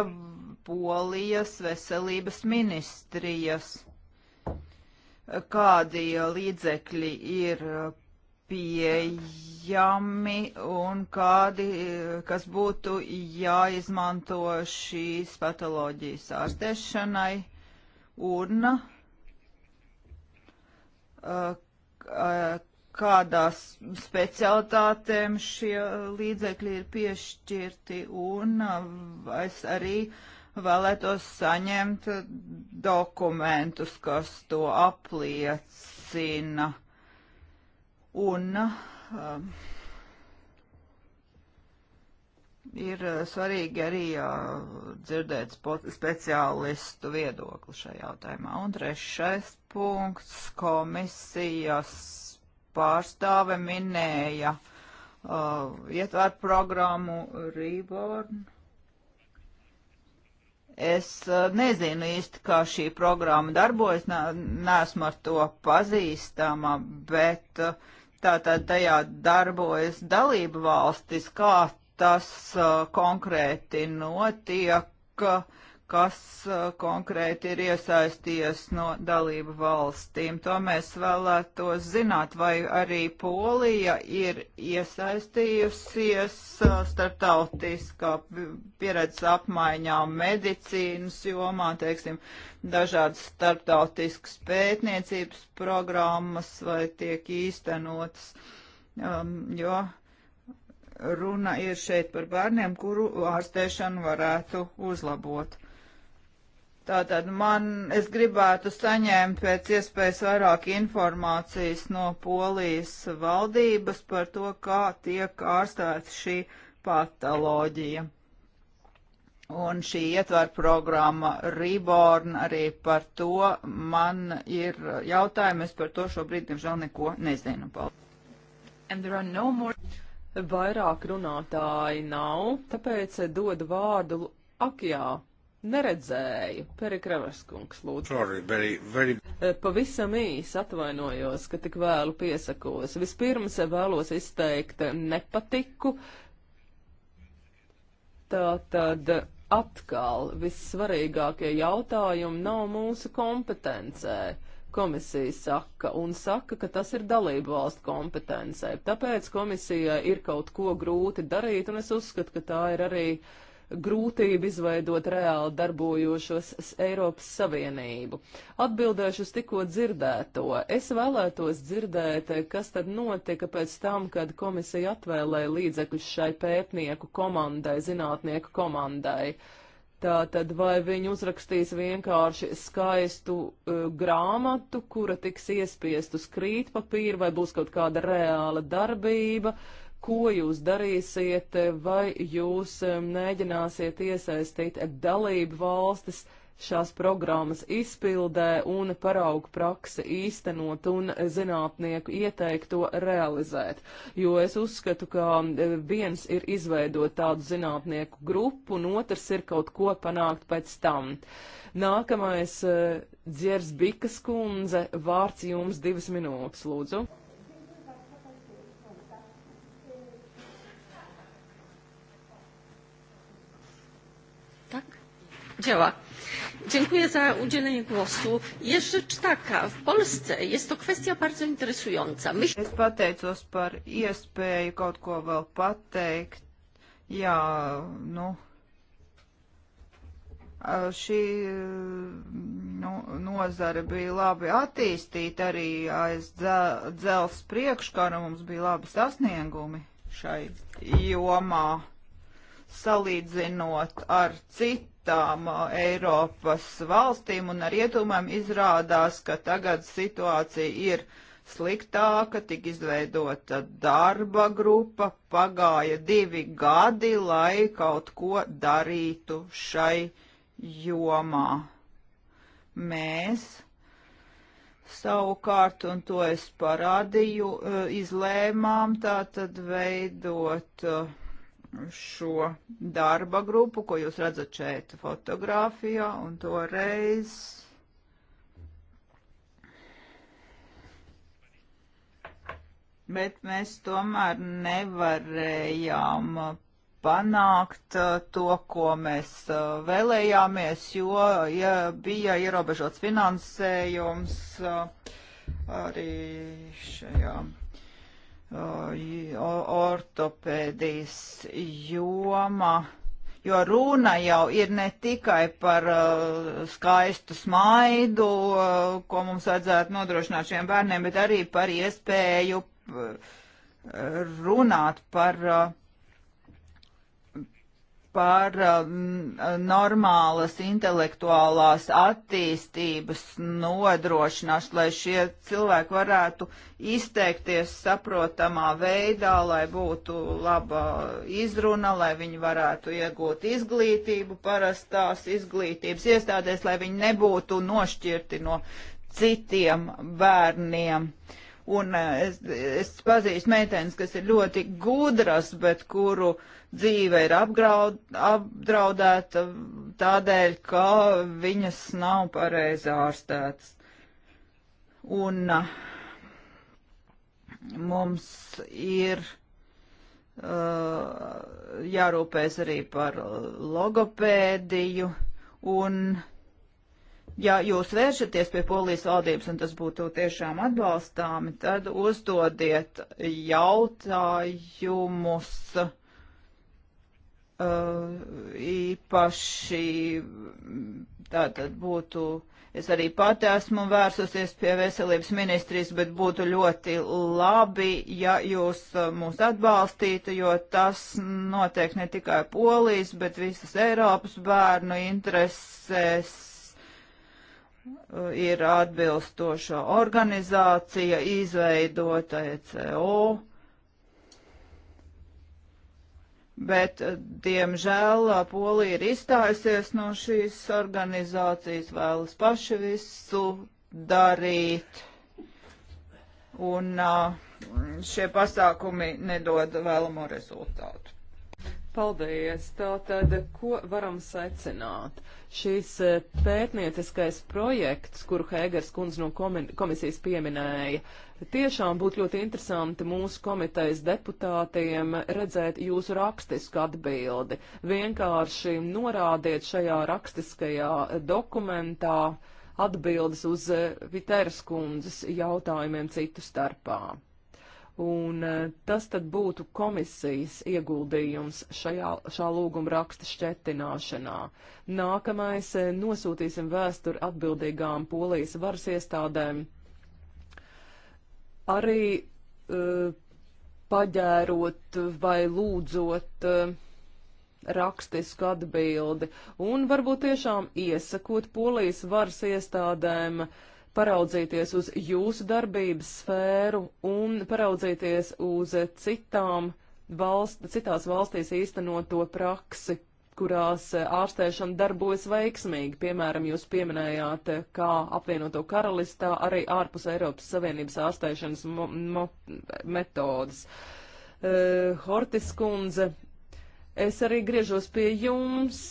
Polijas veselības ministrijas, kādi līdzekļi ir pieejami un kādi, kas būtu jāizmanto šīs patoloģijas ārstēšanai un kādās specialitātēm šie līdzekļi ir piešķirti un es arī uh, vēlētos saņemt dokumentus, kas to apliecina. Un um, ir svarīgi arī uh, dzirdēt speciālistu viedokli šajā jautājumā. Un trešais punkts komisijas pārstāve minēja uh, ietvērt programmu Reborn Es eh, nezinu īsti, kā šī programma darbojas, neesmu ar to pazīstama, bet eh, tātad tajā darbojas dalība valstis, kā tas eh, konkrēti notiek. Uh, kas uh, konkrēti ir iesaistījies no dalību valstīm. To mēs vēlētos zināt, vai arī Polija ir iesaistījusies uh, starptautiskā pieredzes apmaiņā medicīnas jomā, teiksim, dažādas starptautiskas pētniecības programmas vai tiek īstenotas, um, jo runa ir šeit par bērniem, kuru ārstēšanu varētu uzlabot. Tātad man, es gribētu saņemt pēc iespējas vairāk informācijas no polijas valdības par to, kā tiek ārstēta šī patoloģija. Un šī ietver programma Reborn arī par to man ir jautājumi, es par to šobrīd, diemžēl, neko nezinu. No more... Vairāk runātāji nav, tāpēc dodu vārdu Akijā Neredzēju. Perikravas kungs, lūdzu. Sorry, very, very... E, pavisam īsi atvainojos, ka tik vēlu piesakos. Vispirms vēlos izteikt nepatiku. Tā tad atkal vissvarīgākie jautājumi nav mūsu kompetencē. Komisija saka un saka, ka tas ir dalību valstu kompetencē. Tāpēc komisijai ir kaut ko grūti darīt, un es uzskatu, ka tā ir arī uh, grūtību izveidot reāli darbojošos Eiropas Savienību. Atbildēšu uz tikko dzirdēto. Es vēlētos dzirdēt, kas tad notika pēc tam, kad komisija atvēlēja līdzekļus šai pētnieku komandai, zinātnieku komandai. Tātad vai viņi uzrakstīs vienkārši skaistu uh, grāmatu, kura tiks iespiest uz krītpapīra, vai būs kaut kāda reāla darbība, uh, ko jūs darīsiet, vai jūs um, mēģināsiet iesaistīt dalību valstis šās programmas izpildē un paraugu praksi īstenot un zinātnieku ieteikto realizēt. Jo es uzskatu, ka um, viens ir izveidot tādu zinātnieku grupu, un otrs ir kaut ko panākt pēc tam. Nākamais uh, dzers Bikas kundze, vārds jums divas minūtes, lūdzu. działa. Dziękuję za udzielenie głosu. Jeszcze taka, w Polsce jest to kwestia bardzo interesująca. Myś... Es pateicos par iespēju kaut ko vēl pateikt. Jā, nu, šī nu, nozara bija labi attīstīta arī aiz dzels priekškara. Mums bija labi sasniegumi šai jomā, salīdzinot ar citu citām Eiropas valstīm un ar ietumam izrādās, ka tagad situācija ir sliktāka, tika izveidota darba grupa, pagāja divi gadi, lai kaut ko darītu šai jomā. Mēs savukārt, un to es parādīju, izlēmām tātad veidot uh, šo darba grupu, ko jūs redzat šeit fotogrāfijā, un toreiz bet mēs tomēr nevarējām panākt uh, to, ko mēs uh, vēlējāmies, jo ja bija ierobežots finansējums uh, arī šajā ortopēdijas joma, jo runa jau ir ne tikai par skaistu smaidu, ko mums vajadzētu nodrošināt šiem bērniem, bet arī par iespēju runāt par uh, par um, normālas intelektuālās attīstības nodrošināšanu, lai šie cilvēki varētu izteikties saprotamā veidā, lai būtu laba izruna, lai viņi varētu iegūt izglītību parastās izglītības iestādēs, lai viņi nebūtu nošķirti no citiem bērniem. Un uh, es, es pazīstu meitenes, kas ir ļoti gudras, bet kuru uh, dzīve ir apgraud, apdraudēta tādēļ, ka viņas nav pareizi ārstētas. Un uh, mums ir uh, jārūpēs arī par logopēdiju un ja jūs vēršaties pie polijas valdības, un tas būtu tiešām atbalstāmi, tad uzdodiet jautājumus Uh, īpaši tātad būtu, es arī pati esmu vērsusies pie veselības ministrijas, bet būtu ļoti labi, ja jūs uh, mūs atbalstītu, jo tas notiek ne tikai Polijas, bet visas Eiropas bērnu interesēs uh, ir atbilstoša organizācija izveidota ECO bet, eh, diemžēl, eh, Polija ir izstājusies no šīs organizācijas, vēlas paši visu darīt, un eh, šie pasākumi nedod vēlamo rezultātu. Paldies! Tātad, ko varam secināt? Šis eh, pētnieciskais projekts, kuru Hēgers kundze no komisijas pieminēja, tiešām būtu ļoti interesanti mūsu komitejas deputātiem redzēt jūsu rakstisku atbildi. Vienkārši norādiet šajā rakstiskajā dokumentā atbildes uz eh, Viteras kundzes jautājumiem citu starpā. Un eh, tas tad būtu komisijas ieguldījums šajā, šā lūguma raksta šķetināšanā. Nākamais eh, nosūtīsim vēsturi atbildīgām polijas varas iestādēm. Arī uh, paģērot vai lūdzot uh, rakstisku atbildi un varbūt tiešām iesakot polijas varas iestādēm uh, paraudzīties uz jūsu darbības sfēru un paraudzīties uz citām valst, citās valstīs īstenoto praksi, kurās ārstēšana darbojas veiksmīgi. Piemēram, jūs pieminējāt, kā apvienoto karalistā arī ārpus Eiropas Savienības ārstēšanas metodas. Uh, eh, Hortis kundze, es arī griežos pie jums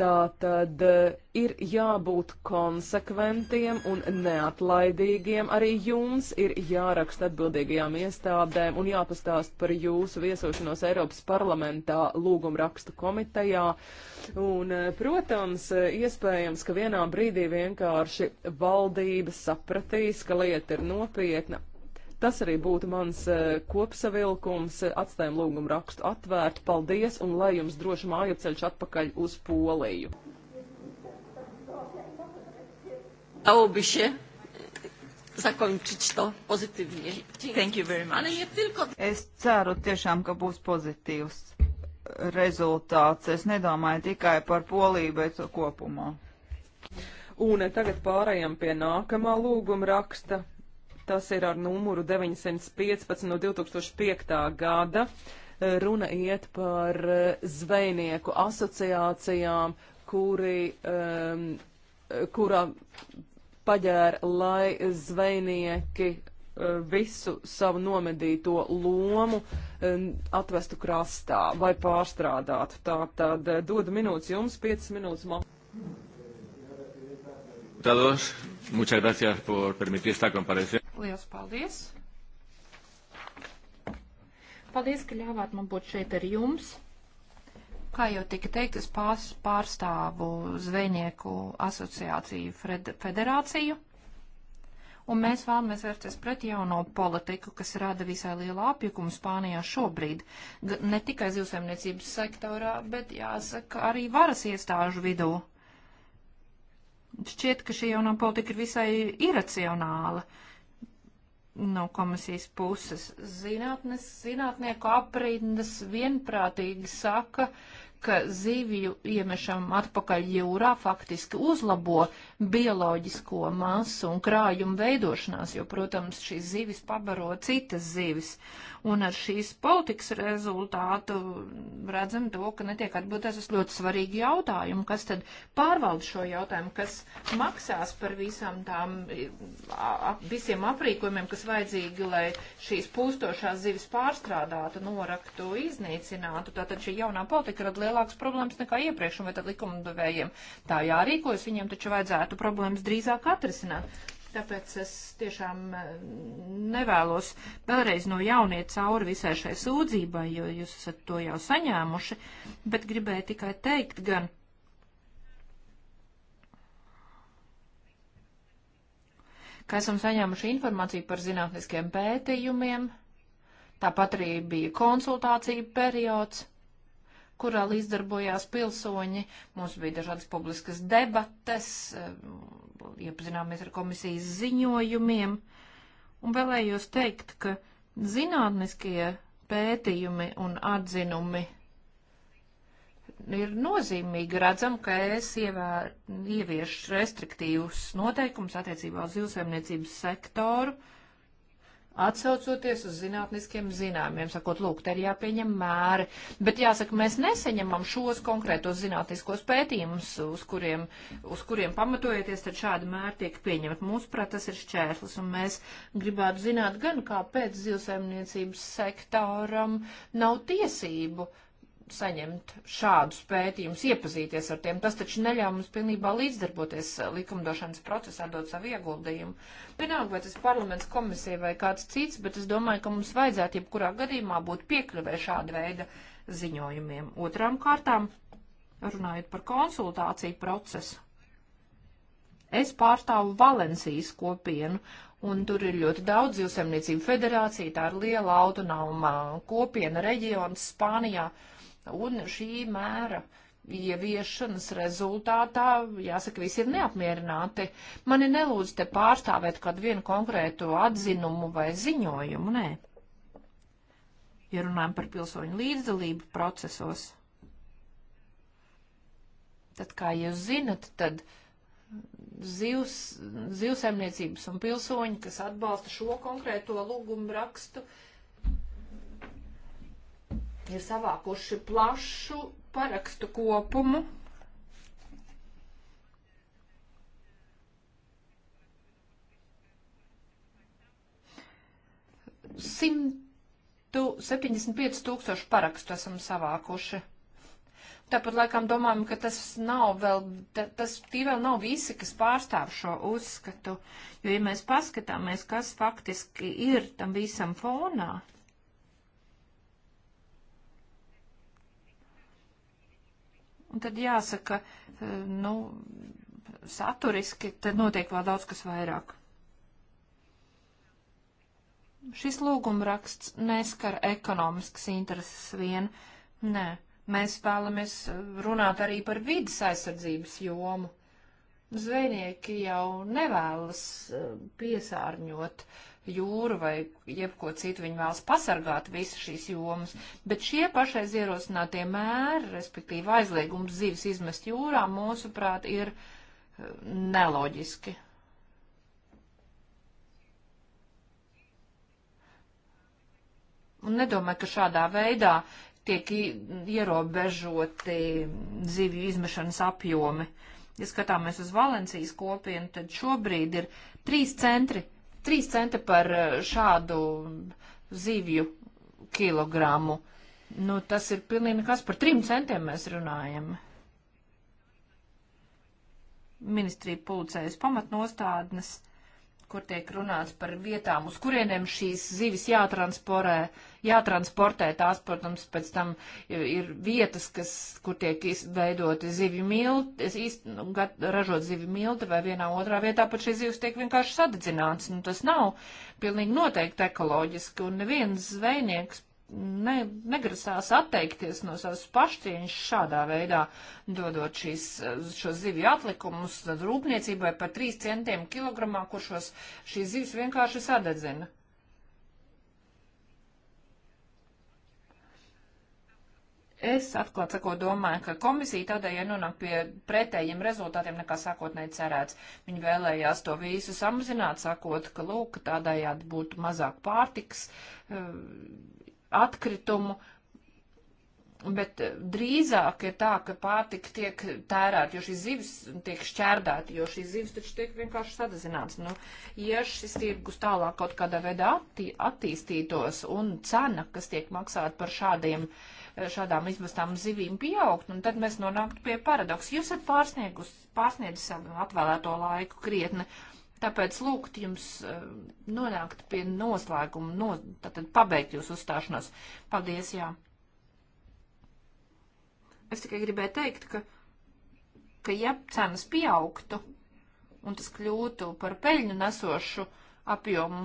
Tā tad eh, ir jābūt konsekventiem un neatlaidīgiem. Arī jums ir jāraksta atbildīgajām iestādēm un jāpastāst par jūsu viesošanos Eiropas parlamentā lūgumrakstu komitejā. Un, eh, protams, eh, iespējams, ka vienā brīdī vienkārši valdība sapratīs, ka lieta ir nopietna Tas arī būtu mans eh, kopsavilkums. Atstājam lūgumu rakstu atvērtu. Paldies un lai jums droši mājaceļš atpakaļ uz Poliju. Dałoby się e, zakończyć to pozytywnie. Thank you very much. Ale nie tylko... Es ceru tiešām, ka būs pozitīvs rezultāts. Es nedomāju tikai par Poliju, bet kopumā. Un tagad pārējām pie nākamā lūguma raksta Tas ir ar numuru 915 no 2005. gada. Runa iet par eh, zvejnieku asociācijām, kuri, um, ehm, kurā paģēra, lai zvejnieki eh, visu savu nomedīto lomu ehm, atvestu krastā vai pārstrādātu. Tā tad eh, dod minūtes jums, 5 minūtes man. Muchas gracias por permitir esta comparecencia. Liels paldies! Paldies, ka ļāvāt man būt šeit ar jums. Kā jau tika teikt, es pārs, pārstāvu Zvejnieku asociāciju fred, federāciju. Un mēs vēlamies vērsties pret jauno politiku, kas rada visai lielu apjukumu Spānijā šobrīd. G ne tikai zivsaimniecības sektorā, bet jāsaka arī varas iestāžu vidū. Šķiet, ka šī jaunā politika ir visai iracionāla. Uh, no komisijas puses. Zinātnes, zinātnieku aprindas vienprātīgi saka, ka zivju iemešam atpakaļ jūrā faktiski uzlabo bioloģisko masu un krājumu veidošanās, jo, protams, šīs zivis pabaro citas zivis. Un ar šīs politikas rezultātu redzam to, ka netiek atbildēs uz ļoti svarīgu jautājumu, kas tad pārvalda šo jautājumu, kas maksās par visām tām, visiem aprīkojumiem, kas vajadzīgi, lai šīs pūstošās zivis pārstrādātu, noraktu, iznīcinātu. Tātad šī jaunā politika rada lielākas problēmas nekā iepriekš, un vai tad likumdevējiem tā jārīkojas, viņiem taču vajadzētu varētu problēmas drīzāk atrisināt. Tāpēc es tiešām eh, nevēlos vēlreiz no jaunie cauri visai šai sūdzībai, jo jūs esat to jau saņēmuši, bet gribēju tikai teikt gan. Kā esam saņēmuši informāciju par zinātniskiem pētījumiem, tāpat arī bija konsultācija periods kurā līdzdarbojās pilsoņi. Mums bija dažādas publiskas debates, eh, iepazināmies ar komisijas ziņojumiem. Un vēlējos teikt, ka zinātniskie pētījumi un atzinumi ir nozīmīgi redzam, ka es ievēr, ieviešu restriktīvus noteikumus attiecībā uz zivsaimniecības sektoru. Uh, Atsaucoties uz zinātniskiem zināmiem, sakot, lūk, te ir jāpieņem mēri, bet jāsaka, mēs neseņemam šos konkrētos zinātniskos pētījumus, uz kuriem, uz kuriem pamatojoties, tad šādi mēri tiek pieņemti. Mūsuprāt, tas ir šķērslis, un mēs gribētu zināt gan, kāpēc zilsaimniecības sektoram nav tiesību uh, saņemt šādus pētījumus, iepazīties ar tiem. Tas taču neļauj mums pilnībā līdzdarboties eh, likumdošanas procesā, dot savu ieguldījumu. Vienalga, vai tas parlaments komisija vai kāds cits, bet es domāju, ka mums vajadzētu jebkurā gadījumā būt piekļuvē šāda veida ziņojumiem. Otrām kārtām, runājot par konsultāciju procesu. Es pārstāvu Valencijas kopienu, un tur ir ļoti daudz zivsemniecību federācija, tā ir liela autonoma kopiena reģions Spānijā. Uh, Un šī mēra ieviešanas rezultātā, jāsaka, visi ir neapmierināti. Mani nelūdz te pārstāvēt kādu vienu konkrētu atzinumu vai ziņojumu, nē. Ja runājam par pilsoņu līdzdalību procesos, tad, kā jūs zinat, tad zivs, zivsaimniecības un pilsoņi, kas atbalsta šo konkrēto lūgumu rakstu, uh, ir savākuši plašu parakstu kopumu. Simtu septiņdesmit pieci tūkstoši parakstu esam savākuši. Tāpat laikam domājam, ka tas nav vēl, tas tī vēl nav visi, kas pārstāv šo uzskatu. Jo, ja mēs paskatāmies, kas faktiski ir tam visam fonā, Un tad jāsaka, eh, nu, saturiski, tad notiek vēl daudz kas vairāk. Šis lūgumraksts neskar ekonomiskas intereses vien. Nē, mēs vēlamies eh, runāt arī par vidas aizsardzības jomu. Zvejnieki jau nevēlas eh, piesārņot uh, jūru vai jebko citu, viņi vēlas pasargāt visu šīs jomas, bet šie pašreiz ierosinātie mēri, respektīvi aizliegums zivis izmest jūrā, mūsuprāt, ir eh, neloģiski. Un nedomāju, ka šādā veidā tiek ierobežoti zivju izmešanas apjomi. Ja skatāmies uz Valencijas kopienu, tad šobrīd ir trīs centri 3 centi par eh, šādu zivju kilogramu. Nu, tas ir pilnīgi nekas. Par 3 centiem mēs runājam. Ministrija pulcējas pamatnostādnes kur tiek runāts par vietām, uz kurieniem šīs zivis jātransporē, jātransportē. Tās, protams, pēc tam ir vietas, kas, kur tiek veidoti zivi milti, īst, nu, ražot zivi milti, vai vienā otrā vietā pat šīs zivis tiek vienkārši sadedzināts. Nu, tas nav pilnīgi noteikti ekoloģiski, un neviens zvejnieks, ne, negrasās atteikties no savas pašcieņas šādā veidā, dodot šīs, šo zivju atlikumus rūpniecībai par 3 centiem kilogramā, kur šos, šīs zivis vienkārši sadedzina. Es atklāt sakot domāju, ka komisija tādēļ ja nonāk pie pretējiem rezultātiem nekā sākotnēji cerēts. Viņi vēlējās to visu samazināt, sakot, ka lūk, tādējādi būtu mazāk pārtiks. Uh, atkritumu, bet drīzāk ir tā, ka pārtika tiek tērēta, jo šīs zivis tiek šķērdēta, jo šīs zivis taču tiek vienkārši sadazināts. Nu, ja šis tirgus tālāk kaut kādā veidā attī, attīstītos un cena, kas tiek maksāta par šādiem, šādām izmestām zivīm pieaugt, un nu, tad mēs nonāktu pie paradoksa. Jūs esat pārsniegus, pārsniedzis savu atvēlēto laiku krietni. Uh, Tāpēc lūgt jums eh, nonākt pie noslēguma, no, tātad pabeigt jūs uzstāšanos. Paldies, jā. Es tikai gribēju teikt, ka, ka ja cenas pieaugtu un tas kļūtu par peļņu nesošu apjomu,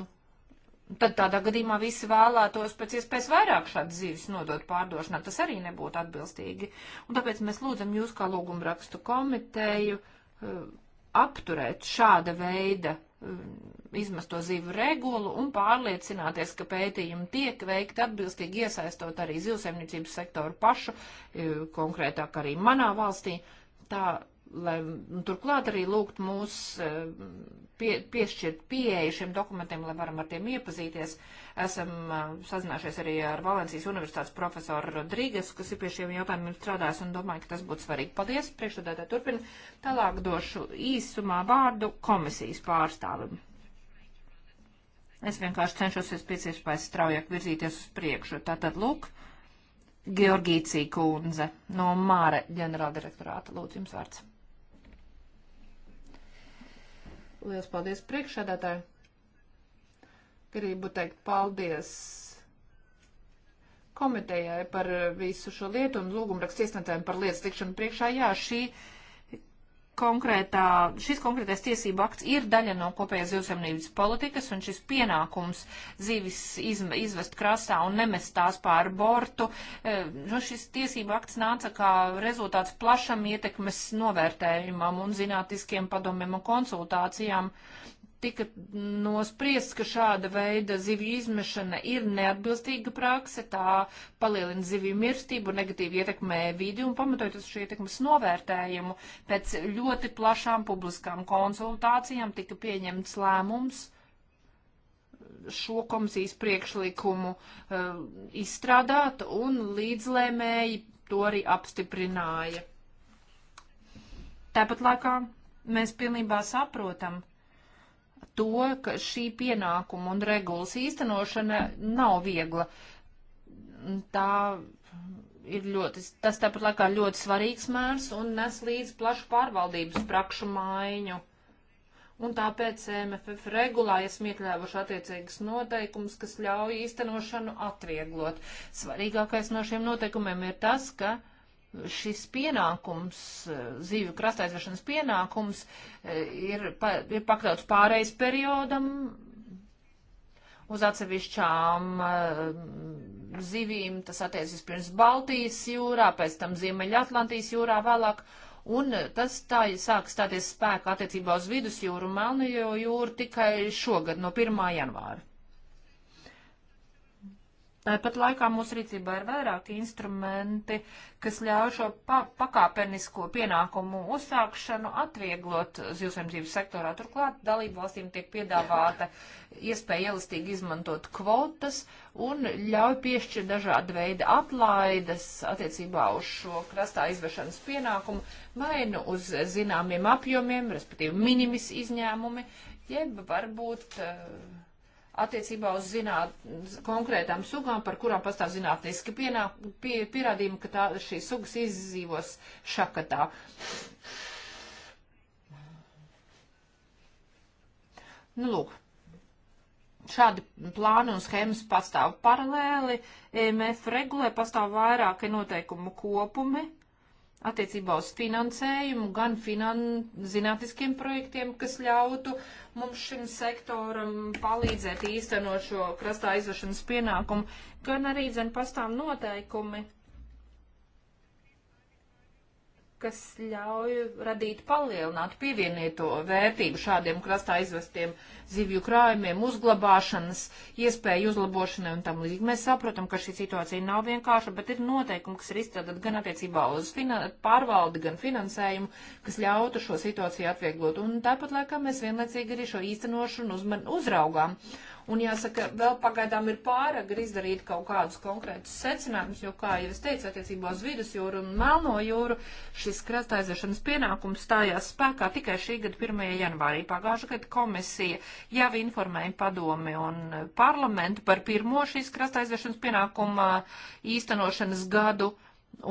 tad tādā gadījumā visi vēlētos pēc iespējas vairāk šādas zivis nodot pārdošanā. Tas arī nebūtu atbilstīgi. Un tāpēc mēs lūdzam jūs kā lūgumrakstu komiteju eh, apturēt šāda veida um, izmesto zivu regulu un pārliecināties, ka pētījumi tiek veikti atbilstīgi iesaistot arī zivsaimniecības sektoru pašu, eh, konkrētāk arī manā valstī. Tā lai nu, turklāt arī lūgt mūs e, pie, piešķirt pieeju šiem dokumentiem, lai varam ar tiem iepazīties. Esam e, sazinājušies arī ar Valencijas universitātes profesoru Rodrīgas, kas ir pie šiem jautājumiem strādājis un domāju, ka tas būtu svarīgi. Paldies, priekšsēdētā turpina. Tālāk došu īsumā vārdu komisijas pārstāvim. Es vienkārši cenšos pēc iespējas straujāk virzīties uz priekšu. Tātad, lūk, Georgīcija kundze no Māre ģenerāldirektorāta. Lūdzu, jums vārds. Lielas paldies priekšādātāji. Gribu teikt paldies komitejai par visu šo lietu un lūgumrakstu iesniedzējiem par lietas tikšanu priekšā. Jā, šī konkrētā, šis konkrētais tiesība akts ir daļa no kopējās zivsaimnības politikas, un šis pienākums zivis izm, izvest krastā un nemest tās pār bortu, e, nu, šis tiesība akts nāca kā rezultāts plašam ietekmes novērtējumam un zinātniskiem padomiem un konsultācijām tika nospriests, ka šāda veida zivju izmešana ir neatbilstīga prakse, tā palielina zivju mirstību, negatīvi ietekmē vidi un pamatojot uz šo ietekmes novērtējumu. Pēc ļoti plašām publiskām konsultācijām tika pieņemts lēmums šo komisijas priekšlikumu uh, izstrādāt un līdzlēmēji to arī apstiprināja. Tāpat laikā mēs pilnībā saprotam, to, ka šī pienākuma un regulas īstenošana nav viegla. Tā ir ļoti, tas tāpat laikā ļoti svarīgs mērs un nes līdz plašu pārvaldības prakšu maiņu. Un tāpēc MFF regulā esam iekļāvuši attiecīgas noteikumus, kas ļauj īstenošanu atvieglot. Svarīgākais no šiem noteikumiem ir tas, ka šis pienākums, e, zīvju krastā aizvešanas pienākums, e, ir, pa, ir pakļauts pārejas periodam uz atsevišķām e, zivīm. Tas attiecas pirms Baltijas jūrā, pēc tam Ziemeļa Atlantijas jūrā vēlāk. Un tas tā sāk stāties spēkā attiecībā uz vidusjūru un Melnējo jūru tikai šogad no 1. janvāra. Tāpat laikā mūsu rīcībā ir vairāki instrumenti, kas ļauj šo pa pakāpenisko pienākumu uzsākšanu atvieglot zivsaimniecības sektorā. Turklāt dalību valstīm tiek piedāvāta iespēja elastīgi izmantot kvotas un ļauj piešķirt dažādu veidu atlaides attiecībā uz šo krastā izvešanas pienākumu vai nu uz zināmiem apjomiem, respektīvi minimis izņēmumi, jeb varbūt. Uh, attiecībā uz zināt, konkrētām sugām, par kurām pastāv zinātniski pie, pierādījumi, ka tā, šīs sugas izdzīvos šakatā. Nu, lūk, šādi plāni un schēmas pastāv paralēli. EMF regulē pastāv vairāki noteikumu kopumi attiecībā uz finansējumu, gan finan zinātniskiem projektiem, kas ļautu mums šim sektoram palīdzēt īstenot šo krastā izvešanas pienākumu, gan arī, zin, pastāv noteikumi kas ļauj radīt palielinātu pievienīto vērtību šādiem krastā izvestiem zivju krājumiem, uzglabāšanas, iespēju uzlabošanai un tam līdzīgi. Mēs saprotam, ka šī situācija nav vienkārša, bet ir noteikumi, kas ir izstrādāt gan attiecībā uz pārvaldi, gan finansējumu, kas ļautu šo situāciju atvieglot. Un tāpat laikā mēs vienlaicīgi arī šo īstenošanu uzman uzraugām Un jāsaka, vēl pagaidām ir pārāk izdarīt kaut kādus konkrētus secinājumus, jo, kā jau es teicu, attiecībā uz vidusjūru un melno jūru šis krastāizēšanas pienākums stājās spēkā tikai šī gada 1. janvārī. Pagājušā gada komisija jau informēja padomi un parlamentu par pirmo šīs krastāizēšanas pienākuma īstenošanas gadu.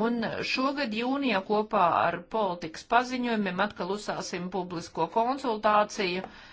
Un šogad jūnijā kopā ar politikas paziņojumiem atkal uzsāsim publisko konsultāciju. Uh,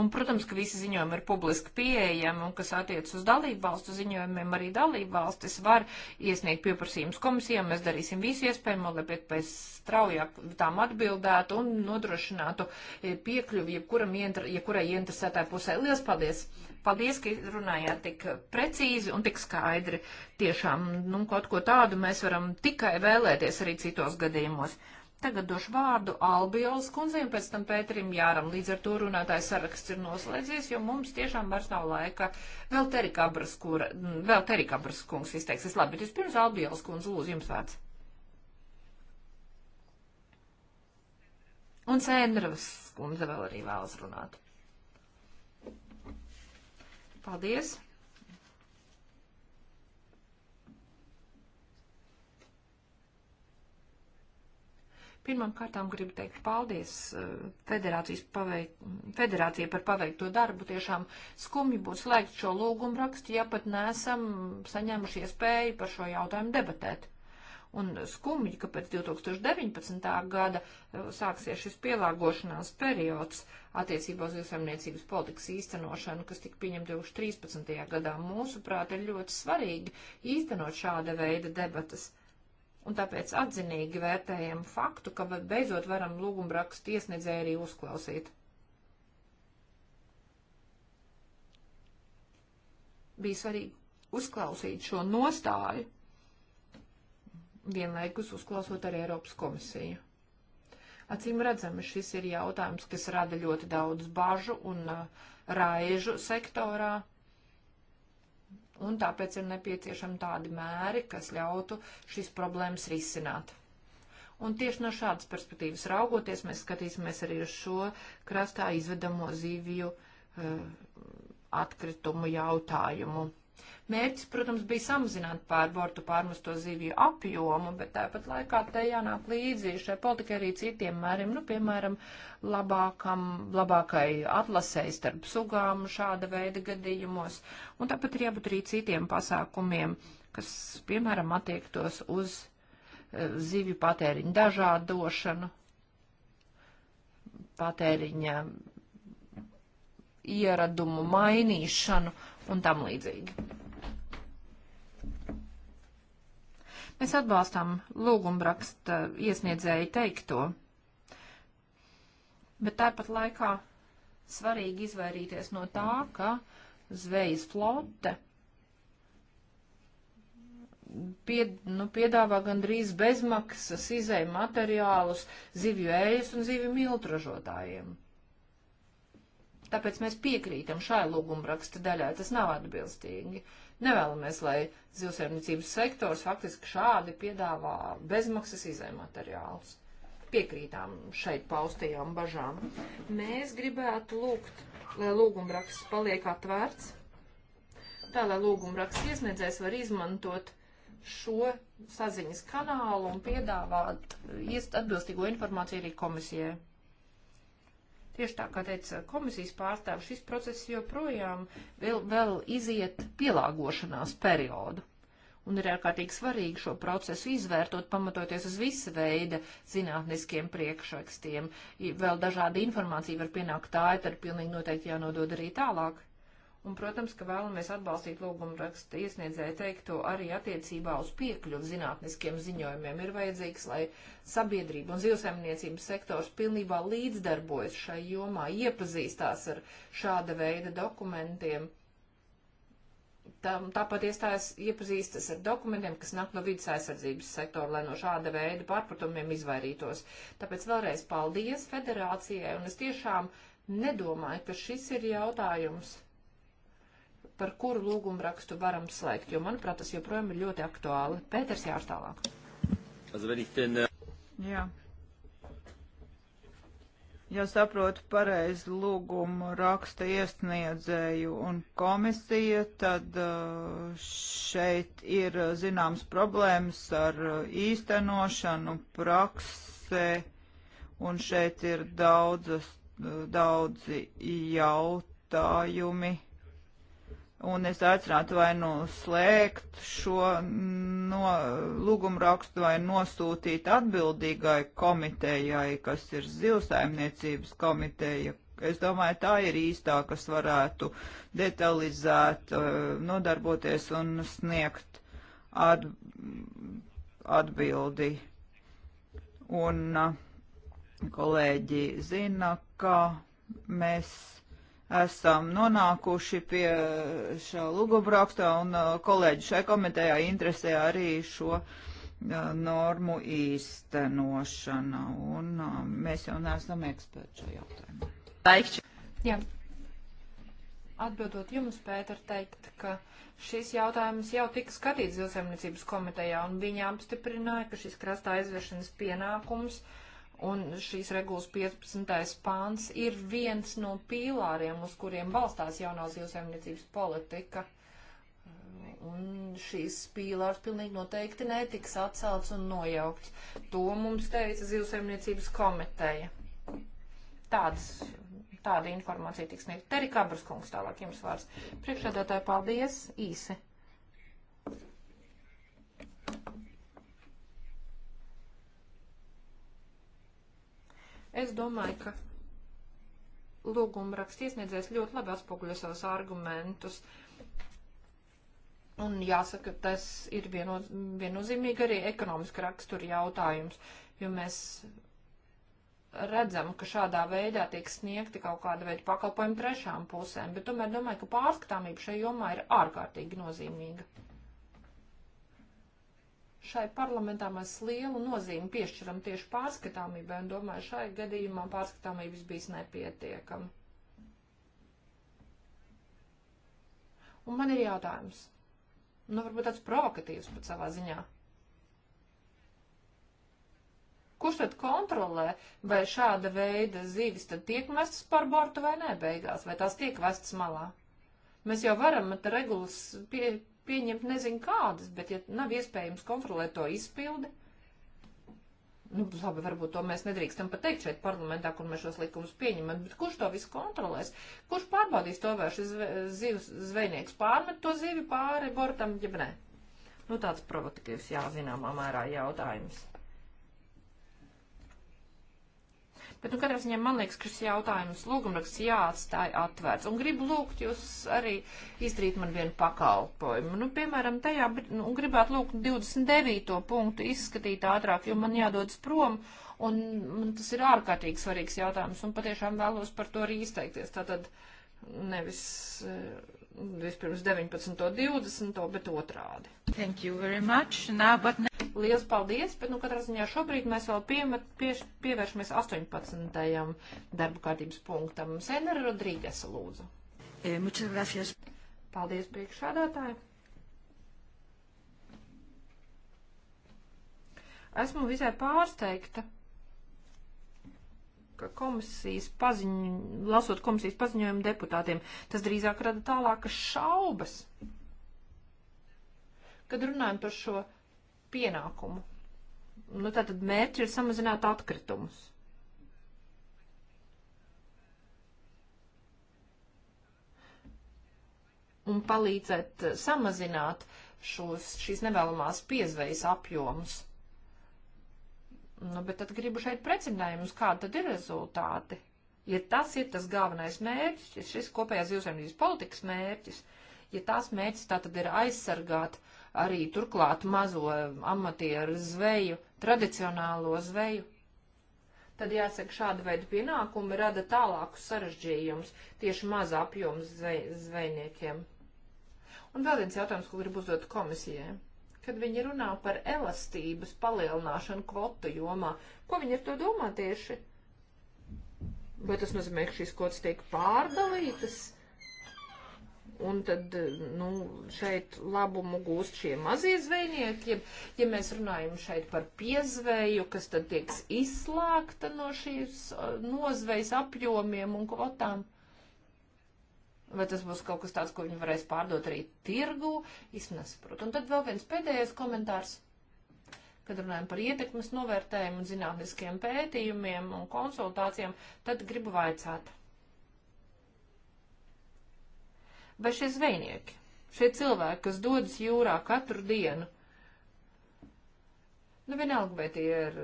Un, protams, ka visi ziņojumi ir publiski pieejami, un kas attiec uz dalību valstu ziņojumiem, arī dalību valstis var iesniegt pieprasījumus komisijām. Mēs darīsim visu iespējamo, lai pēc, pēc straujāk tām atbildētu un nodrošinātu e, piekļuvi jebkuram, jebkurai interesētāji pusē. Lielas paldies! Paldies, ka runājāt tik precīzi un tik skaidri. Tiešām, nu, kaut ko tādu mēs varam tikai vēlēties arī citos gadījumos. Tagad došu vārdu Albiolas kundzei un pēc tam Pēterim Jāram. Līdz ar to runātājs saraksts ir noslēdzies, jo mums tiešām vairs nav laika. Vēl Terikabras, kura, vēl Terikabras kungs izteiksies. Labi, bet vispirms Albiolas kundze lūdzu jums vārds. Un Sēnravas kundze vēl arī vēlas runāt. Paldies! Pirmām kārtām gribu teikt paldies eh, federācijas paveik, federācija par paveikto darbu. Tiešām skumji būtu slēgt šo lūgumu rakstu, ja pat nesam saņēmuši iespēju par šo jautājumu debatēt. Un skumji, ka pēc 2019. gada eh, sāksies šis pielāgošanās periods attiecībā uz zemniecības politikas īstenošanu, kas tika pieņemta 2013. gadā, mūsuprāt, ir ļoti svarīgi īstenot šāda veida debatas un tāpēc atzinīgi vērtējam faktu, ka beidzot varam lūgumrakstu iesniedzēju arī uzklausīt. Bija svarīgi uzklausīt šo nostāju, vienlaikus uzklausot arī Eiropas komisiju. Acīm redzami, šis ir jautājums, kas rada ļoti daudz bažu un uh, raižu sektorā un tāpēc ir nepieciešami tādi mēri, kas ļautu šīs problēmas risināt. Un tieši no šādas perspektīvas raugoties, mēs skatīsimies arī uz šo krastā izvedamo zīviju uh, eh, atkritumu jautājumu. Mērķis, protams, bija samazināt pārbortu pārmesto zivju apjomu, bet tāpat laikā te jānāk līdzi šai politikai arī citiem mēriem, nu, piemēram, labākam, labākai atlasēji starp sugām šāda veida gadījumos. Un tāpat ir jābūt arī citiem pasākumiem, kas, piemēram, attiektos uz e, zivju patēriņu dažādošanu, patēriņa ieradumu mainīšanu un tam līdzīgi. Mēs atbalstām lūgumraksta iesniedzēju teikto, bet tāpat laikā svarīgi izvairīties no tā, ka zvejas flote pie, nu, piedāvā gandrīz bezmaksas izēju materiālus zivju ējas un zivju miltražotājiem. Tāpēc mēs piekrītam šai lūgumraksta daļai, tas nav atbilstīgi. Uh, Nevēlamies, lai zivsērmniecības sektors faktiski šādi piedāvā bezmaksas izējumateriālus. Piekrītām šeit paustajām bažām. Mēs gribētu lūgt, lai lūgumraksts paliek atvērts, tā lai lūgumraksts iesniedzējs var izmantot šo saziņas kanālu un piedāvāt atbilstīgo informāciju arī komisijai. Tieši tā, kā teica komisijas pārstāvis, šis process joprojām vēl, vēl iziet pielāgošanās periodu. Un ir ārkārtīgi svarīgi šo procesu izvērtot, pamatoties uz visa veida zinātniskiem priekšrakstiem. Vēl dažāda informācija var pienākt tā, tad pilnīgi noteikti jānodod arī tālāk. Un, protams, ka vēlamies atbalstīt lūgumu raksta iesniedzēju teikto arī attiecībā uz piekļuvu zinātniskiem ziņojumiem. Ir vajadzīgs, lai sabiedrība un zivsaimniecības sektors pilnībā līdzdarbojas šai jomā, iepazīstās ar šāda veida dokumentiem. Tā, tāpat iestājas iepazīstas ar dokumentiem, kas nāk no vidas aizsardzības sektora, lai no šāda veida pārpratumiem izvairītos. Tāpēc vēlreiz paldies federācijai, un es tiešām nedomāju, ka šis ir jautājums par kuru lūgumu rakstu varam slēgt, jo, manuprāt, tas joprojām ir ļoti aktuāli. Pēters Jārs tālāk. Jā. Ja saprotu pareizi lūgumu raksta iesniedzēju un komisija, tad uh, šeit ir uh, zināms problēmas ar uh, īstenošanu praksē, un šeit ir daudzas, daudzi jautājumi. Un es aicinātu vai nu slēgt šo no, lūgumu rakstu vai nosūtīt atbildīgai komitejai, kas ir zivsaimniecības komiteja. Es domāju, tā ir īstā, kas varētu detalizēt, eh, nodarboties un sniegt at, atbildi. Un eh, kolēģi zina, ka mēs esam nonākuši pie šā lugubrakstā, un uh, kolēģi šai komitejā interesē arī šo uh, normu īstenošana, un uh, mēs jau neesam eksperti šajā jautājumā. Laikšķi. Jā. Atbildot jums, Pēter, teikt, ka šis jautājums jau tika skatīts Zilsaimniecības komitejā, un viņa apstiprināja, ka šis krastā aizvēršanas pienākums uh, Un šīs regulas 15. pāns ir viens no pīlāriem, uz kuriem balstās jaunā zivsaimniecības politika. Un šīs pīlārs pilnīgi noteikti netiks atcelts un nojaukts. To mums teica zivsaimniecības komiteja. Tāds, tāda informācija tiks sniegta. Teri Kabras kungs tālāk jums vārds. Priekšādātāji, paldies. Īsi. Es domāju, ka lūguma raksts iesniedzējs ļoti labi atspoguļo savus argumentus. Un jāsaka, tas ir vienoz, viennozīmīgi arī ekonomiski rakstura jautājums, jo mēs redzam, ka šādā veidā tiek sniegti kaut kāda veida pakalpojumi trešām pusēm, bet tomēr domāju, ka pārskatāmība šajā jomā ir ārkārtīgi nozīmīga. Šai parlamentā mēs lielu nozīmi piešķiram tieši pārskatāmībai un domāju, šai gadījumā pārskatāmības bijis nepietiekami. Un man ir jautājums. Nu, varbūt tāds provokatīvs pat savā ziņā. Kurš tad kontrolē, vai šāda veida zivis tad tiek mestas par bortu vai nē beigās, vai tās tiek vestas malā? Mēs jau varam regulas pie, pieņemt nezinu kādas, bet ja nav iespējams kontrolēt to izpildi, nu, labi, varbūt to mēs nedrīkstam pateikt šeit parlamentā, kur mēs šos likumus pieņemam, bet kurš to visu kontrolēs? Kurš pārbaudīs to, vai šis zivs zvejnieks pārmet to zivi pāri bortam, ja nē? Nu, tāds provokatīvs, jā, zināmā mērā jautājums. Bet, nu, katrā ziņā man liekas, ka šis jautājums lūgumraksts jāatstāja atvērts. Un gribu lūgt jūs arī izdarīt man vienu pakalpojumu. Nu, piemēram, tajā, nu, gribētu lūgt 29. punktu izskatīt ātrāk, jo man jādodas prom. Un man tas ir ārkārtīgi svarīgs jautājums, un patiešām vēlos par to arī izteikties. Tātad nevis eh, vispirms 19. 20. bet otrādi. Thank you very much. Now, but... Liels paldies, bet nu katrā ziņā šobrīd mēs vēl piemet, pieš, pievēršamies 18. darba kārtības punktam. Senera Rodrīgas lūdzu. E, muchas gracias. Paldies priekšādātāji. Esmu visai pārsteigta, ka komisijas paziņu, lasot komisijas paziņojumu deputātiem, tas drīzāk rada tālākas šaubas. Kad runājam par šo pienākumu. Nu, tātad mērķi ir samazināt atkritumus. Un palīdzēt samazināt šos, šīs nevēlamās piezvejas apjomus. Nu, bet tad gribu šeit precinājumus, kāda tad ir rezultāti. Ja tas ir tas galvenais mērķis, ja šis kopējās zivsaimniecības politikas mērķis, ja tās mērķis tā tad ir aizsargāt uh, arī turklāt mazo amatieru zveju, tradicionālo zveju. Tad jāsaka, šāda veida pienākumi rada tālākus sarežģījumus tieši mazā apjomu zvej, zvejniekiem. Un vēl viens jautājums, ko gribu uzdot komisijai. Kad viņi runā par elastības palielināšanu kvotu jomā, ko viņi ar to domā tieši? Vai tas nozīmē, ka šīs kvotas tiek pārdalītas? Un tad, nu, šeit labumu gūst šie mazie zvejnieki. Ja, ja mēs runājam šeit par piezveju, kas tad tieks izslēgta no šīs nozvejas apjomiem un kvotām, vai tas būs kaut kas tāds, ko viņi varēs pārdot arī tirgu, es nesaprotu. Un tad vēl viens pēdējais komentārs kad runājam par ietekmes novērtējumu, zinātniskiem pētījumiem un konsultācijām, tad gribu vaicāt. Vai šie zvejnieki, šie cilvēki, kas dodas jūrā katru dienu, nu vienalga, vai tie ir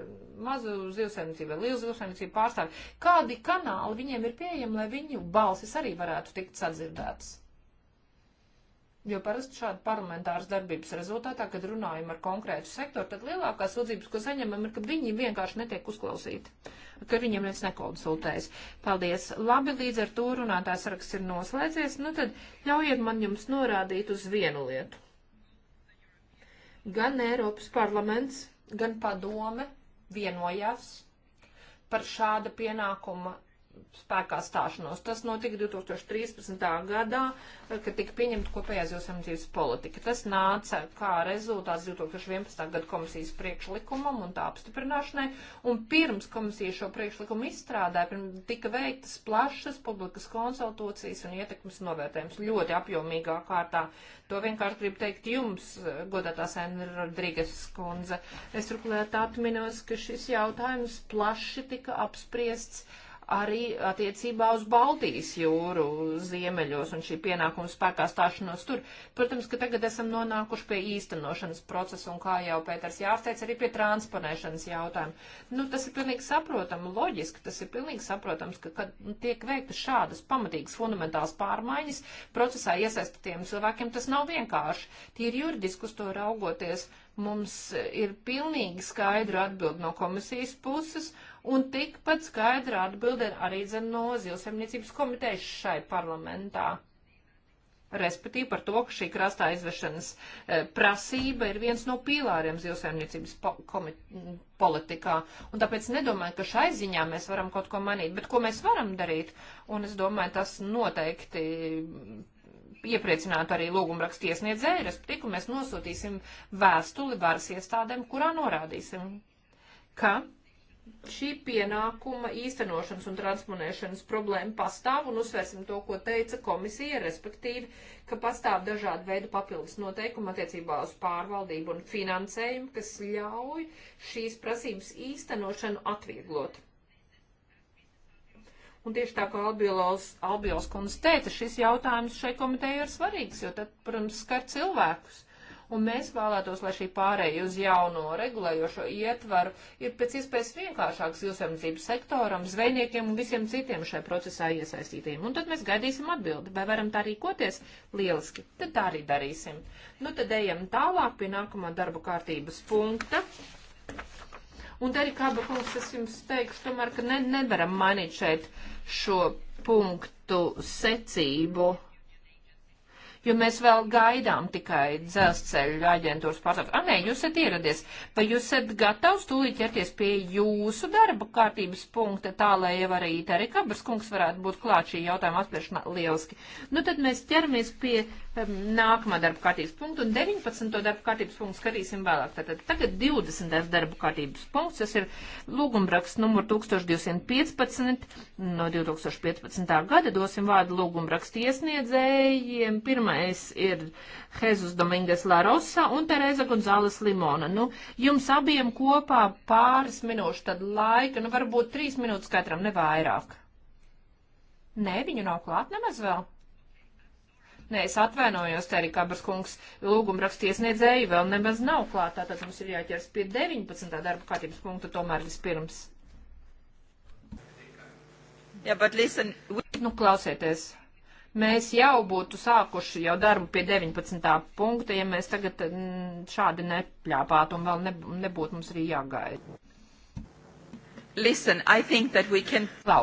mazu zivsēmniecību vai lielu zivsēmniecību pārstāvi, kādi kanāli viņiem ir pieejami, lai viņu balsis arī varētu tikt sadzirdētas? Jo parasti šāda parlamentāras darbības rezultātā, kad runājam ar konkrētu sektoru, tad lielākā sūdzības, ko saņemam, ir, ka viņi vienkārši netiek uzklausīti, ka viņiem neviens nekonsultējas. Paldies. Labi, līdz ar to runātājs raksts ir noslēdzies. Nu tad ļaujiet man jums norādīt uz vienu lietu. Gan Eiropas parlaments, gan padome vienojās par šāda pienākuma spēkā stāšanos. Tas notika 2013. gadā, kad tika pieņemta kopējā zilsamdzības politika. Tas nāca kā rezultāts 2011. gada komisijas priekšlikumam un tā apstiprināšanai, un pirms komisija šo priekšlikumu izstrādāja, pirms tika veiktas plašas publikas konsultācijas un ietekmes novērtējums ļoti apjomīgā kārtā. To vienkārši gribu teikt jums, godātās Enri Rodrīgas skundze. Es turklāt atminos, ka šis jautājums plaši tika apspriests arī attiecībā uz Baltijas jūru ziemeļos un šī pienākuma spēkā stāšanos tur. Protams, ka tagad esam nonākuši pie īstenošanas procesa un, kā jau Pēters Jārs arī pie transponēšanas jautājuma. Nu, tas ir pilnīgi saprotami, loģiski, tas ir pilnīgi saprotams, ka, kad tiek veikta šādas pamatīgas fundamentālas pārmaiņas, procesā iesaistītiem cilvēkiem tas nav vienkārši. Tīri juridiski uz to raugoties, mums ir pilnīgi skaidra atbild no komisijas puses Un tikpat skaidra atbilde arī zem no zilsemniecības komitejas šai parlamentā. Respektīvi par to, ka šī krastā izvešanas e, prasība ir viens no pīlāriem zilsēmniecības po politikā. Un tāpēc nedomāju, ka šai ziņā mēs varam kaut ko manīt, bet ko mēs varam darīt, un es domāju, tas noteikti iepriecinātu arī lūgumrakstu iesniedzēju, respektīvi, mēs nosūtīsim vēstuli varas iestādēm, kurā norādīsim, ka šī pienākuma īstenošanas un transponēšanas problēma pastāv, un uzsvērsim to, ko teica komisija, respektīvi, ka pastāv dažādi veidi papildus noteikumi attiecībā uz pārvaldību un finansējumu, kas ļauj šīs prasības īstenošanu atvieglot. Un tieši tā kā Albielos, Albielos kundze teica, šis jautājums šai komitejai ir svarīgs, jo tad, protams, skar cilvēkus un mēs vēlētos, lai šī pārēja uz jauno regulējošo ietvaru ir pēc iespējas vienkāršāks zilsardzības sektoram, zvejniekiem un visiem citiem šajā procesā iesaistītiem. Un tad mēs gaidīsim atbildi, vai varam tā rīkoties lieliski. Tad tā arī darīsim. Nu tad ejam tālāk pie nākamā darba kārtības punkta. Un arī kāda kungs, es jums teikšu, tomēr, ka ne, nevaram mainīt šeit šo punktu secību jo mēs vēl gaidām tikai dzelzceļu aģentūras pārstāvjus. Ah, nē, jūs esat ieradies. Vai jūs esat gatavs tūlīt ķerties pie jūsu darba kārtības punkta tā, lai jau arī Terikabras kungs varētu būt klāt šī jautājuma atspēršanā lieliski? Nu, tad mēs ķeramies pie nākamā darba kārtības punktu un 19. darba kārtības punktu skatīsim vēlāk. Tātad tagad 20. darba kārtības punkts, tas ir lūgumraksts numur 1215 no 2015. gada. Dosim vārdu lūgumrakstu iesniedzējiem. Pirmais ir Hezus Domingas Larosa un Tereza Gonzales Limona. Nu, jums abiem kopā pāris minūšu tad laika, nu varbūt trīs minūtes katram, ne vairāk. Nē, viņu nav klāt nemaz vēl. Nē, es atvainojos, te arī Kabras kungs lūguma rakstiesniedzēju vēl nemaz nav klāt, tātad mums ir jāķers pie 19. darba kārtības punkta tomēr vispirms. Yeah, but listen, we... Nu, klausieties mēs jau būtu sākuši jau darbu pie 19. punkta, ja mēs tagad mm, šādi nepļāpātu un vēl ne, nebūtu mums arī jāgaida. Listen, I think that we can. Lau.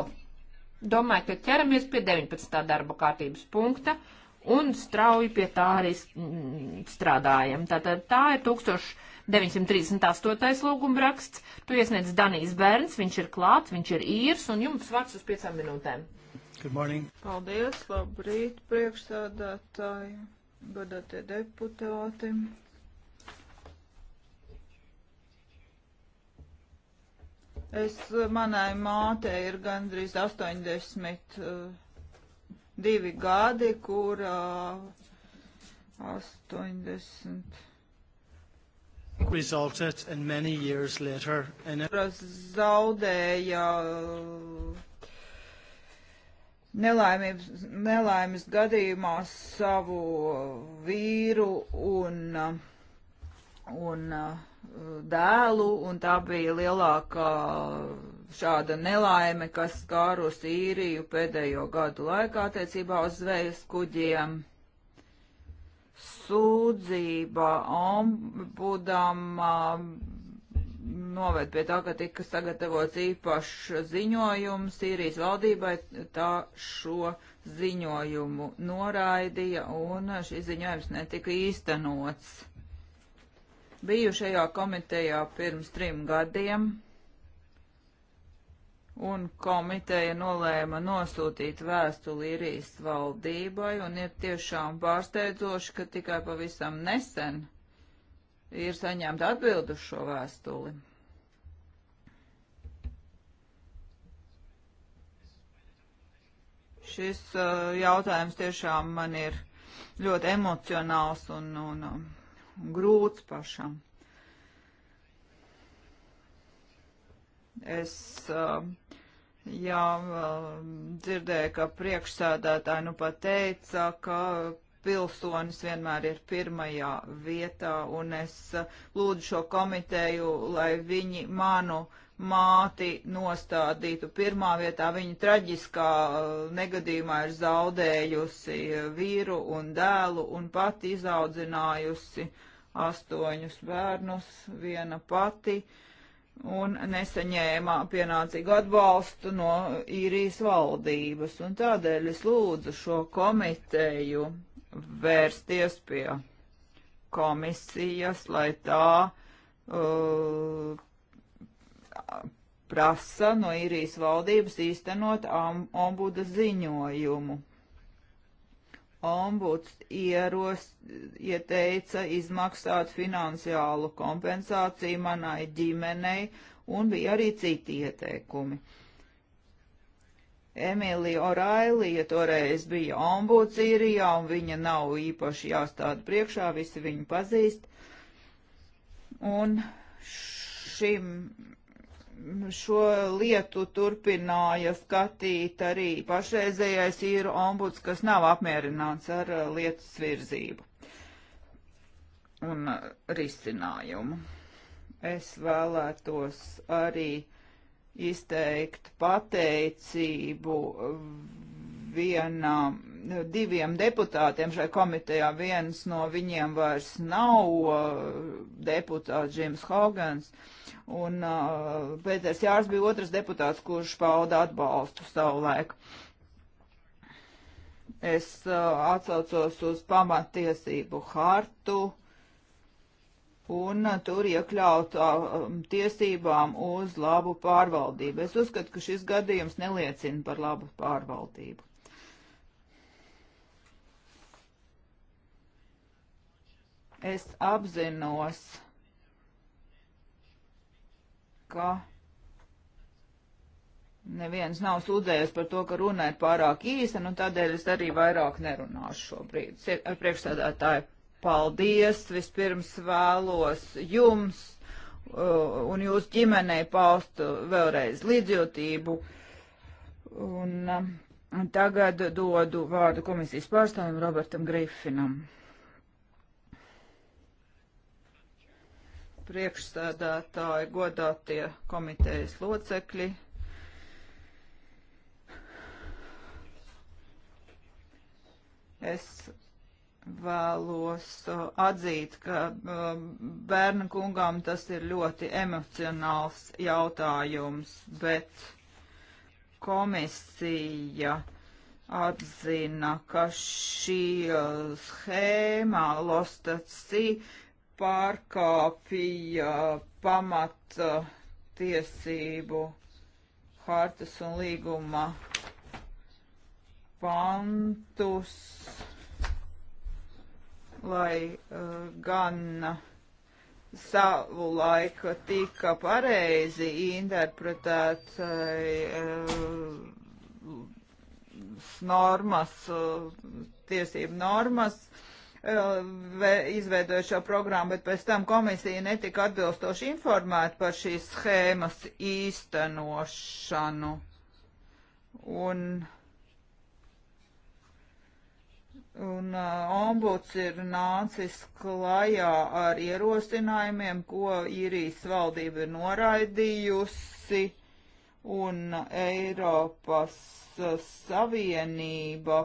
Domāju, ka ķeramies pie 19. darba kārtības punkta un strauji pie tā arī mm, strādājam. Tātad tā ir 1938. lūguma raksts. Tu iesniedz Danijas bērns, viņš ir klāt, viņš ir īrs, un jums vārds uz piecām minūtēm. Good morning. Paldies, labrīt, priekšsādātāji, godātie deputāti. Es, manai mātei ir gandrīz 80 uh, divi gadi, kur uh, 80. Resulted in many years later in a... zaudēja nelaimības, nelaimes gadījumā savu vīru un, un dēlu, un tā bija lielākā šāda nelaime, kas skārus īriju pēdējo gadu laikā attiecībā uz zvejas kuģiem. Sūdzība ombudam noved pie tā, ka tika sagatavots īpašs ziņojums Sīrijas valdībai, tā šo ziņojumu noraidīja un šis ziņojums netika īstenots. Biju šajā komitejā pirms trim gadiem un komiteja nolēma nosūtīt vēstuli Irijas valdībai, un ir tiešām pārsteidzoši, ka tikai pavisam nesen ir saņemta atbildu šo vēstuli. Šis uh, jautājums tiešām man ir ļoti emocionāls un, un, un um, grūts pašam. Es uh, Jā, dzirdēju, ka priekšsēdētāji nu pat teica, ka pilsonis vienmēr ir pirmajā vietā, un es uh, lūdzu šo komiteju, lai viņi manu māti nostādītu pirmā vietā. Viņa traģiskā uh, negadījumā ir zaudējusi vīru un dēlu un pati izaudzinājusi astoņus bērnus viena pati. Uh, un nesaņēma pienācīgu atbalstu no īrijas valdības. Un tādēļ es lūdzu šo komiteju vērsties pie komisijas, lai tā uh, prasa no īrijas valdības īstenot ombuda ziņojumu ombuds ieros, ieteica izmaksāt finansiālu kompensāciju manai ģimenei, un bija arī citi ieteikumi. Emīlija Orailija toreiz bija ombuds īrijā, un viņa nav īpaši jāstāda priekšā, visi viņu pazīst. Un šim šo lietu turpināja skatīt arī pašreizējais īru ombuds, kas nav apmierināts ar lietas virzību un risinājumu. Es vēlētos arī izteikt pateicību vienam diviem deputātiem šai komitejā. Viens no viņiem vairs nav uh, deputāts Džims Hogans, un uh, Pēters Jārs bija otrs deputāts, kurš pauda atbalstu savulaik. Es uh, atsaucos uz pamatiesību hartu un uh, tur iekļautām um, tiesībām uz labu pārvaldību. Es uzskatu, ka šis gadījums neliecina par labu pārvaldību. Es apzinos, ka neviens nav sūdzējies par to, ka runa ir pārāk īsa, un nu, tādēļ es arī vairāk nerunāšu šobrīd. Ar priekšstādātāju paldies. Vispirms vēlos jums uh, un jūsu ģimenei paust vēlreiz līdzjūtību. Un um, tagad dodu vārdu komisijas pārstāvim Robertam Grifinam. priekšsēdētāji, godātie komitejas locekļi. Es vēlos uh, atzīt, ka um, bērnu kungām tas ir ļoti emocionāls jautājums, bet komisija atzina, ka šī uh, schēma Lostacī pārkāpīja pamat eh, tiesību hartas un līguma pantus, lai uh, gan savu laiku tika pareizi interpretēts eh, uh, normas, uh, tiesību normas, uh, Uh, izveidoja šo programmu, bet pēc tam komisija netika atbilstoši informēta par šīs schēmas īstenošanu. Un, un uh, ombuds ir nācis klajā ar ierosinājumiem, ko īrijas valdība ir noraidījusi, un Eiropas Savienība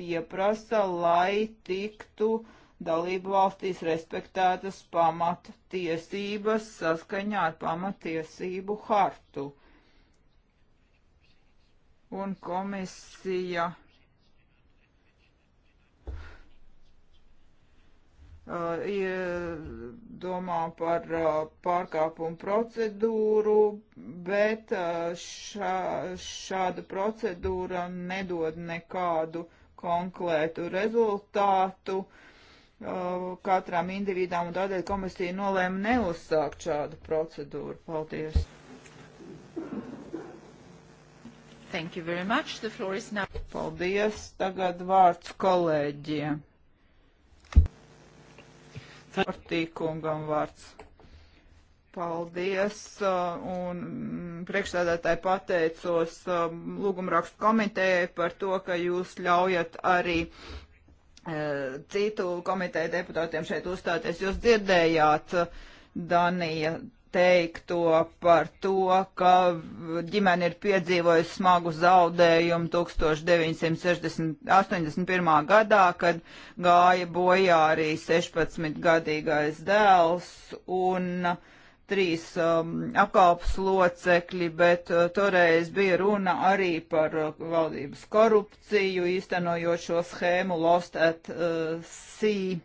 pieprasa, lai tiktu dalību valstīs respektētas pamattiesības saskaņā ar pamattiesību hartu. Un komisija Uh, domā par uh, pārkāpumu procedūru, bet uh, šā, šāda procedūra nedod nekādu konkrētu rezultātu katram individām, un tādēļ komisija nolēma neuzsākt šādu procedūru. Paldies! Thank you very much. The floor is now. Paldies. Tagad vārds kolēģiem. Ortīkungam vārds. Paldies, uh, un mm, priekšstādātāji pateicos um, lūgumrakstu komitejai par to, ka jūs ļaujat arī uh, citu komiteju deputātiem šeit uzstāties. Jūs dzirdējāt, uh, Danija teikto par to, ka ģimene ir piedzīvojusi smagu zaudējumu 1981. gadā, kad gāja bojā arī 16-gadīgais dēls un trīs um, apkalpas locekļi, bet uh, toreiz bija runa arī par uh, valdības korupciju, īstenojot šo schēmu Lost at uh, Sea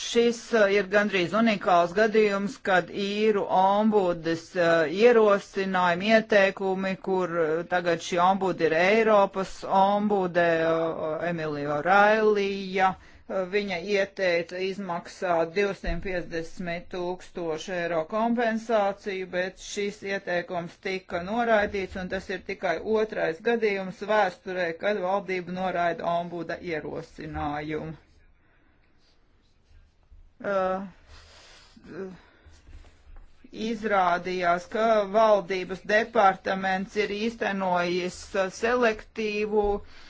Šis uh, ir gandrīz unikāls gadījums, kad īru ombudes uh, ierosinājumi, ieteikumi, kur uh, tagad šī ombuda ir Eiropas ombude Emilija Railija. Viņa ieteica izmaksāt 250 tūkstošu eiro kompensāciju, bet šis ieteikums tika noraidīts, un tas ir tikai otrais gadījums vēsturē, kad valdība noraida ombuda ierosinājumu uh, izrādījās, ka valdības departaments ir īstenojis uh, selektīvu uh,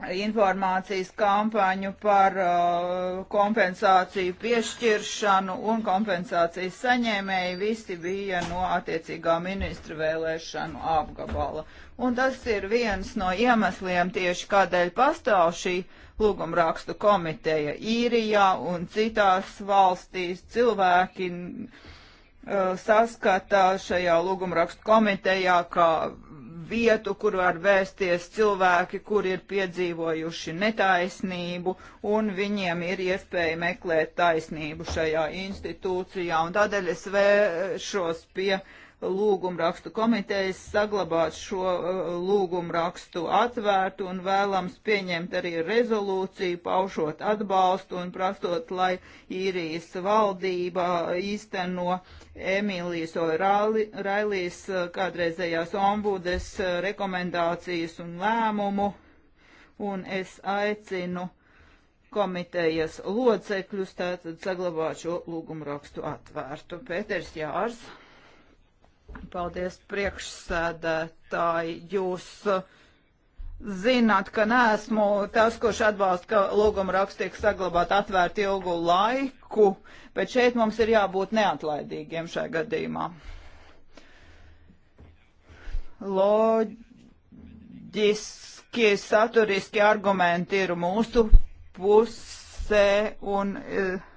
informācijas kampaņu par uh, kompensāciju piešķiršanu un kompensācijas saņēmēji visi bija no attiecīgā ministra vēlēšanu apgabala. Un tas ir viens no iemesliem tieši kādēļ pastāv šī lūgumrakstu komiteja īrijā un citās valstīs cilvēki uh, saskatā šajā lūgumrakstu komitejā kā vietu, kur var vēsties cilvēki, kur ir piedzīvojuši netaisnību, un viņiem ir iespēja meklēt taisnību šajā institūcijā. Un tādēļ es vēršos pie uh, lūgumrakstu komitejas saglabāt šo uh, lūgumrakstu atvērtu un vēlams pieņemt arī rezolūciju, paušot atbalstu un prastot, lai īrijas valdība īsteno Emīlijas Oirālijas uh, kādreizējās ombudes uh, rekomendācijas un lēmumu. Un es aicinu komitejas locekļus tātad saglabāt šo lūgumrakstu atvērtu. Pēters Jārs. Paldies priekšsēdētāji. Jūs uh, zināt, ka neesmu tas, kurš atbalsta, ka lūguma raksts tiek saglabāt atvērt ilgu laiku, bet šeit mums ir jābūt neatlaidīgiem šajā gadījumā. Loģiski, saturiski argumenti ir mūsu pusē un. Uh,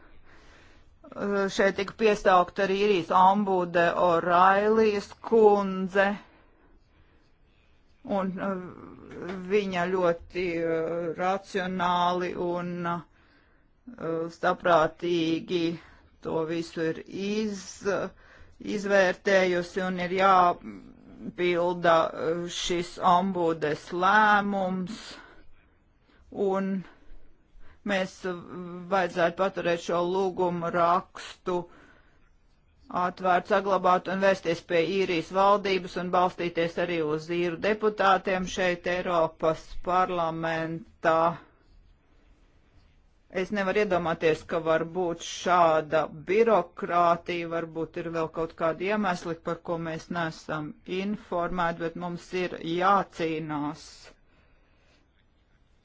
Eh, šeit tika piesaukt arī Irijas ombude Orailijas kundze. Un eh, viņa ļoti eh, racionāli un saprātīgi to visu ir iz, izvērtējusi un ir jāpilda šis ombudes lēmums. Un Mēs uh, vajadzētu paturēt šo lūgumu rakstu atvērts, saglabāt un vērsties pie īrijas valdības un balstīties arī uz īru deputātiem šeit Eiropas parlamentā. Es nevaru iedomāties, ka var būt šāda birokrātija, varbūt ir vēl kaut kādi iemesli, par ko mēs nesam informēti, bet mums ir jācīnās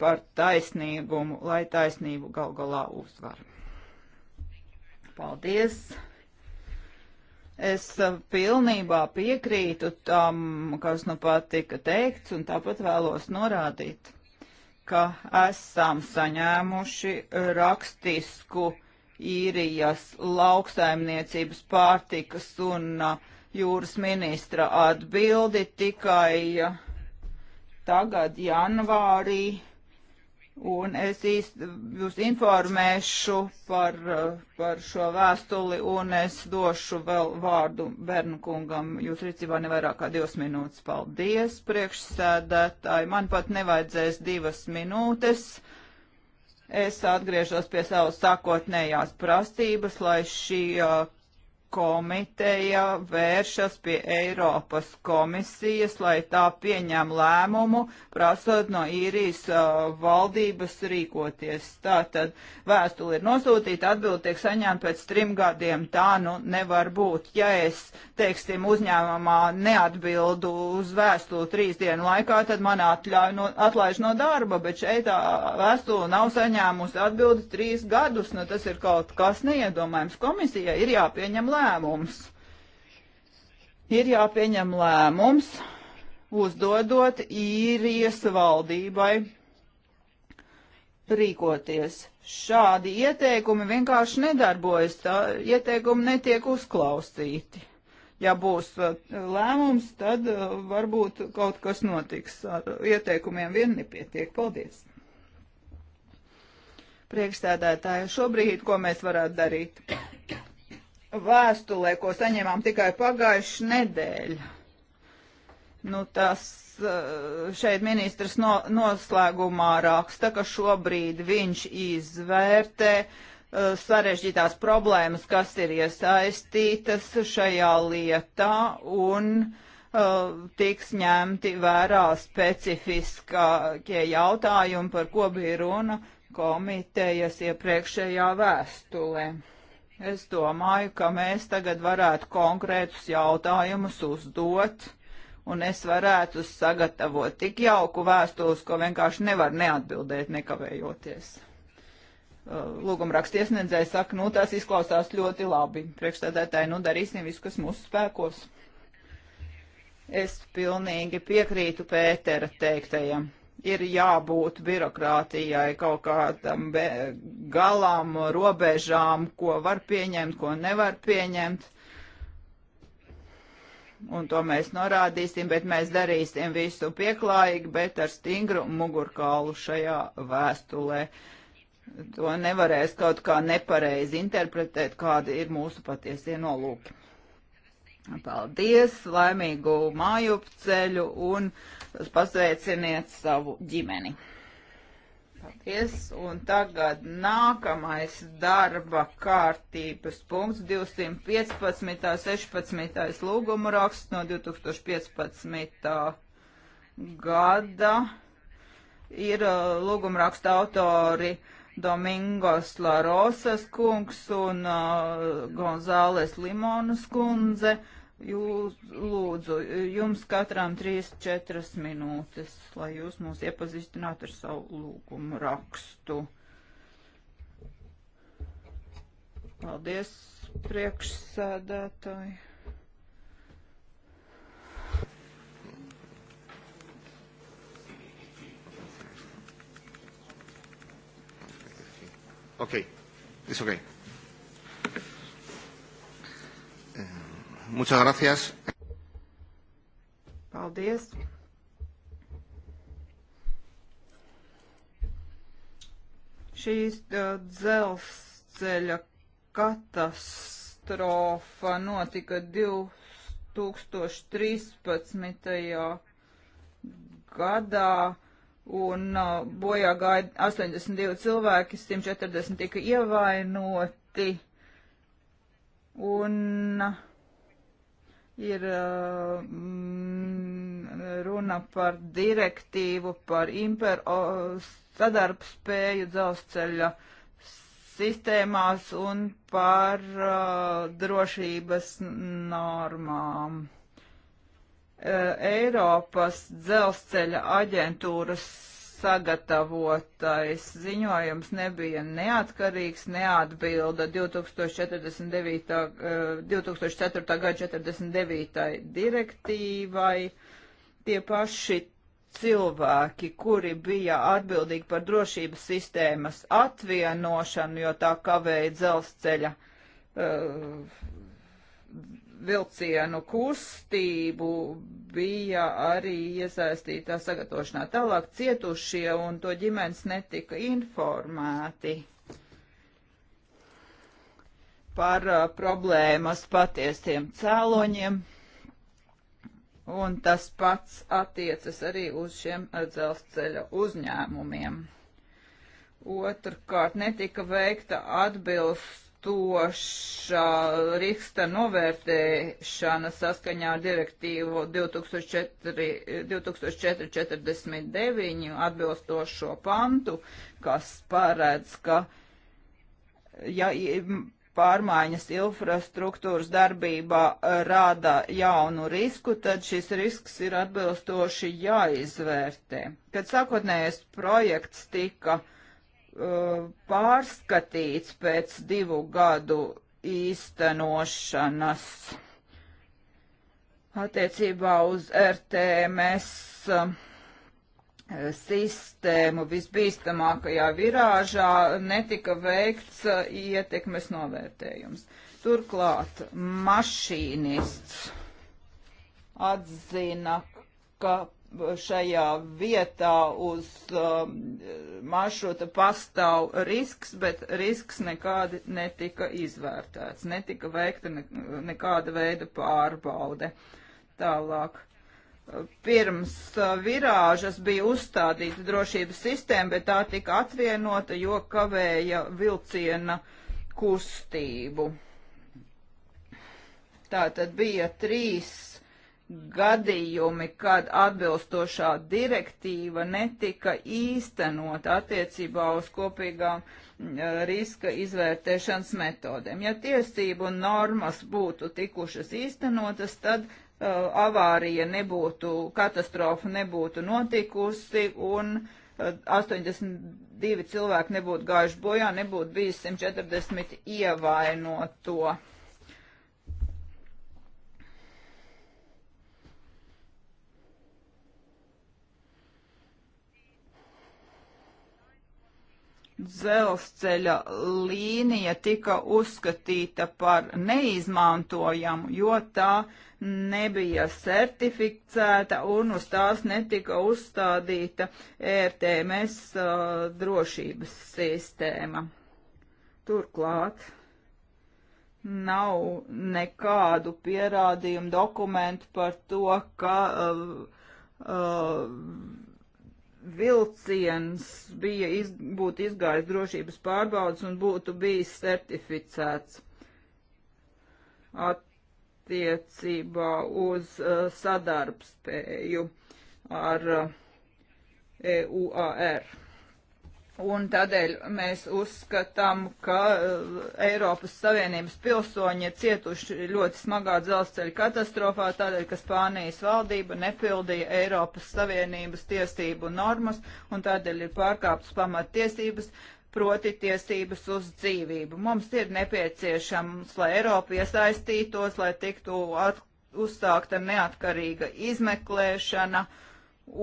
par taisnīgumu, lai taisnību gal galā uzvar. Paldies! Es eh, pilnībā piekrītu tam, kas nu pat tika teikts, un tāpat vēlos norādīt, ka esam saņēmuši rakstisku īrijas lauksaimniecības pārtikas un eh, jūras ministra atbildi tikai eh, tagad janvārī Un es īsti jūs informēšu par, par šo vēstuli, un es došu vēl vārdu bērnu kungam. Jūs rīcībā nevairāk kā divas minūtes. Paldies, priekšsēdētāji. Man pat nevajadzēs divas minūtes. Es atgriežos pie savas sākotnējās prasības, lai šī uh, komiteja vēršas pie Eiropas komisijas, lai tā pieņem lēmumu, prasot no īrijas uh, valdības rīkoties. Tātad vēstuli ir nosūtīta, atbildi tiek saņemta pēc trim gadiem. Tā nu nevar būt. Ja es, teiksim, uzņēmumā neatbildu uz vēstuli trīs dienu laikā, tad man atļauj no, atlaiž no darba, bet šeit tā uh, vēstule nav saņēmusi atbildi trīs gadus. Nu, tas ir kaut kas neiedomājams. Komisija ir jāpieņem lēmumu lēmums. Ir jāpieņem lēmums, uzdodot īrijas valdībai rīkoties. Šādi ieteikumi vienkārši nedarbojas, tā ieteikumi netiek uzklausīti. Ja būs uh, lēmums, tad uh, varbūt kaut kas notiks. Ar ieteikumiem vien nepietiek. Paldies! Priekšstādātāji, šobrīd ko mēs varētu darīt? vēstulē, ko saņēmām tikai pagājuši nedēļa. Nu, tas eh, šeit ministrs no, noslēgumā raksta, ka šobrīd viņš izvērtē eh, sarežģītās problēmas, kas ir iesaistītas šajā lietā un eh, tiks ņemti vērā specifiskākie jautājumi, par ko bija runa komitejas iepriekšējā vēstulē. Es domāju, ka mēs tagad varētu konkrētus jautājumus uzdot, un es varētu sagatavot tik jauku vēstules, ko vienkārši nevar neatbildēt nekavējoties. Uh, Lūgumraksta iesniedzēja saka, nu tas izklausās ļoti labi. Priekšstādētāji, nu darīsim visu, kas mūsu spēkos. Es pilnīgi piekrītu Pētera teiktajam ir jābūt birokrātijai kaut kādam galam, robežām, ko var pieņemt, ko nevar pieņemt. Un to mēs norādīsim, bet mēs darīsim visu pieklājīgi, bet ar stingru mugurkaulu šajā vēstulē. To nevarēs kaut kā nepareizi interpretēt, kādi ir mūsu patiesie nolūki. Paldies, laimīgu māju ceļu un pasveiciniet savu ģimeni. Paldies, un tagad nākamais darba kārtības punkts 215. 16. lūguma raksts no 2015. gada ir uh, lūguma raksta autori Domingos Larosas kungs un uh, Gonzāles Limonas kundze. Uh, Jūs lūdzu, jums katram 3-4 minūtes, lai jūs mūs iepazīstinātu ar savu lūgumu rakstu. Paldies, priekšsēdētāji. Okay, it's okay. Uh. Muchas gracias. Paldies. Šīs uh, dzelzceļa katastrofa notika 2013. gadā un uh, bojā gāja 82 cilvēki, 140 tika ievainoti. Un uh, ir uh, mm, runa par direktīvu, par imperu sadarbspēju dzelzceļa sistēmās un par uh, drošības normām. Uh, Eiropas dzelzceļa aģentūras sagatavotais ziņojums nebija neatkarīgs, neatbilda 2049, 2004. Eh, gada 49. direktīvai. Tie paši cilvēki, kuri bija atbildīgi par drošības sistēmas atvienošanu, jo tā kavēja dzelzceļa uh, vilcienu kustību bija arī iesaistītā sagatavošanā. Tālāk cietušie un to ģimenes netika informēti par uh, problēmas patiesiem cēloņiem. Un tas pats attiecas arī uz šiem uh, dzelzceļa uzņēmumiem. Otrkārt, netika veikta atbilst atbilstoša riksta novērtēšana saskaņā ar direktīvu 2449 atbilstošo pantu, kas paredz, ka ja pārmaiņas infrastruktūras darbībā rāda jaunu risku, tad šis risks ir atbilstoši jāizvērtē. Kad sākotnējais projekts tika uh, Uh, pārskatīts pēc divu gadu īstenošanas attiecībā uz RTMS uh, sistēmu visbīstamākajā virāžā netika veikts uh, ietekmes novērtējums. Turklāt mašīnists atzina, ka šajā vietā uz um, maršruta pastāv risks, bet risks nekādi netika izvērtēts, netika veikta ne, nekāda veida pārbaude. Tālāk. Pirms uh, virāžas bija uzstādīta drošības sistēma, bet tā tika atvienota, jo kavēja vilciena kustību. Tā tad bija trīs gadījumi, kad atbilstošā direktīva netika īstenot attiecībā uz kopīgām mm, eh, riska izvērtēšanas metodēm. Ja tiesību normas būtu tikušas īstenotas, tad uh, avārija nebūtu, katastrofa nebūtu notikusi un uh, eh, 82 cilvēki nebūtu gājuši bojā, nebūtu bijis 140 ievainoto. dzelzceļa līnija tika uzskatīta par neizmantojamu, jo tā nebija certificēta un uz tās netika uzstādīta ērtēmēs e uh, drošības sistēma. Turklāt nav nekādu pierādījumu dokumentu par to, ka uh, uh, vilciens bija iz, būtu izgājis drošības pārbaudas un būtu bijis certificēts attiecībā uz uh, sadarbspēju ar uh, EUAR. Un tādēļ mēs uzskatām, ka eh, Eiropas Savienības pilsoņi ir cietuši ļoti smagā dzelzceļa katastrofā, tādēļ, ka Spānijas valdība nepildīja Eiropas Savienības tiesību normas un tādēļ ir pārkāptas pamattiesības, proti tiesības uz dzīvību. Mums ir nepieciešams, lai Eiropa iesaistītos, lai tiktu uzsākta neatkarīga izmeklēšana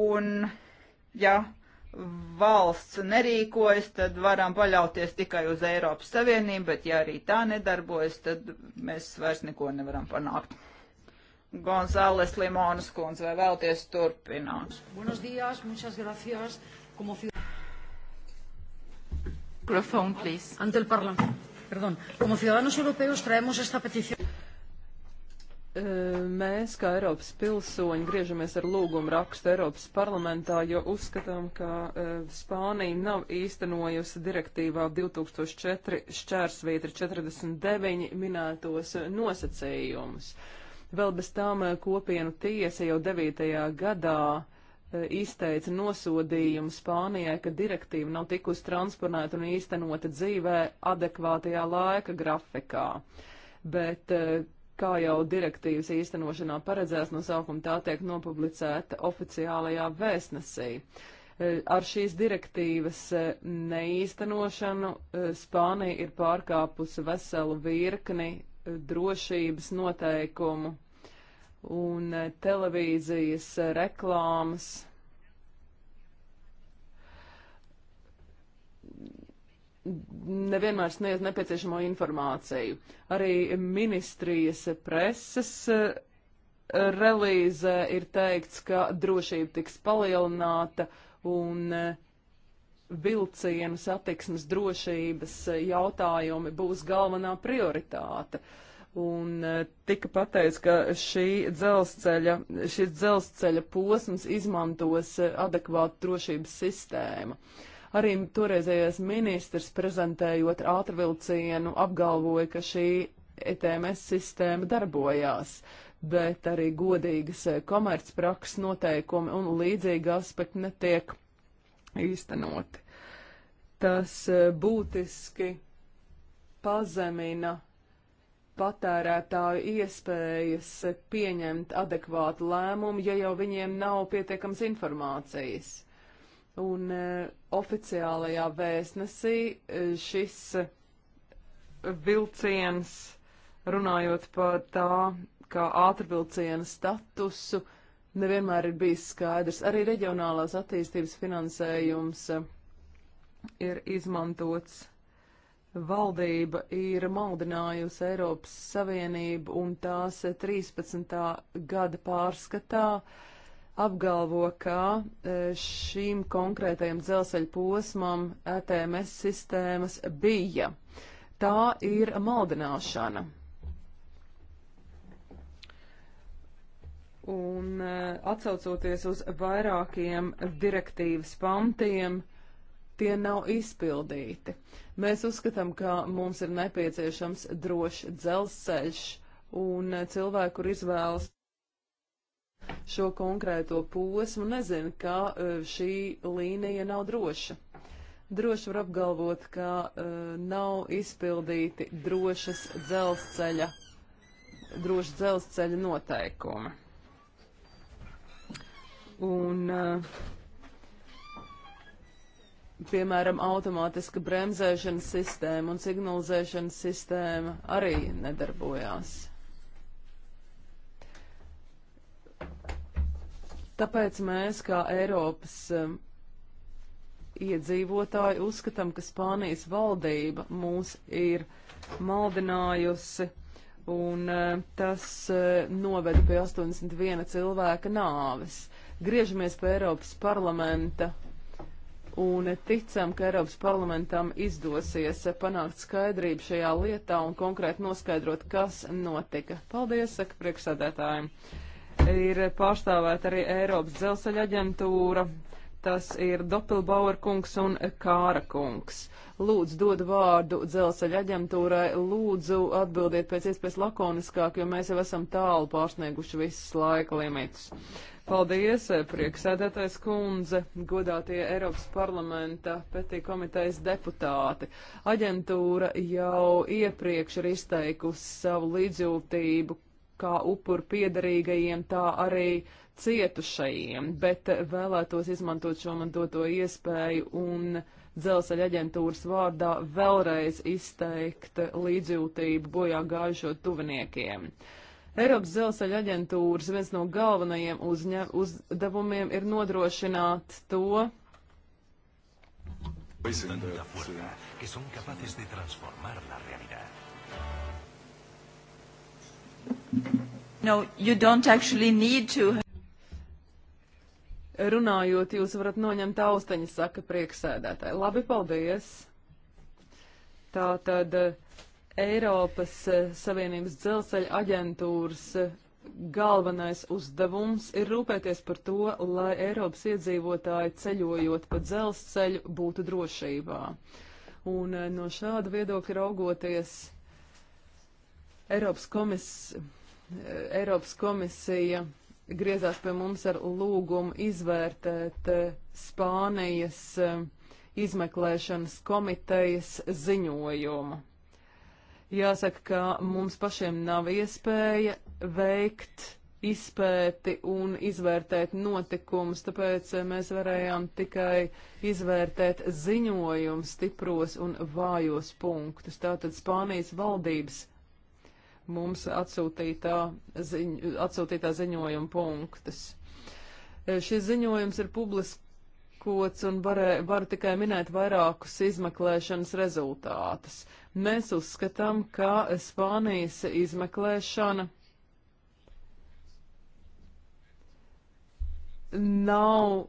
un, ja valsts nerīkojas, tad varam paļauties tikai uz Eiropas Savienību, bet ja arī tā nedarbojas, tad mēs vairs neko nevaram panākt. Gonzāles Limonas kundze, vai vēlties turpināt? Buenos días, muchas gracias. Como... Microphone, please. Ante el Parlamento. Perdón. Como ciudadanos europeos traemos esta petición mēs, kā Eiropas pilsoņi, griežamies ar lūgumu rakstu Eiropas parlamentā, jo uzskatām, ka uh, Spānija nav īstenojusi direktīvā 2004 šķērsvietri 49 minētos nosacījumus. Vēl bez tām kopienu tiesa jau 9. gadā uh, izteica nosodījumu Spānijai, ka direktīva nav tikusi transponēta un īstenota dzīvē adekvātajā laika grafikā. Bet uh, kā jau direktīvas īstenošanā paredzēts no sākuma tā tiek nopublicēta oficiālajā vēstnesī. E, ar šīs direktīvas e, neīstenošanu e, Spānija ir pārkāpusi veselu virkni drošības noteikumu un televīzijas reklāmas nevienmēr sniedz nepieciešamo informāciju. Arī ministrijas preses eh, relīzē ir teikts, ka drošība tiks palielināta un eh, vilcienu satiksmes drošības eh, jautājumi būs galvenā prioritāte. Un tika pateikts, ka šī dzelzceļa, šis dzelzceļa posms izmantos adekvātu drošības sistēmu. Uh, Arī toreizējais ministrs prezentējot ātrvilcienu apgalvoja, ka šī ETMS sistēma darbojās, bet arī godīgas komercprakses noteikumi un līdzīgi aspekti netiek īstenoti. Tas e, būtiski pazemina patērētāju iespējas pieņemt adekvātu lēmumu, ja jau viņiem nav pietiekams informācijas. Un uh, oficiālajā vēstnesī eh, šis eh, vilciens, runājot par tā kā ātrvilciena statusu, nevienmēr ir bijis skaidrs. Arī reģionālās attīstības finansējums ir izmantots. Valdība ir maldinājusi Eiropas Savienību un tās 13. gada pārskatā uh, apgalvo, ka e, šīm konkrētajam dzelzceļa posmam ETMS sistēmas bija. Tā ir maldināšana. Un e, atcaucoties uz vairākiem direktīvas pantiem, tie nav izpildīti. Mēs uzskatām, ka mums ir nepieciešams drošs dzelzceļš un cilvēku, kur izvēlas šo konkrēto posmu, nezina, ka e, šī līnija nav droša. Droši var apgalvot, ka e, nav izpildīti drošas dzelzceļa, droši dzelzceļa noteikumi. Un uh, piemēram, automātiska bremzēšanas sistēma un signalizēšanas sistēma arī nedarbojās. Tāpēc mēs, kā Eiropas um, iedzīvotāji, uzskatām, ka Spānijas valdība mūs ir maldinājusi, un um, tas uh, noveda pie 81 cilvēka nāves. Griežamies pie Eiropas parlamenta un ticam, ka Eiropas parlamentam izdosies panākt skaidrību šajā lietā un konkrēti noskaidrot, kas notika. Paldies, saka priekšsēdētājiem ir pārstāvēta arī Eiropas dzelzceļa aģentūra. Tas ir Doppelbauer kungs un Kāra kungs. Lūdzu, dod vārdu dzelzceļa aģentūrai. Lūdzu, atbildiet pēc iespējas lakoniskāk, jo mēs jau esam tālu pārsnieguši visus laika limitus. Paldies, prieksēdētais kundze, godātie Eiropas parlamenta petī komitejas deputāti. Aģentūra jau iepriekš ir izteikusi savu līdzjūtību kā upuru piedarīgajiem, tā arī cietušajiem, bet vēlētos izmantot šo man doto iespēju un dzelzceļa aģentūras vārdā vēlreiz izteikt līdzjūtību bojā gājušo tuviniekiem. Eiropas dzelzceļa aģentūras viens no galvenajiem uzņa, uzdevumiem ir nodrošināt to, eh, que son capaces de transformar la realidad. No, you don't actually need to. Runājot, jūs varat noņemt austiņas, saka prieksēdētāji. Labi, paldies. Tā tad eh, Eiropas eh, Savienības dzelzceļa aģentūras eh, galvenais uzdevums ir rūpēties par to, lai Eiropas iedzīvotāji ceļojot pa dzelzceļu būtu drošībā. Un no šāda viedokļa raugoties Eiropas komisija Eiropas komisija griezās pie mums ar lūgumu izvērtēt eh, Spānijas eh, izmeklēšanas komitejas ziņojumu. Jāsaka, ka mums pašiem nav iespēja veikt izpēti un izvērtēt notikumus, tāpēc eh, mēs varējām tikai izvērtēt ziņojumu stipros un vājos punktus. Tātad Spānijas valdības mums atsūtītā, ziņ, atsūtītā ziņojuma punktus. E, šis ziņojums ir publiskots un varē, var tikai minēt vairākus izmeklēšanas rezultātus. Mēs uzskatām, ka Spānijas izmeklēšana nav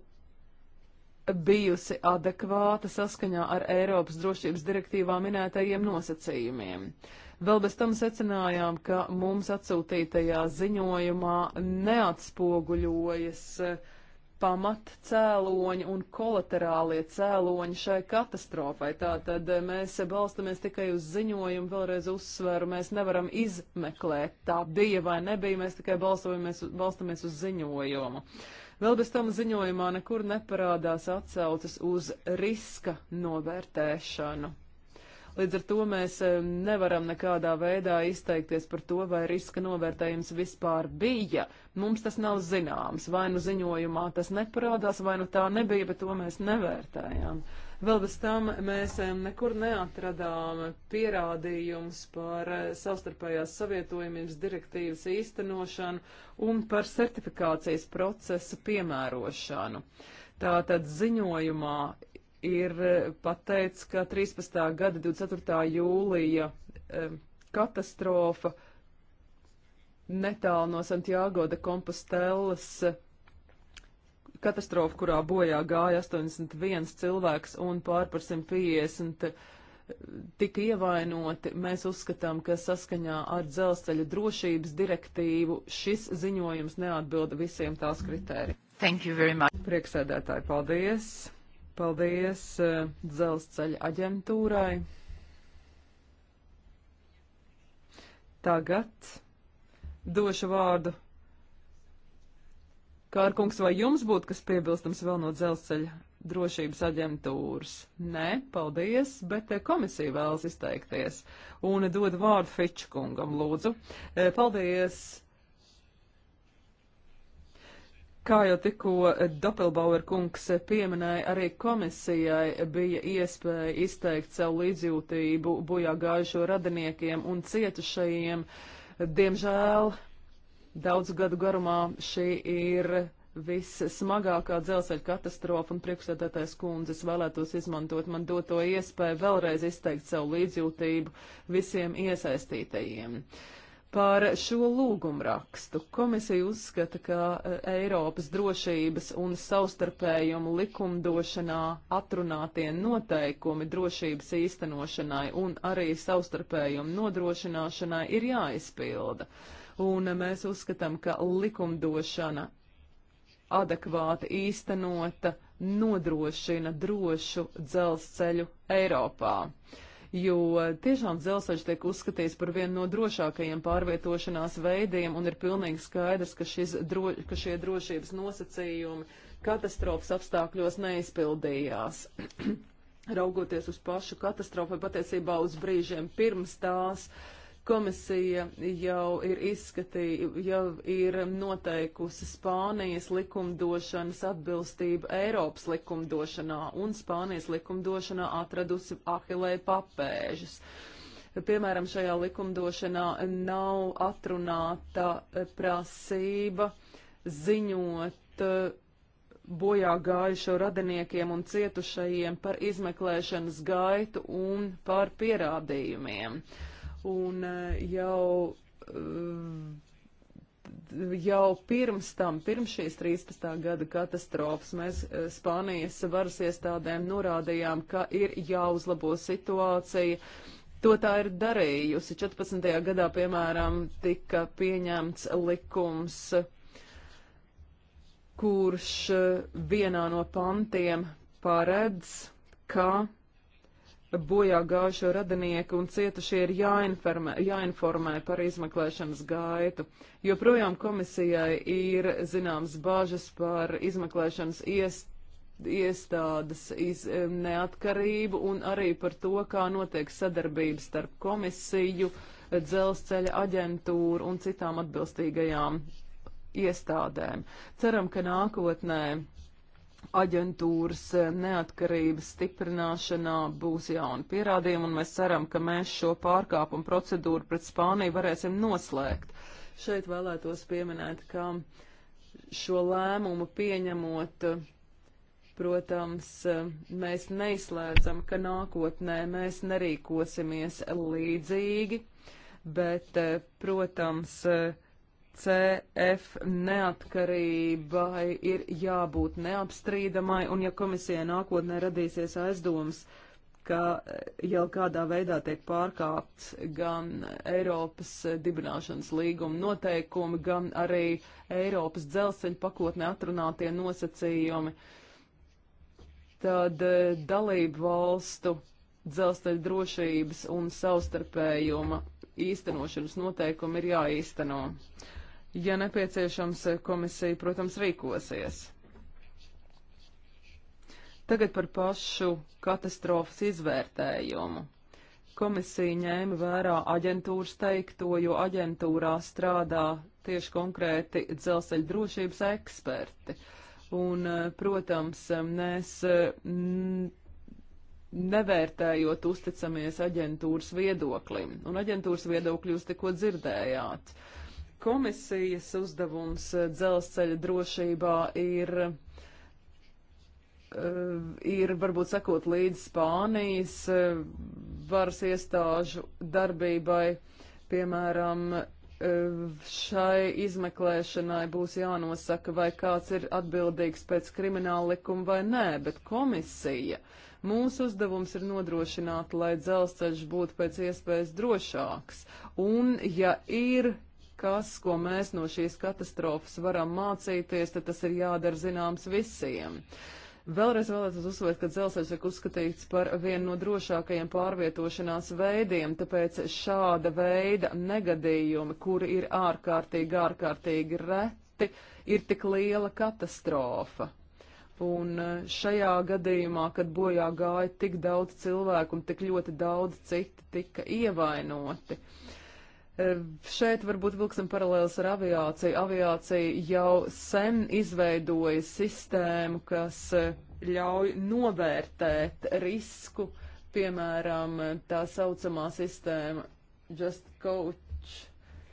bijusi adekvāta saskaņā ar Eiropas drošības direktīvā minētajiem nosacījumiem. Uh, Vēl bez tam secinājām, ka mums atsūtītajā ziņojumā neatspoguļojas eh, pamatcēloņi un kolaterālie cēloņi šai katastrofai. Tātad eh, mēs balstamies tikai uz ziņojumu, vēlreiz uzsveru, mēs nevaram izmeklēt, tā bija vai nebija, mēs tikai balstamies uz ziņojumu. Vēl bez tam ziņojumā nekur neparādās atsaucas uz riska novērtēšanu. Līdz ar to mēs nevaram nekādā veidā izteikties par to, vai riska novērtējums vispār bija. Mums tas nav zināms. Vai nu ziņojumā tas neparādās, vai nu tā nebija, bet to mēs nevērtējām. Vēl bez tam mēs nekur neatradām pierādījumus par eh, savstarpējās savietojumības direktīvas īstenošanu un par certifikācijas procesa piemērošanu. Tātad ziņojumā ir e, pateicis, ka 13. gada 24. jūlija e, katastrofa netālu no Santiago de Kompostelas e, katastrofa, kurā bojā gāja 81 cilvēks un pār par 150 tika ievainoti, mēs uzskatām, ka saskaņā ar dzelzceļa drošības direktīvu šis ziņojums neatbilda visiem tās kritērijiem. Thank you very much. Prieksēdētāji, paldies! Paldies eh, dzelzceļa aģentūrai. Tagad došu vārdu. Kārkungs, vai jums būtu kas piebilstams vēl no dzelzceļa drošības aģentūras? Nē, paldies, bet eh, komisija vēlas izteikties. Un dod vārdu Fičkungam, lūdzu. Eh, paldies! Kā jau tikko Doppelbauer kungs pieminēja, arī komisijai bija iespēja izteikt savu līdzjūtību bojā gājušo radiniekiem un cietušajiem. Diemžēl daudzu gadu garumā šī ir vissmagākā dzelzceļa katastrofa un priekšsēdētājs kundzes vēlētos izmantot man doto iespēju vēlreiz izteikt savu līdzjūtību visiem iesaistītajiem. Uh, Par šo lūgumrakstu komisija uzskata, ka e, Eiropas drošības un savstarpējumu likumdošanā atrunātie noteikumi drošības īstenošanai un arī savstarpējumu nodrošināšanai ir jāizpilda. Un mēs uzskatām, ka likumdošana adekvāti īstenota nodrošina drošu dzelzceļu Eiropā. Uh, jo tiešām dzelzceļš tiek uzskatīts par vienu no drošākajiem pārvietošanās veidiem, un ir pilnīgi skaidrs, ka, dro, ka šie drošības nosacījumi katastrofas apstākļos neizpildījās. *clears throat* Raugoties uz pašu katastrofu, patiesībā uz brīžiem pirms tās, uh, Komisija jau ir izskatījusi, jau ir noteikusi Spānijas likumdošanas atbilstību Eiropas likumdošanā un Spānijas likumdošanā atradusi ahilē papēžus. Piemēram, šajā likumdošanā nav atrunāta prasība ziņot eh, bojā gājušo radiniekiem un cietušajiem par izmeklēšanas gaitu un par pierādījumiem. Uh, un eh, jau, eh, jau pirms tam, pirms šīs 13. gada katastrofas, mēs eh, Spānijas varas iestādēm norādījām, ka ir jāuzlabo situācija. To tā ir darījusi. 14. gadā, piemēram, tika pieņemts likums, kurš vienā no pantiem paredz, ka bojā gājušo radinieku un cietušie ir jāinformē, jāinformē par izmeklēšanas gaitu. Joprojām komisijai ir zināms bāžas par izmeklēšanas iestādi iestādes iz, neatkarību un arī par to, kā notiek sadarbības starp komisiju, dzelzceļa aģentūru un citām atbilstīgajām iestādēm. Ceram, ka nākotnē aģentūras neatkarības stiprināšanā būs jauni pierādījumi, un mēs ceram, ka mēs šo pārkāpumu procedūru pret Spāniju varēsim noslēgt. Šeit vēlētos pieminēt, ka šo lēmumu pieņemot, protams, mēs neizslēdzam, ka nākotnē mēs nerīkosimies līdzīgi, bet, protams, CF neatkarībai ir jābūt neapstrīdamai, un ja komisijai nākotnē radīsies aizdoms, ka eh, jau kādā veidā tiek pārkāpts gan Eiropas dibināšanas līguma noteikumi, gan arī Eiropas dzelzceļa pakotne atrunātie nosacījumi, tad eh, dalību valstu dzelzceļa drošības un savstarpējuma īstenošanas noteikumi ir jāīsteno. Ja nepieciešams, komisija, protams, rīkosies. Tagad par pašu katastrofas izvērtējumu. Komisija ņēma vērā aģentūras teikto, jo aģentūrā strādā tieši konkrēti dzelzceļa drošības eksperti. Un, protams, mēs mm, nevērtējot uzticamies aģentūras viedoklim, un aģentūras viedokļi jūs tikko dzirdējāt. Uh, Komisijas uzdevums eh, dzelzceļa drošībā ir, eh, ir varbūt sakot līdz Spānijas eh, varas iestāžu darbībai, piemēram, šai izmeklēšanai būs jānosaka, vai kāds ir atbildīgs pēc krimināla likuma vai nē, bet komisija. Mūsu uzdevums ir nodrošināt, lai dzelzceļš būtu pēc iespējas drošāks, un ja ir kas, ko mēs no šīs katastrofas varam mācīties, tad tas ir jādara zināms visiem. Vēlreiz vēlētos uzsvērt, ka dzelzceļš tiek uzskatīts par vienu no drošākajiem pārvietošanās veidiem, tāpēc šāda veida negadījumi, kuri ir ārkārtīgi, ārkārtīgi reti, ir tik liela katastrofa. Un e, šajā gadījumā, kad bojā gāja tik daudz cilvēku un tik ļoti daudz citi tika ievainoti, uh, Šeit varbūt vilksim paralēlis ar aviāciju. Aviācija jau sen izveidoja sistēmu, kas eh, ļauj novērtēt risku, piemēram, tā saucamā sistēma Just Coach,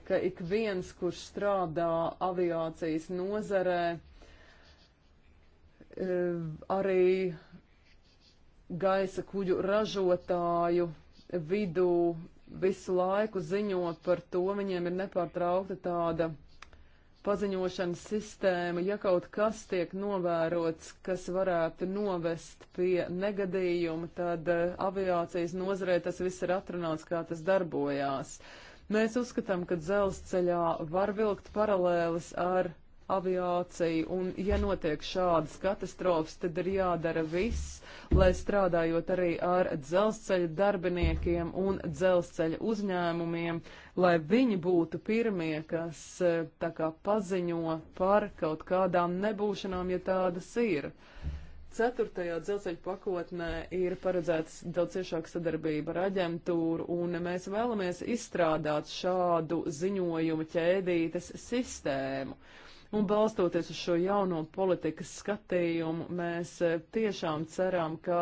ka ik viens, kurš strādā aviācijas nozarē, arī gaisa kuģu ražotāju vidū visu laiku ziņot par to, viņiem ir nepārtraukta tāda paziņošanas sistēma, ja kaut kas tiek novērots, kas varētu novest pie negadījuma, tad eh, aviācijas nozarē tas viss ir atrunāts, kā tas darbojās. Mēs uzskatām, ka dzelzceļā var vilkt paralēlis ar aviāciju, un ja notiek šādas katastrofas, tad ir jādara viss, lai strādājot arī ar dzelzceļa darbiniekiem un dzelzceļa uzņēmumiem, lai viņi būtu pirmie, kas e, tā kā paziņo par kaut kādām nebūšanām, ja tādas ir. Ceturtajā dzelzceļa pakotnē ir paredzēts daudz ciešāka sadarbība ar aģentūru, un mēs vēlamies izstrādāt šādu ziņojumu ķēdītes sistēmu. Uh, Un balstoties uz šo jauno politikas skatījumu, mēs e, tiešām ceram, ka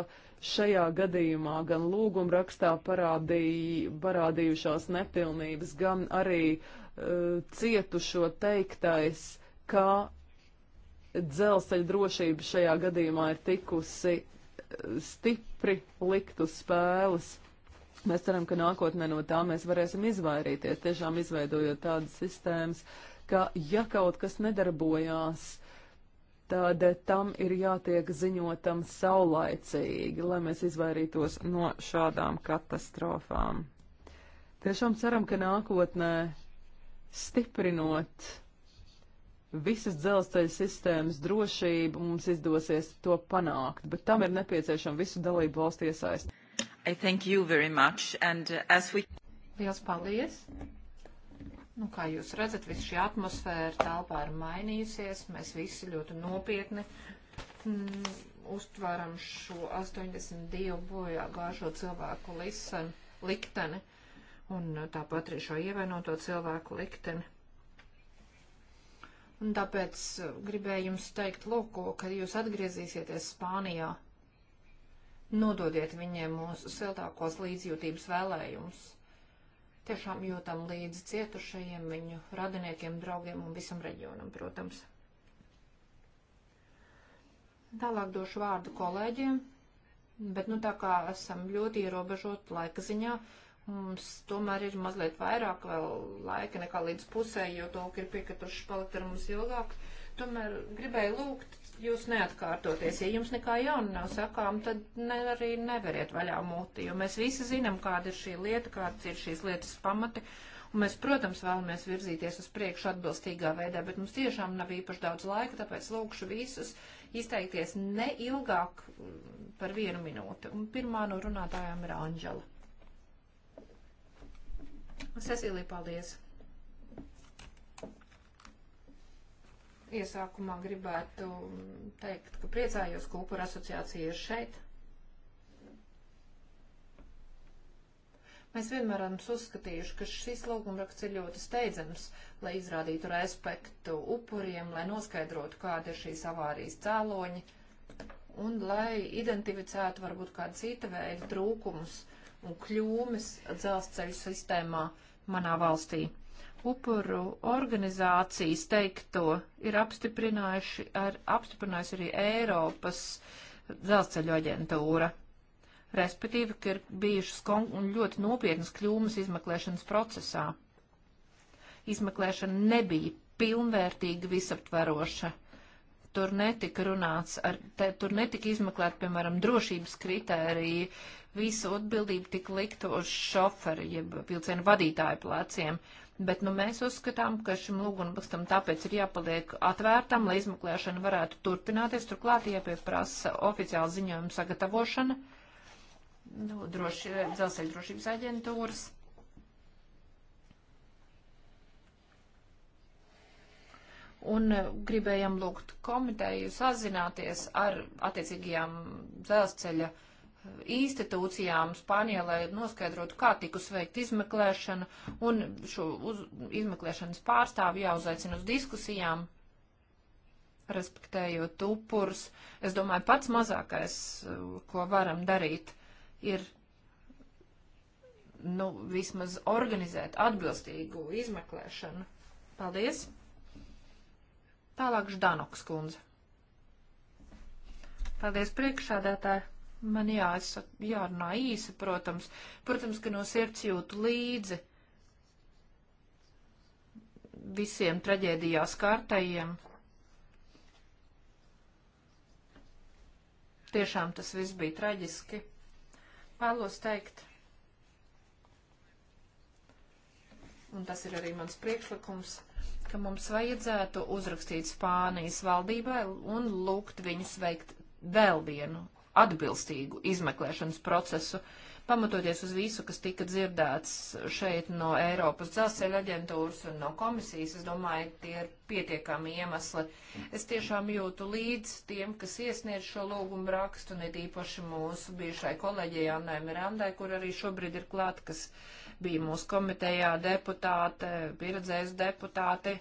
šajā gadījumā gan lūguma rakstā parādīja, parādījušās nepilnības, gan arī uh, cietušo teiktais, ka dzelzceļa drošība šajā gadījumā ir tikusi e, stipri likt uz spēles. Mēs ceram, ka nākotnē no tā mēs varēsim izvairīties, tiešām izveidojot tādas sistēmas, uh, ka ja kaut kas nedarbojās, tad tam ir jātiek ziņotam saulaicīgi, lai mēs izvairītos no šādām katastrofām. Tiešām ceram, ka nākotnē stiprinot visas dzelzceļa sistēmas drošību mums izdosies to panākt, bet tam ir nepieciešama visu dalību valstu iesaist. Uh, we... Liels paldies! Nu, kā jūs redzat, viss šī atmosfēra telpā ir mainījusies. Mēs visi ļoti nopietni mm, uztvaram šo 82 bojā gāžo cilvēku lisen, likteni un uh, tāpat arī šo ievainoto cilvēku likteni. Un tāpēc uh, gribēju jums teikt, lūk, kad jūs atgriezīsieties Spānijā, nododiet viņiem mūsu siltākos līdzjūtības vēlējumus tiešām jūtam līdzi cietušajiem, viņu radiniekiem, draugiem un visam reģionam, protams. Tālāk došu vārdu kolēģiem, bet nu tā kā esam ļoti ierobežot laika ziņā, mums tomēr ir mazliet vairāk vēl laika nekā līdz pusē, jo tūki ir piekrituši palikt ar mums ilgāk. Tomēr gribēju lūgt jūs neatkārtoties. Ja jums nekā jauna nav sakām, tad ne, arī neveriet vaļā muti, jo mēs visi zinām, kāda ir šī lieta, kādas ir šīs lietas pamati. Un mēs, protams, vēlamies virzīties uz priekšu atbilstīgā veidā, bet mums tiešām nav īpaši daudz laika, tāpēc lūkšu visus izteikties ne ilgāk mm, par vienu minūti. Un pirmā no runātājām ir Anģela. Cecīlija, paldies! Iesākumā gribētu teikt, ka priecājos, ka upura asociācija ir šeit. Mēs vienmēr esam uzskatījuši, ka šis lūgumraksts ir ļoti steidzams, lai izrādītu respektu upuriem, lai noskaidrotu, kāda ir šīs avārijas cēloņi un lai identificētu varbūt kādu cita veidu trūkumus un kļūmes dzelzceļu sistēmā manā valstī upuru organizācijas teikto ir apstiprinājuši ar, apstiprinājusi arī Eiropas dzelzceļu aģentūra. Respektīvi, ka ir bijušas ļoti nopietnas kļūmas izmeklēšanas procesā. Izmeklēšana nebija pilnvērtīga visaptveroša tur netika runāts, ar, te, tur netika izmeklēt, piemēram, drošības kritērija, visu atbildību tika likta uz šoferi, jeb vilcienu vadītāju pleciem. Bet nu, mēs uzskatām, ka šim lūgumam tāpēc ir jāpaliek atvērtam, lai izmeklēšana varētu turpināties. Turklāt jāpieprasa oficiāla ziņojuma sagatavošana nu, droši, dzelzceļa drošības aģentūras. un eh, gribējam lūgt komiteju sazināties ar attiecīgajām dzelzceļa eh, institūcijām Spānijā, lai noskaidrotu, kā tikus veikt izmeklēšana, un šo uz, izmeklēšanas pārstāvi jāuzaicina uz diskusijām, respektējot upurs. Es domāju, pats mazākais, eh, ko varam darīt, ir nu, vismaz organizēt atbilstīgu izmeklēšanu. Paldies! Tālāk Ždanoks kundze. Paldies priekšādētāji. Man jāsaka, jārunā īsi, protams. Protams, ka no sirds jūtu līdzi visiem traģēdijās kārtējiem. Tiešām tas viss bija traģiski. Vēlos teikt, un tas ir arī mans priekšlikums ka mums vajadzētu uzrakstīt Spānijas valdībai un lūgt viņus veikt vēl vienu atbilstīgu izmeklēšanas procesu, pamatoties uz visu, kas tika dzirdēts šeit no Eiropas dzelzceļa aģentūras un no komisijas. Es domāju, tie ir pietiekami iemesli. Es tiešām jūtu līdz tiem, kas iesniedz šo lūgumu rakstu, un it īpaši mūsu bijušai kolēģijai Annai Mirandai, kur arī šobrīd ir klāt, kas uh, bija mūsu komitejā deputāte, pieredzējis deputāti.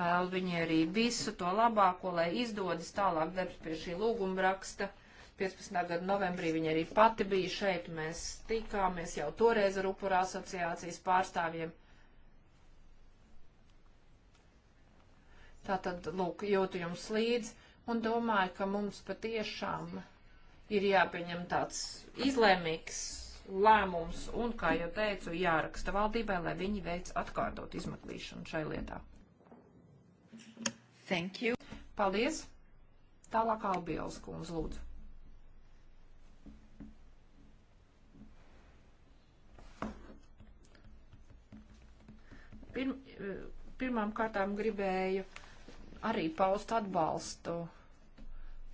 Vēl viņi arī visu to labāko, lai izdodas tālāk darbs pie šī lūguma raksta. 15. gada novembrī viņa arī pati bija šeit, mēs tikāmies jau toreiz ar upura asociācijas pārstāvjiem. Tātad, lūk, jūtu jums līdzi un domāju, ka mums patiešām ir jāpieņem tāds izlēmīgs lēmums un, kā jau teicu, jāraksta valdībai, lai viņi veic atkārtot izmeklīšanu šai lietā. Thank you. Paldies. Tālāk Albielas kundze lūdzu. Pirm, eh, pirmām kārtām gribēju arī paust atbalstu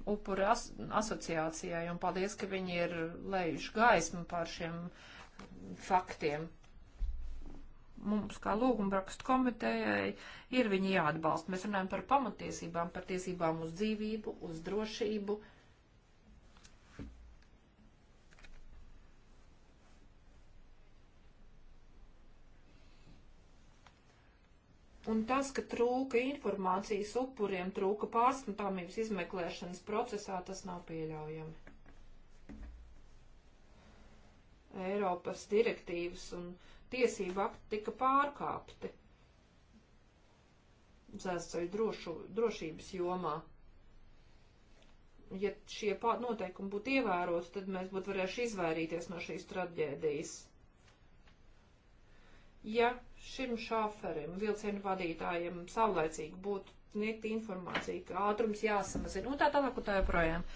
upuru as asociācijai, un paldies, ka viņi ir lejuši gaismu pār šiem faktiem. Mums, kā lūgumrakstu komitejai, ir viņi jāatbalsta. Mēs runājam par pamatiesībām, par tiesībām uz dzīvību, uz drošību. Uh, Un tas, ka trūka informācijas upuriem, trūka pārskatāmības izmeklēšanas procesā, tas nav pieļaujami. Eiropas direktīvas un tiesību akti tika pārkāpti dzelzceļu drošu, drošības jomā. Ja šie noteikumi būtu ievēroti, tad mēs būtu varējuši izvairīties no šīs traģēdijas. Ja šim šāferim, vilcienu vadītājiem saulēcīgi būtu sniegt informāciju, ka ātrums jāsamazina un tā tālāk un tā joprojām.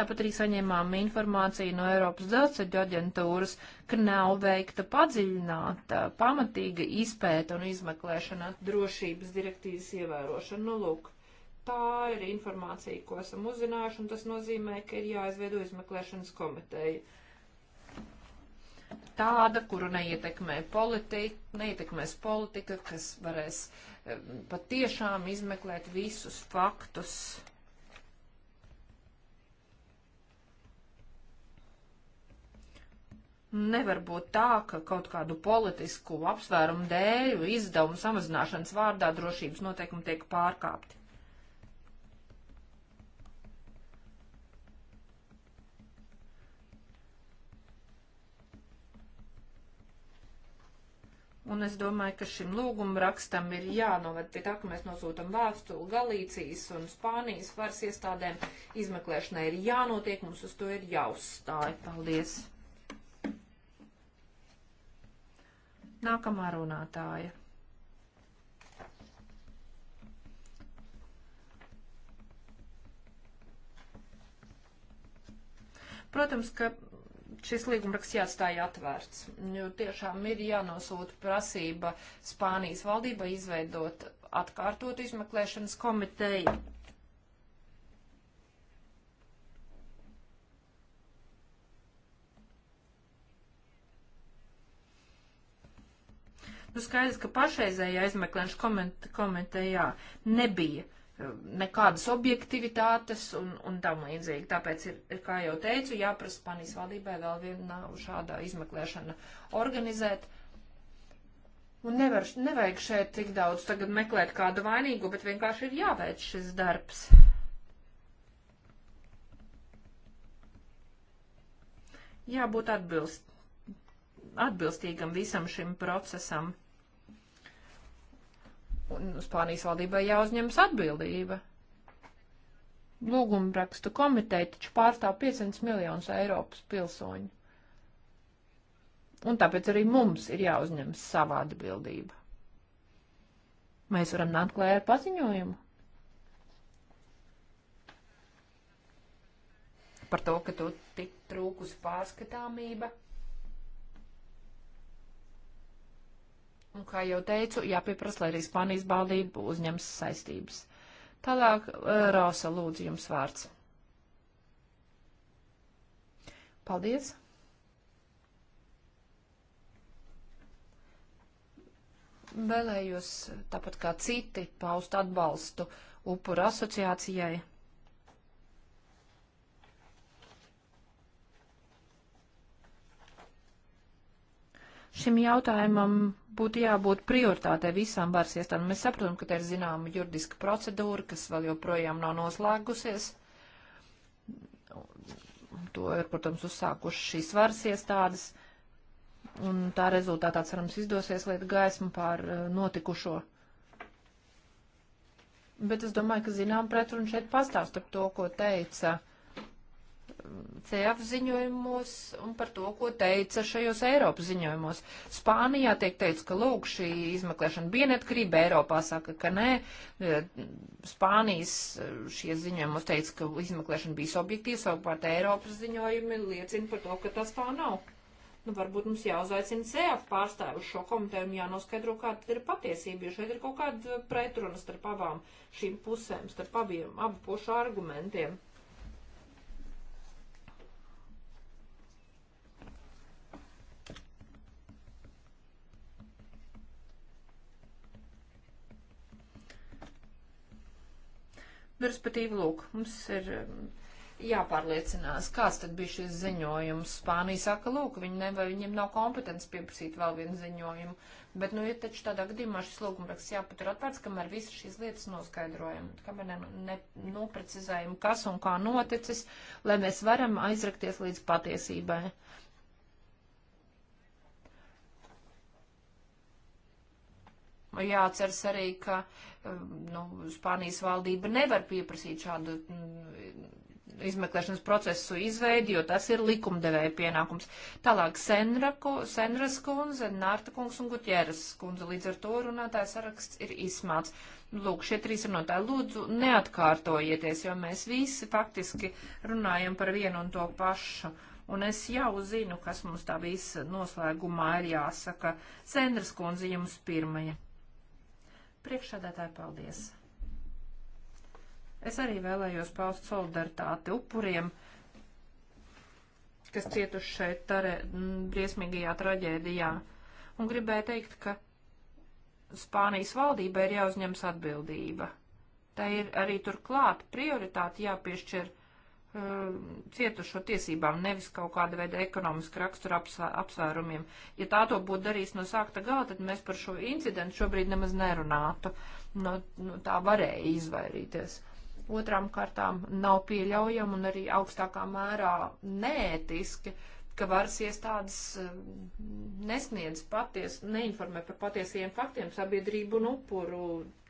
Tāpat arī saņēmām informāciju no Eiropas dzelzceļu aģentūras, ka nav veikta padziļināta, pamatīga izpēta un izmeklēšana drošības direktīvas ievērošana. Nu, lūk, tā ir informācija, ko esam uzzinājuši, un tas nozīmē, ka ir jāizveido izmeklēšanas komiteja tāda, kuru neietekmē politika, neietekmēs politika, kas varēs eh, pat tiešām izmeklēt visus faktus. Nevar būt tā, ka kaut kādu politisku apsvērumu dēļ izdevumu samazināšanas vārdā drošības noteikumi tiek pārkāpti. Un es domāju, ka šim lūgumu rakstam ir jānovad pie tā, ka mēs nosūtam vēstuli Galīcijas un Spānijas varas iestādēm. Izmeklēšanai ir jānotiek, mums uz to ir jāuzstāj. Paldies! Nākamā runātāja. Protams, ka šis līgumraksts jāatstāja atvērts, jo tiešām ir jānosūta prasība Spānijas valdībai izveidot atkārtot izmeklēšanas komiteju. Nu, skaidrs, ka pašreizējā izmeklēšanas komite, komitejā nebija nekādas objektivitātes un, un tam līdzīgi. Tāpēc ir, ir, kā jau teicu, jāprasa Spanijas valdībai vēl viena šāda izmeklēšana organizēt. Un nevar, nevajag šeit tik daudz tagad meklēt kādu vainīgu, bet vienkārši ir jāveic šis darbs. Jābūt atbilst, atbilstīgam visam šim procesam. Un Spānijas valdībai jāuzņemas atbildība. Lūgumrakstu komiteja taču pārstāv 500 miljonus Eiropas pilsoņu. Un tāpēc arī mums ir jāuzņemas savā atbildība. Mēs varam nākt klājā ar paziņojumu. Par to, ka tu tik trūkusi pārskatāmība. Un, kā jau teicu, jāpieprasa, lai arī Spānijas baldība uzņems saistības. Tālāk, eh, Rosa, lūdzu, jums vārds. Paldies! Vēlējos, tāpat kā citi, paust atbalstu upuru asociācijai. Šim jautājumam būtu jābūt prioritātei visām varas iestādēm. Mēs saprotam, ka te ir zināma juridiska procedūra, kas vēl joprojām nav noslēgusies. To ir, protams, uzsākuši šīs varas iestādes. Un tā rezultātā, cerams, izdosies liet gaismu pār eh, notikušo. Bet es domāju, ka zinām pretrunu šeit pastāv starp to, ko teica CF ziņojumos un par to, ko teica šajos Eiropas ziņojumos. Spānijā tiek teica, ka lūk, šī izmeklēšana bija neatkarība, Eiropā saka, ka nē. E, Spānijas e, šie ziņojumos teica, ka izmeklēšana bija objektīva, savukārt Eiropas ziņojumi liecina par to, ka tas tā nav. Nu, varbūt mums jāuzaicina CF pārstāvi uz šo komiteju un jānoskaidro, kāda ir patiesība, jo šeit ir kaut kāda pretruna starp abām šīm pusēm, starp abiem, abu pušu argumentiem. Respektīvi, lūk, mums ir um, jāpārliecinās, kāds tad bija šis ziņojums. Spānija saka, lūk, viņi ne, viņiem nav kompetence pieprasīt vēl vienu ziņojumu. Bet, nu, ir taču tādā gadījumā šis lūgumraksts jāpatur atvērts, kamēr visas šīs lietas noskaidrojam, kamēr ne, ne, noprecizējam, kas un kā noticis, lai mēs varam aizrakties līdz patiesībai. Jāceras arī, ka uh, Um, nu, Spānijas valdība nevar pieprasīt šādu mm, izmeklēšanas procesu izveidi, jo tas ir likumdevēja pienākums. Tālāk Senraku, Senras kundze, Nārta kungs un Gutjēras kundze. Līdz ar to runātājs saraksts ir izsmāts. Lūk, šie trīs runātāji, lūdzu, neatkārtojieties, jo mēs visi faktiski runājam par vienu un to pašu. Un es jau zinu, kas mums tā visa noslēgumā ir jāsaka. Sendras kundze jums pirmajai. Priekšsēdētāji, paldies! Es arī vēlējos paust solidaritāti upuriem, kas cietuši šeit tare, briesmīgajā traģēdijā, un gribēju teikt, ka Spānijas valdībai ir jāuzņems atbildība. Tā ir arī turklāt prioritāti jāpiešķir Um, cietušo tiesībām, nevis kaut kāda veida ekonomiska rakstura apsvērumiem. Ja tā to būtu darījis no sākta gala, tad mēs par šo incidentu šobrīd nemaz nerunātu. No, no nu, tā varēja izvairīties. Otrām kārtām nav pieļaujama un arī augstākā mērā neētiski, ka varas iestādes um, nesniedz paties, neinformē par patiesiem faktiem sabiedrību un upuru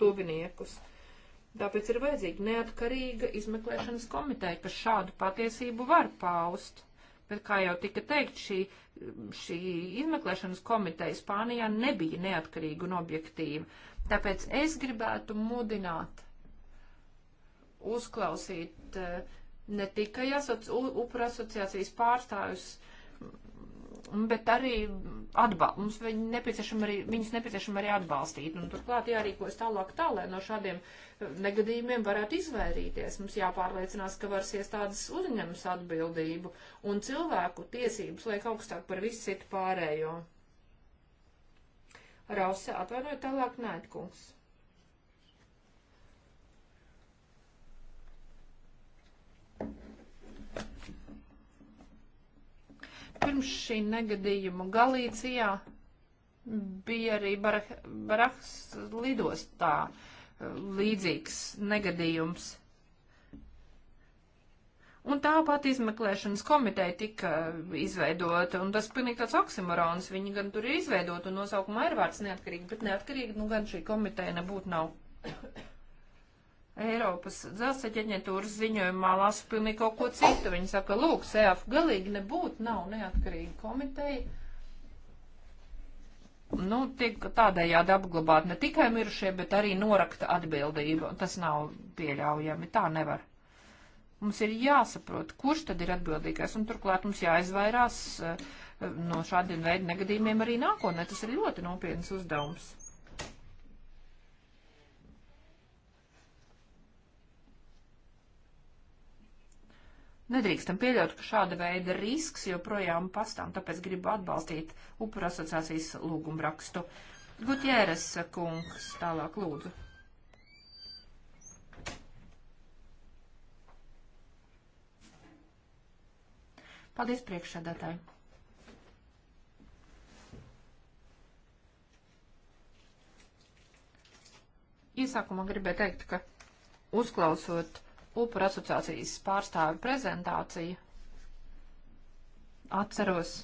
tuviniekus. Uh, Tāpēc ir vajadzīga neatkarīga izmeklēšanas komiteja, kas šādu patiesību var paust. Bet, kā jau tika teikt, šī, šī izmeklēšanas komiteja Spānijā nebija neatkarīga un objektīva. Tāpēc es gribētu mudināt uzklausīt eh, ne tikai asoci, upura asociācijas pārstāvjus, uh, bet arī atbal, mums viņi nepieciešam arī, viņus nepieciešam arī atbalstīt. Un turklāt jārīkojas tālāk tā, lai no šādiem uh, negadījumiem varētu izvairīties. Mums jāpārliecinās, ka varas iestādes uzņemas atbildību un cilvēku tiesības liek augstāk par visu citu pārējo. Rausa, atvainojiet, tālāk nēt, kungs. Pirms šī negadījuma Galīcijā bija arī Barah, Barahas lidostā eh, līdzīgs negadījums. Un tā pati izmeklēšanas komiteja tika izveidota, un tas pilnīgi tāds oksimorons, viņi gan tur ir izveidota, un nosaukumā ir vārds neatkarīgi, bet neatkarīgi, nu gan šī komiteja nebūtu nav. Eiropas dzelzceļa aģentūras ziņojumā lasu pilnīgi kaut ko citu. Viņi saka, lūk, SEAF galīgi nebūtu, nav neatkarīga komiteja. Nu, tiek tādējādi apglabāt ne tikai mirušie, bet arī norakta atbildība. Tas nav pieļaujami, tā nevar. Mums ir jāsaprot, kurš tad ir atbildīgais, un turklāt mums jāizvairās eh, no šādiem veidiem negadījumiem arī nākotnē. Tas ir ļoti nopietns uzdevums. Nedrīkstam pieļaut, ka šāda veida risks joprojām pastāv, tāpēc gribu atbalstīt upuru asociācijas lūgumu rakstu. Gutjēres kungs, tālāk lūdzu. Paldies priekšsēdētāji. Iesākumā gribēju teikt, ka uzklausot upura asociācijas pārstāvi prezentāciju, atceros,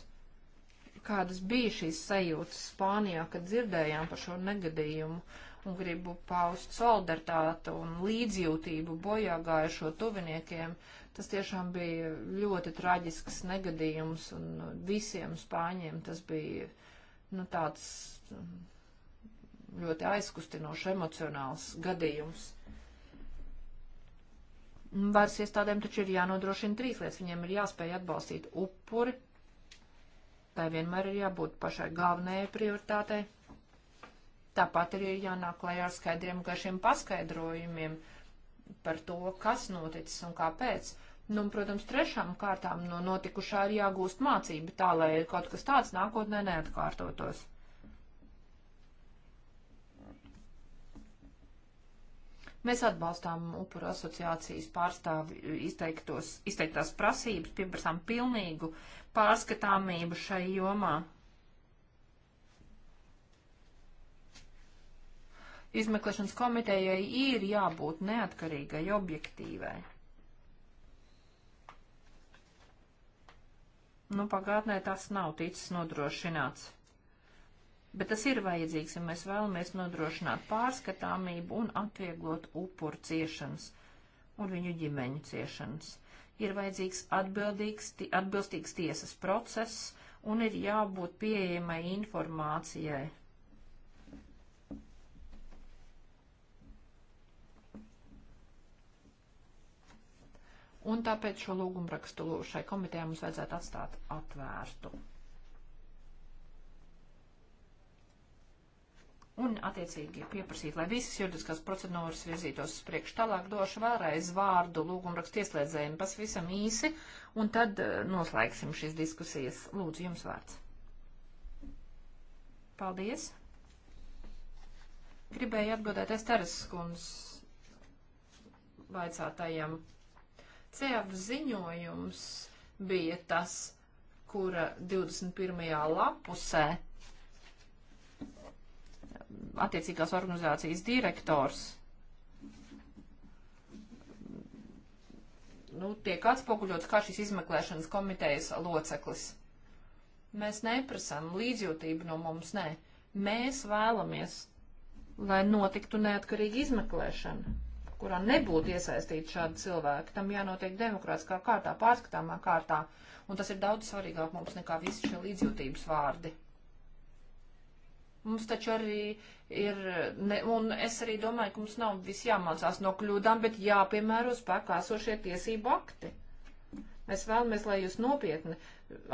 kādas bija šīs sajūtas Spānijā, kad dzirdējām par šo negadījumu un gribu paust solidaritātu un līdzjūtību bojā gājušo tuviniekiem. Tas tiešām bija ļoti traģisks negadījums un visiem spāņiem tas bija, nu, tāds mm, ļoti aizkustinošs emocionāls gadījums. Varas iestādēm taču ir jānodrošina trīs lietas. Viņiem ir jāspēj atbalstīt upuri. Tā vienmēr ir jābūt pašai galvenajai prioritātei. Tāpat arī ir jānāk klajā ar skaidriem garšiem paskaidrojumiem par to, kas noticis un kāpēc. Nu, un, protams, trešām kārtām no notikušā ir jāgūst mācība tā, lai kaut kas tāds nākotnē neatkārtotos. Mēs atbalstām upuru asociācijas pārstāvju izteiktās prasības, pieprasām pilnīgu pārskatāmību šai jomā. Izmeklēšanas komitejai ir jābūt neatkarīgai, objektīvai. Nu, pagātnē tas nav ticis nodrošināts bet tas ir vajadzīgs, ja mēs vēlamies nodrošināt pārskatāmību un atvieglot upuru ciešanas un viņu ģimeņu ciešanas. Ir vajadzīgs atbildīgs, atbilstīgs tiesas process un ir jābūt pieejamai informācijai. Un tāpēc šo lūgumrakstu šai komitejai mums vajadzētu atstāt atvērtu. un attiecīgi pieprasīt, lai visas juridiskās procedūras virzītos uz priekšu. Tālāk došu vēlreiz vārdu lūgumrakstu ieslēdzējiem pavisam īsi, un tad eh, noslēgsim šīs diskusijas. Lūdzu, jums vārds. Paldies. Gribēju atbildēt Esteres skundas vaicātajam. CF ziņojums bija tas, kura 21. lapusē attiecīgās organizācijas direktors nu, tiek atspoguļots kā šis izmeklēšanas komitejas loceklis. Mēs neprasām līdzjūtību no mums, nē. Mēs vēlamies, lai notiktu neatkarīga izmeklēšana, kurā nebūtu iesaistīti šādi cilvēki. Tam jānotiek demokrātiskā kārtā, pārskatāmā kārtā, un tas ir daudz svarīgāk mums nekā visi šie līdzjūtības vārdi. Mums taču arī ir, ne, un es arī domāju, ka mums nav viss jāmācās no kļūdām, bet jāpiemēro spēkā esošie tiesību akti. Mēs vēlamies, lai jūs nopietni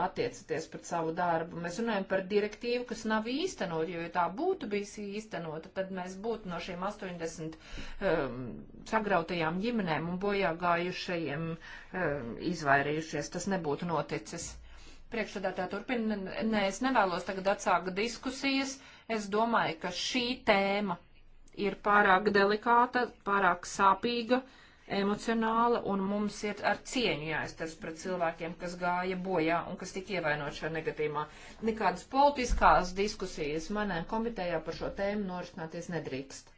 attiecaties pret savu darbu. Mēs runājam par direktīvu, kas nav īstenot, jo, ja tā būtu bijusi īstenota, tad mēs būtu no šiem 80 um, sagrautajām ģimenēm un bojā gājušajiem um, izvairījušies. Tas nebūtu noticis priekšsēdētāja turpina, nē, es nevēlos tagad atsākt diskusijas, Es domāju, ka šī tēma ir pārāk delikāta, pārāk sāpīga, emocionāla, un mums ir ar cieņu jāizturas pret cilvēkiem, kas gāja bojā un kas tika ievainot šajā negadījumā. Nekādas politiskās diskusijas manē komitejā par šo tēmu norisināties nedrīkst.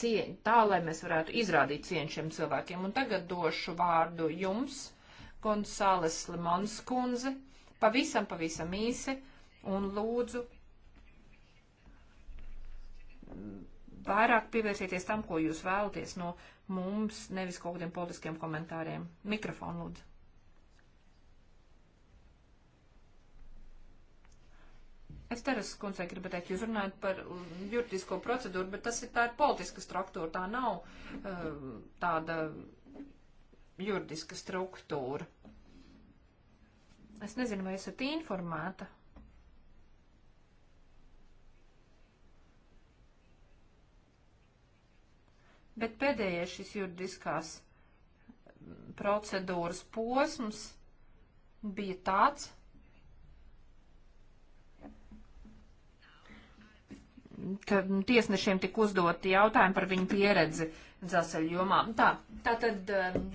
Cieņ, tā, lai mēs varētu izrādīt cieņu šiem cilvēkiem. Un tagad došu vārdu jums, Gonzāles Limons kundze, pavisam, pavisam īsi, un lūdzu vairāk pievērsieties tam, ko jūs vēlaties no mums, nevis kaut kādiem politiskiem komentāriem. Mikrofonu lūdzu. Es teras kundzei gribu teikt, jūs runājat par juridisko procedūru, bet tas ir tā ir politiska struktūra, tā nav eh, tāda juridiska struktūra. Es nezinu, vai esat informēta bet pēdējais šis juridiskās procedūras posms bija tāds, ka tiesnešiem tika uzdoti jautājumi par viņu pieredzi dzelzceļa jomā. Tā, tā tad um,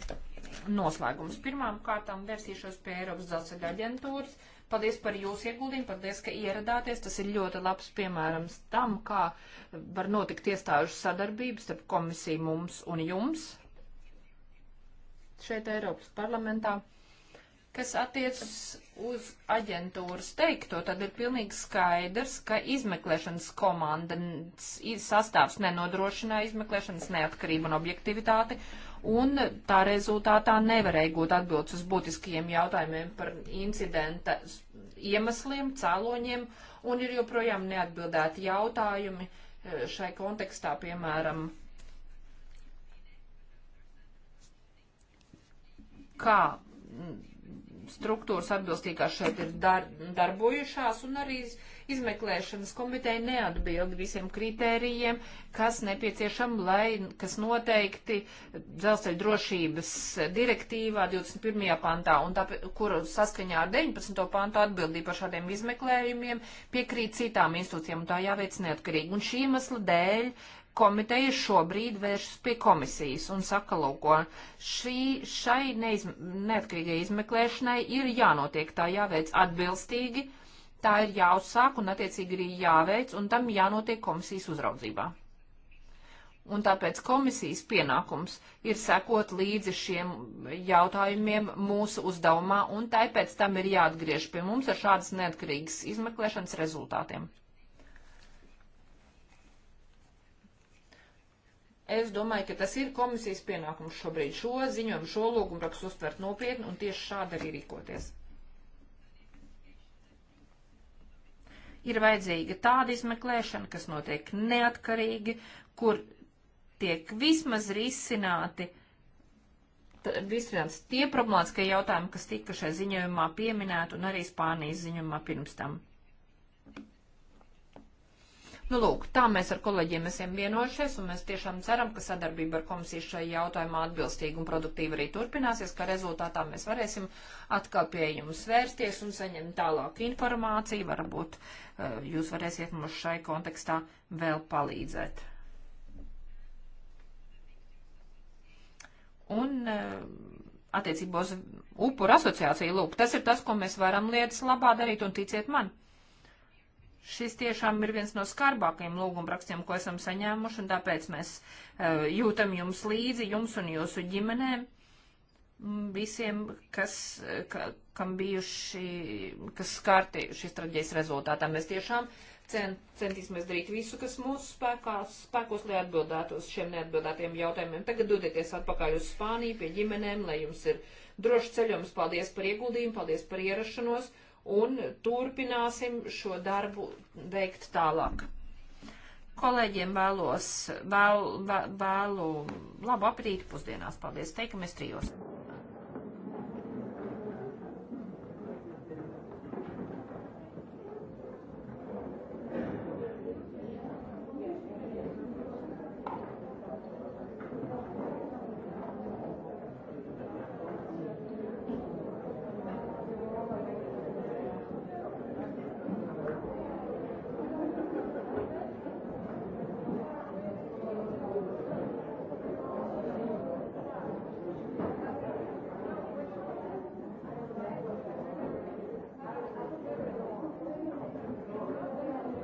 noslēgums. Pirmām kārtām vērsīšos pie Eiropas dzelzceļa aģentūras. Uh, Paldies par jūsu ieguldījumu, paldies, ka ieradāties. Tas ir ļoti labs piemērams tam, kā var notikt iestāžu sadarbības starp komisiju mums un jums šeit Eiropas parlamentā. Kas attiecas uz aģentūras teikto, tad ir pilnīgi skaidrs, ka izmeklēšanas komandas sastāvs nenodrošināja izmeklēšanas neatkarību un objektivitāti, un tā rezultātā nevarēja gūt atbildes uz būtiskajiem jautājumiem par incidenta iemesliem, cēloņiem, un ir joprojām neatbildēti jautājumi e, šai kontekstā, piemēram, kā struktūras atbilstīgās šeit ir dar, darbojušās un arī uh, Izmeklēšanas komiteja neatbild visiem kritērijiem, kas nepieciešam, lai, kas noteikti dzelzceļa drošības direktīvā 21. pantā, un tā, kur saskaņā ar 19. pantu atbildību par šādiem izmeklējumiem piekrīt citām institūcijām, un tā jāveic neatkarīgi. Un šī iemesla dēļ komiteja šobrīd vēršas pie komisijas un saka, lūko, šī, šai neizm neatkarīgai izmeklēšanai ir jānotiek tā jāveic atbilstīgi tā ir jāuzsāk un attiecīgi arī jāveic, un tam jānotiek komisijas uzraudzībā. Un tāpēc komisijas pienākums ir sekot līdzi šiem jautājumiem mūsu uzdevumā, un tāpēc tam ir jāatgriež pie mums ar šādas neatkarīgas izmeklēšanas rezultātiem. Es domāju, ka tas ir komisijas pienākums šobrīd šo ziņojumu, šo lūgumu rakstu uztvert nopietni un tieši šādi arī rīkoties. Ir vajadzīga tāda izmeklēšana, kas notiek neatkarīgi, kur tiek vismaz risināti vismaz tie problemātiskie jautājumi, kas tika šai ziņojumā pieminēti un arī Spānijas ziņojumā pirms tam. Nu, lūk, tā mēs ar kolēģiem esam vienojušies, un mēs tiešām ceram, ka sadarbība ar komisiju šajā jautājumā atbilstīgi un produktīvi arī turpināsies, ka rezultātā mēs varēsim atkal pie jums vērsties un saņemt tālāku informāciju. Varbūt eh, jūs varēsiet mums šai kontekstā vēl palīdzēt. Un eh, attiecībā uz upuru asociāciju, lūk, tas ir tas, ko mēs varam lietas labā darīt, un ticiet man, Šis tiešām ir viens no skarbākajiem lūgumrakstiem, ko esam saņēmuši, un tāpēc mēs uh, jūtam jums līdzi, jums un jūsu ģimenēm, visiem, kas, e, ka, kam bijuši, kas skarti šis traģējas rezultātā. Mēs tiešām cen, centīsimies darīt visu, kas mūsu spēkās, spēkos, lai atbildētu uz šiem neatbildētiem jautājumiem. Tagad dodieties atpakaļ uz Spāniju pie ģimenēm, lai jums ir drošs ceļojums. Paldies par ieguldījumu, paldies par ierašanos un turpināsim šo darbu veikt tālāk. Kolēģiem vēlos, vēl, vēlu labu aprīti pusdienās. Paldies, teikamies trijos.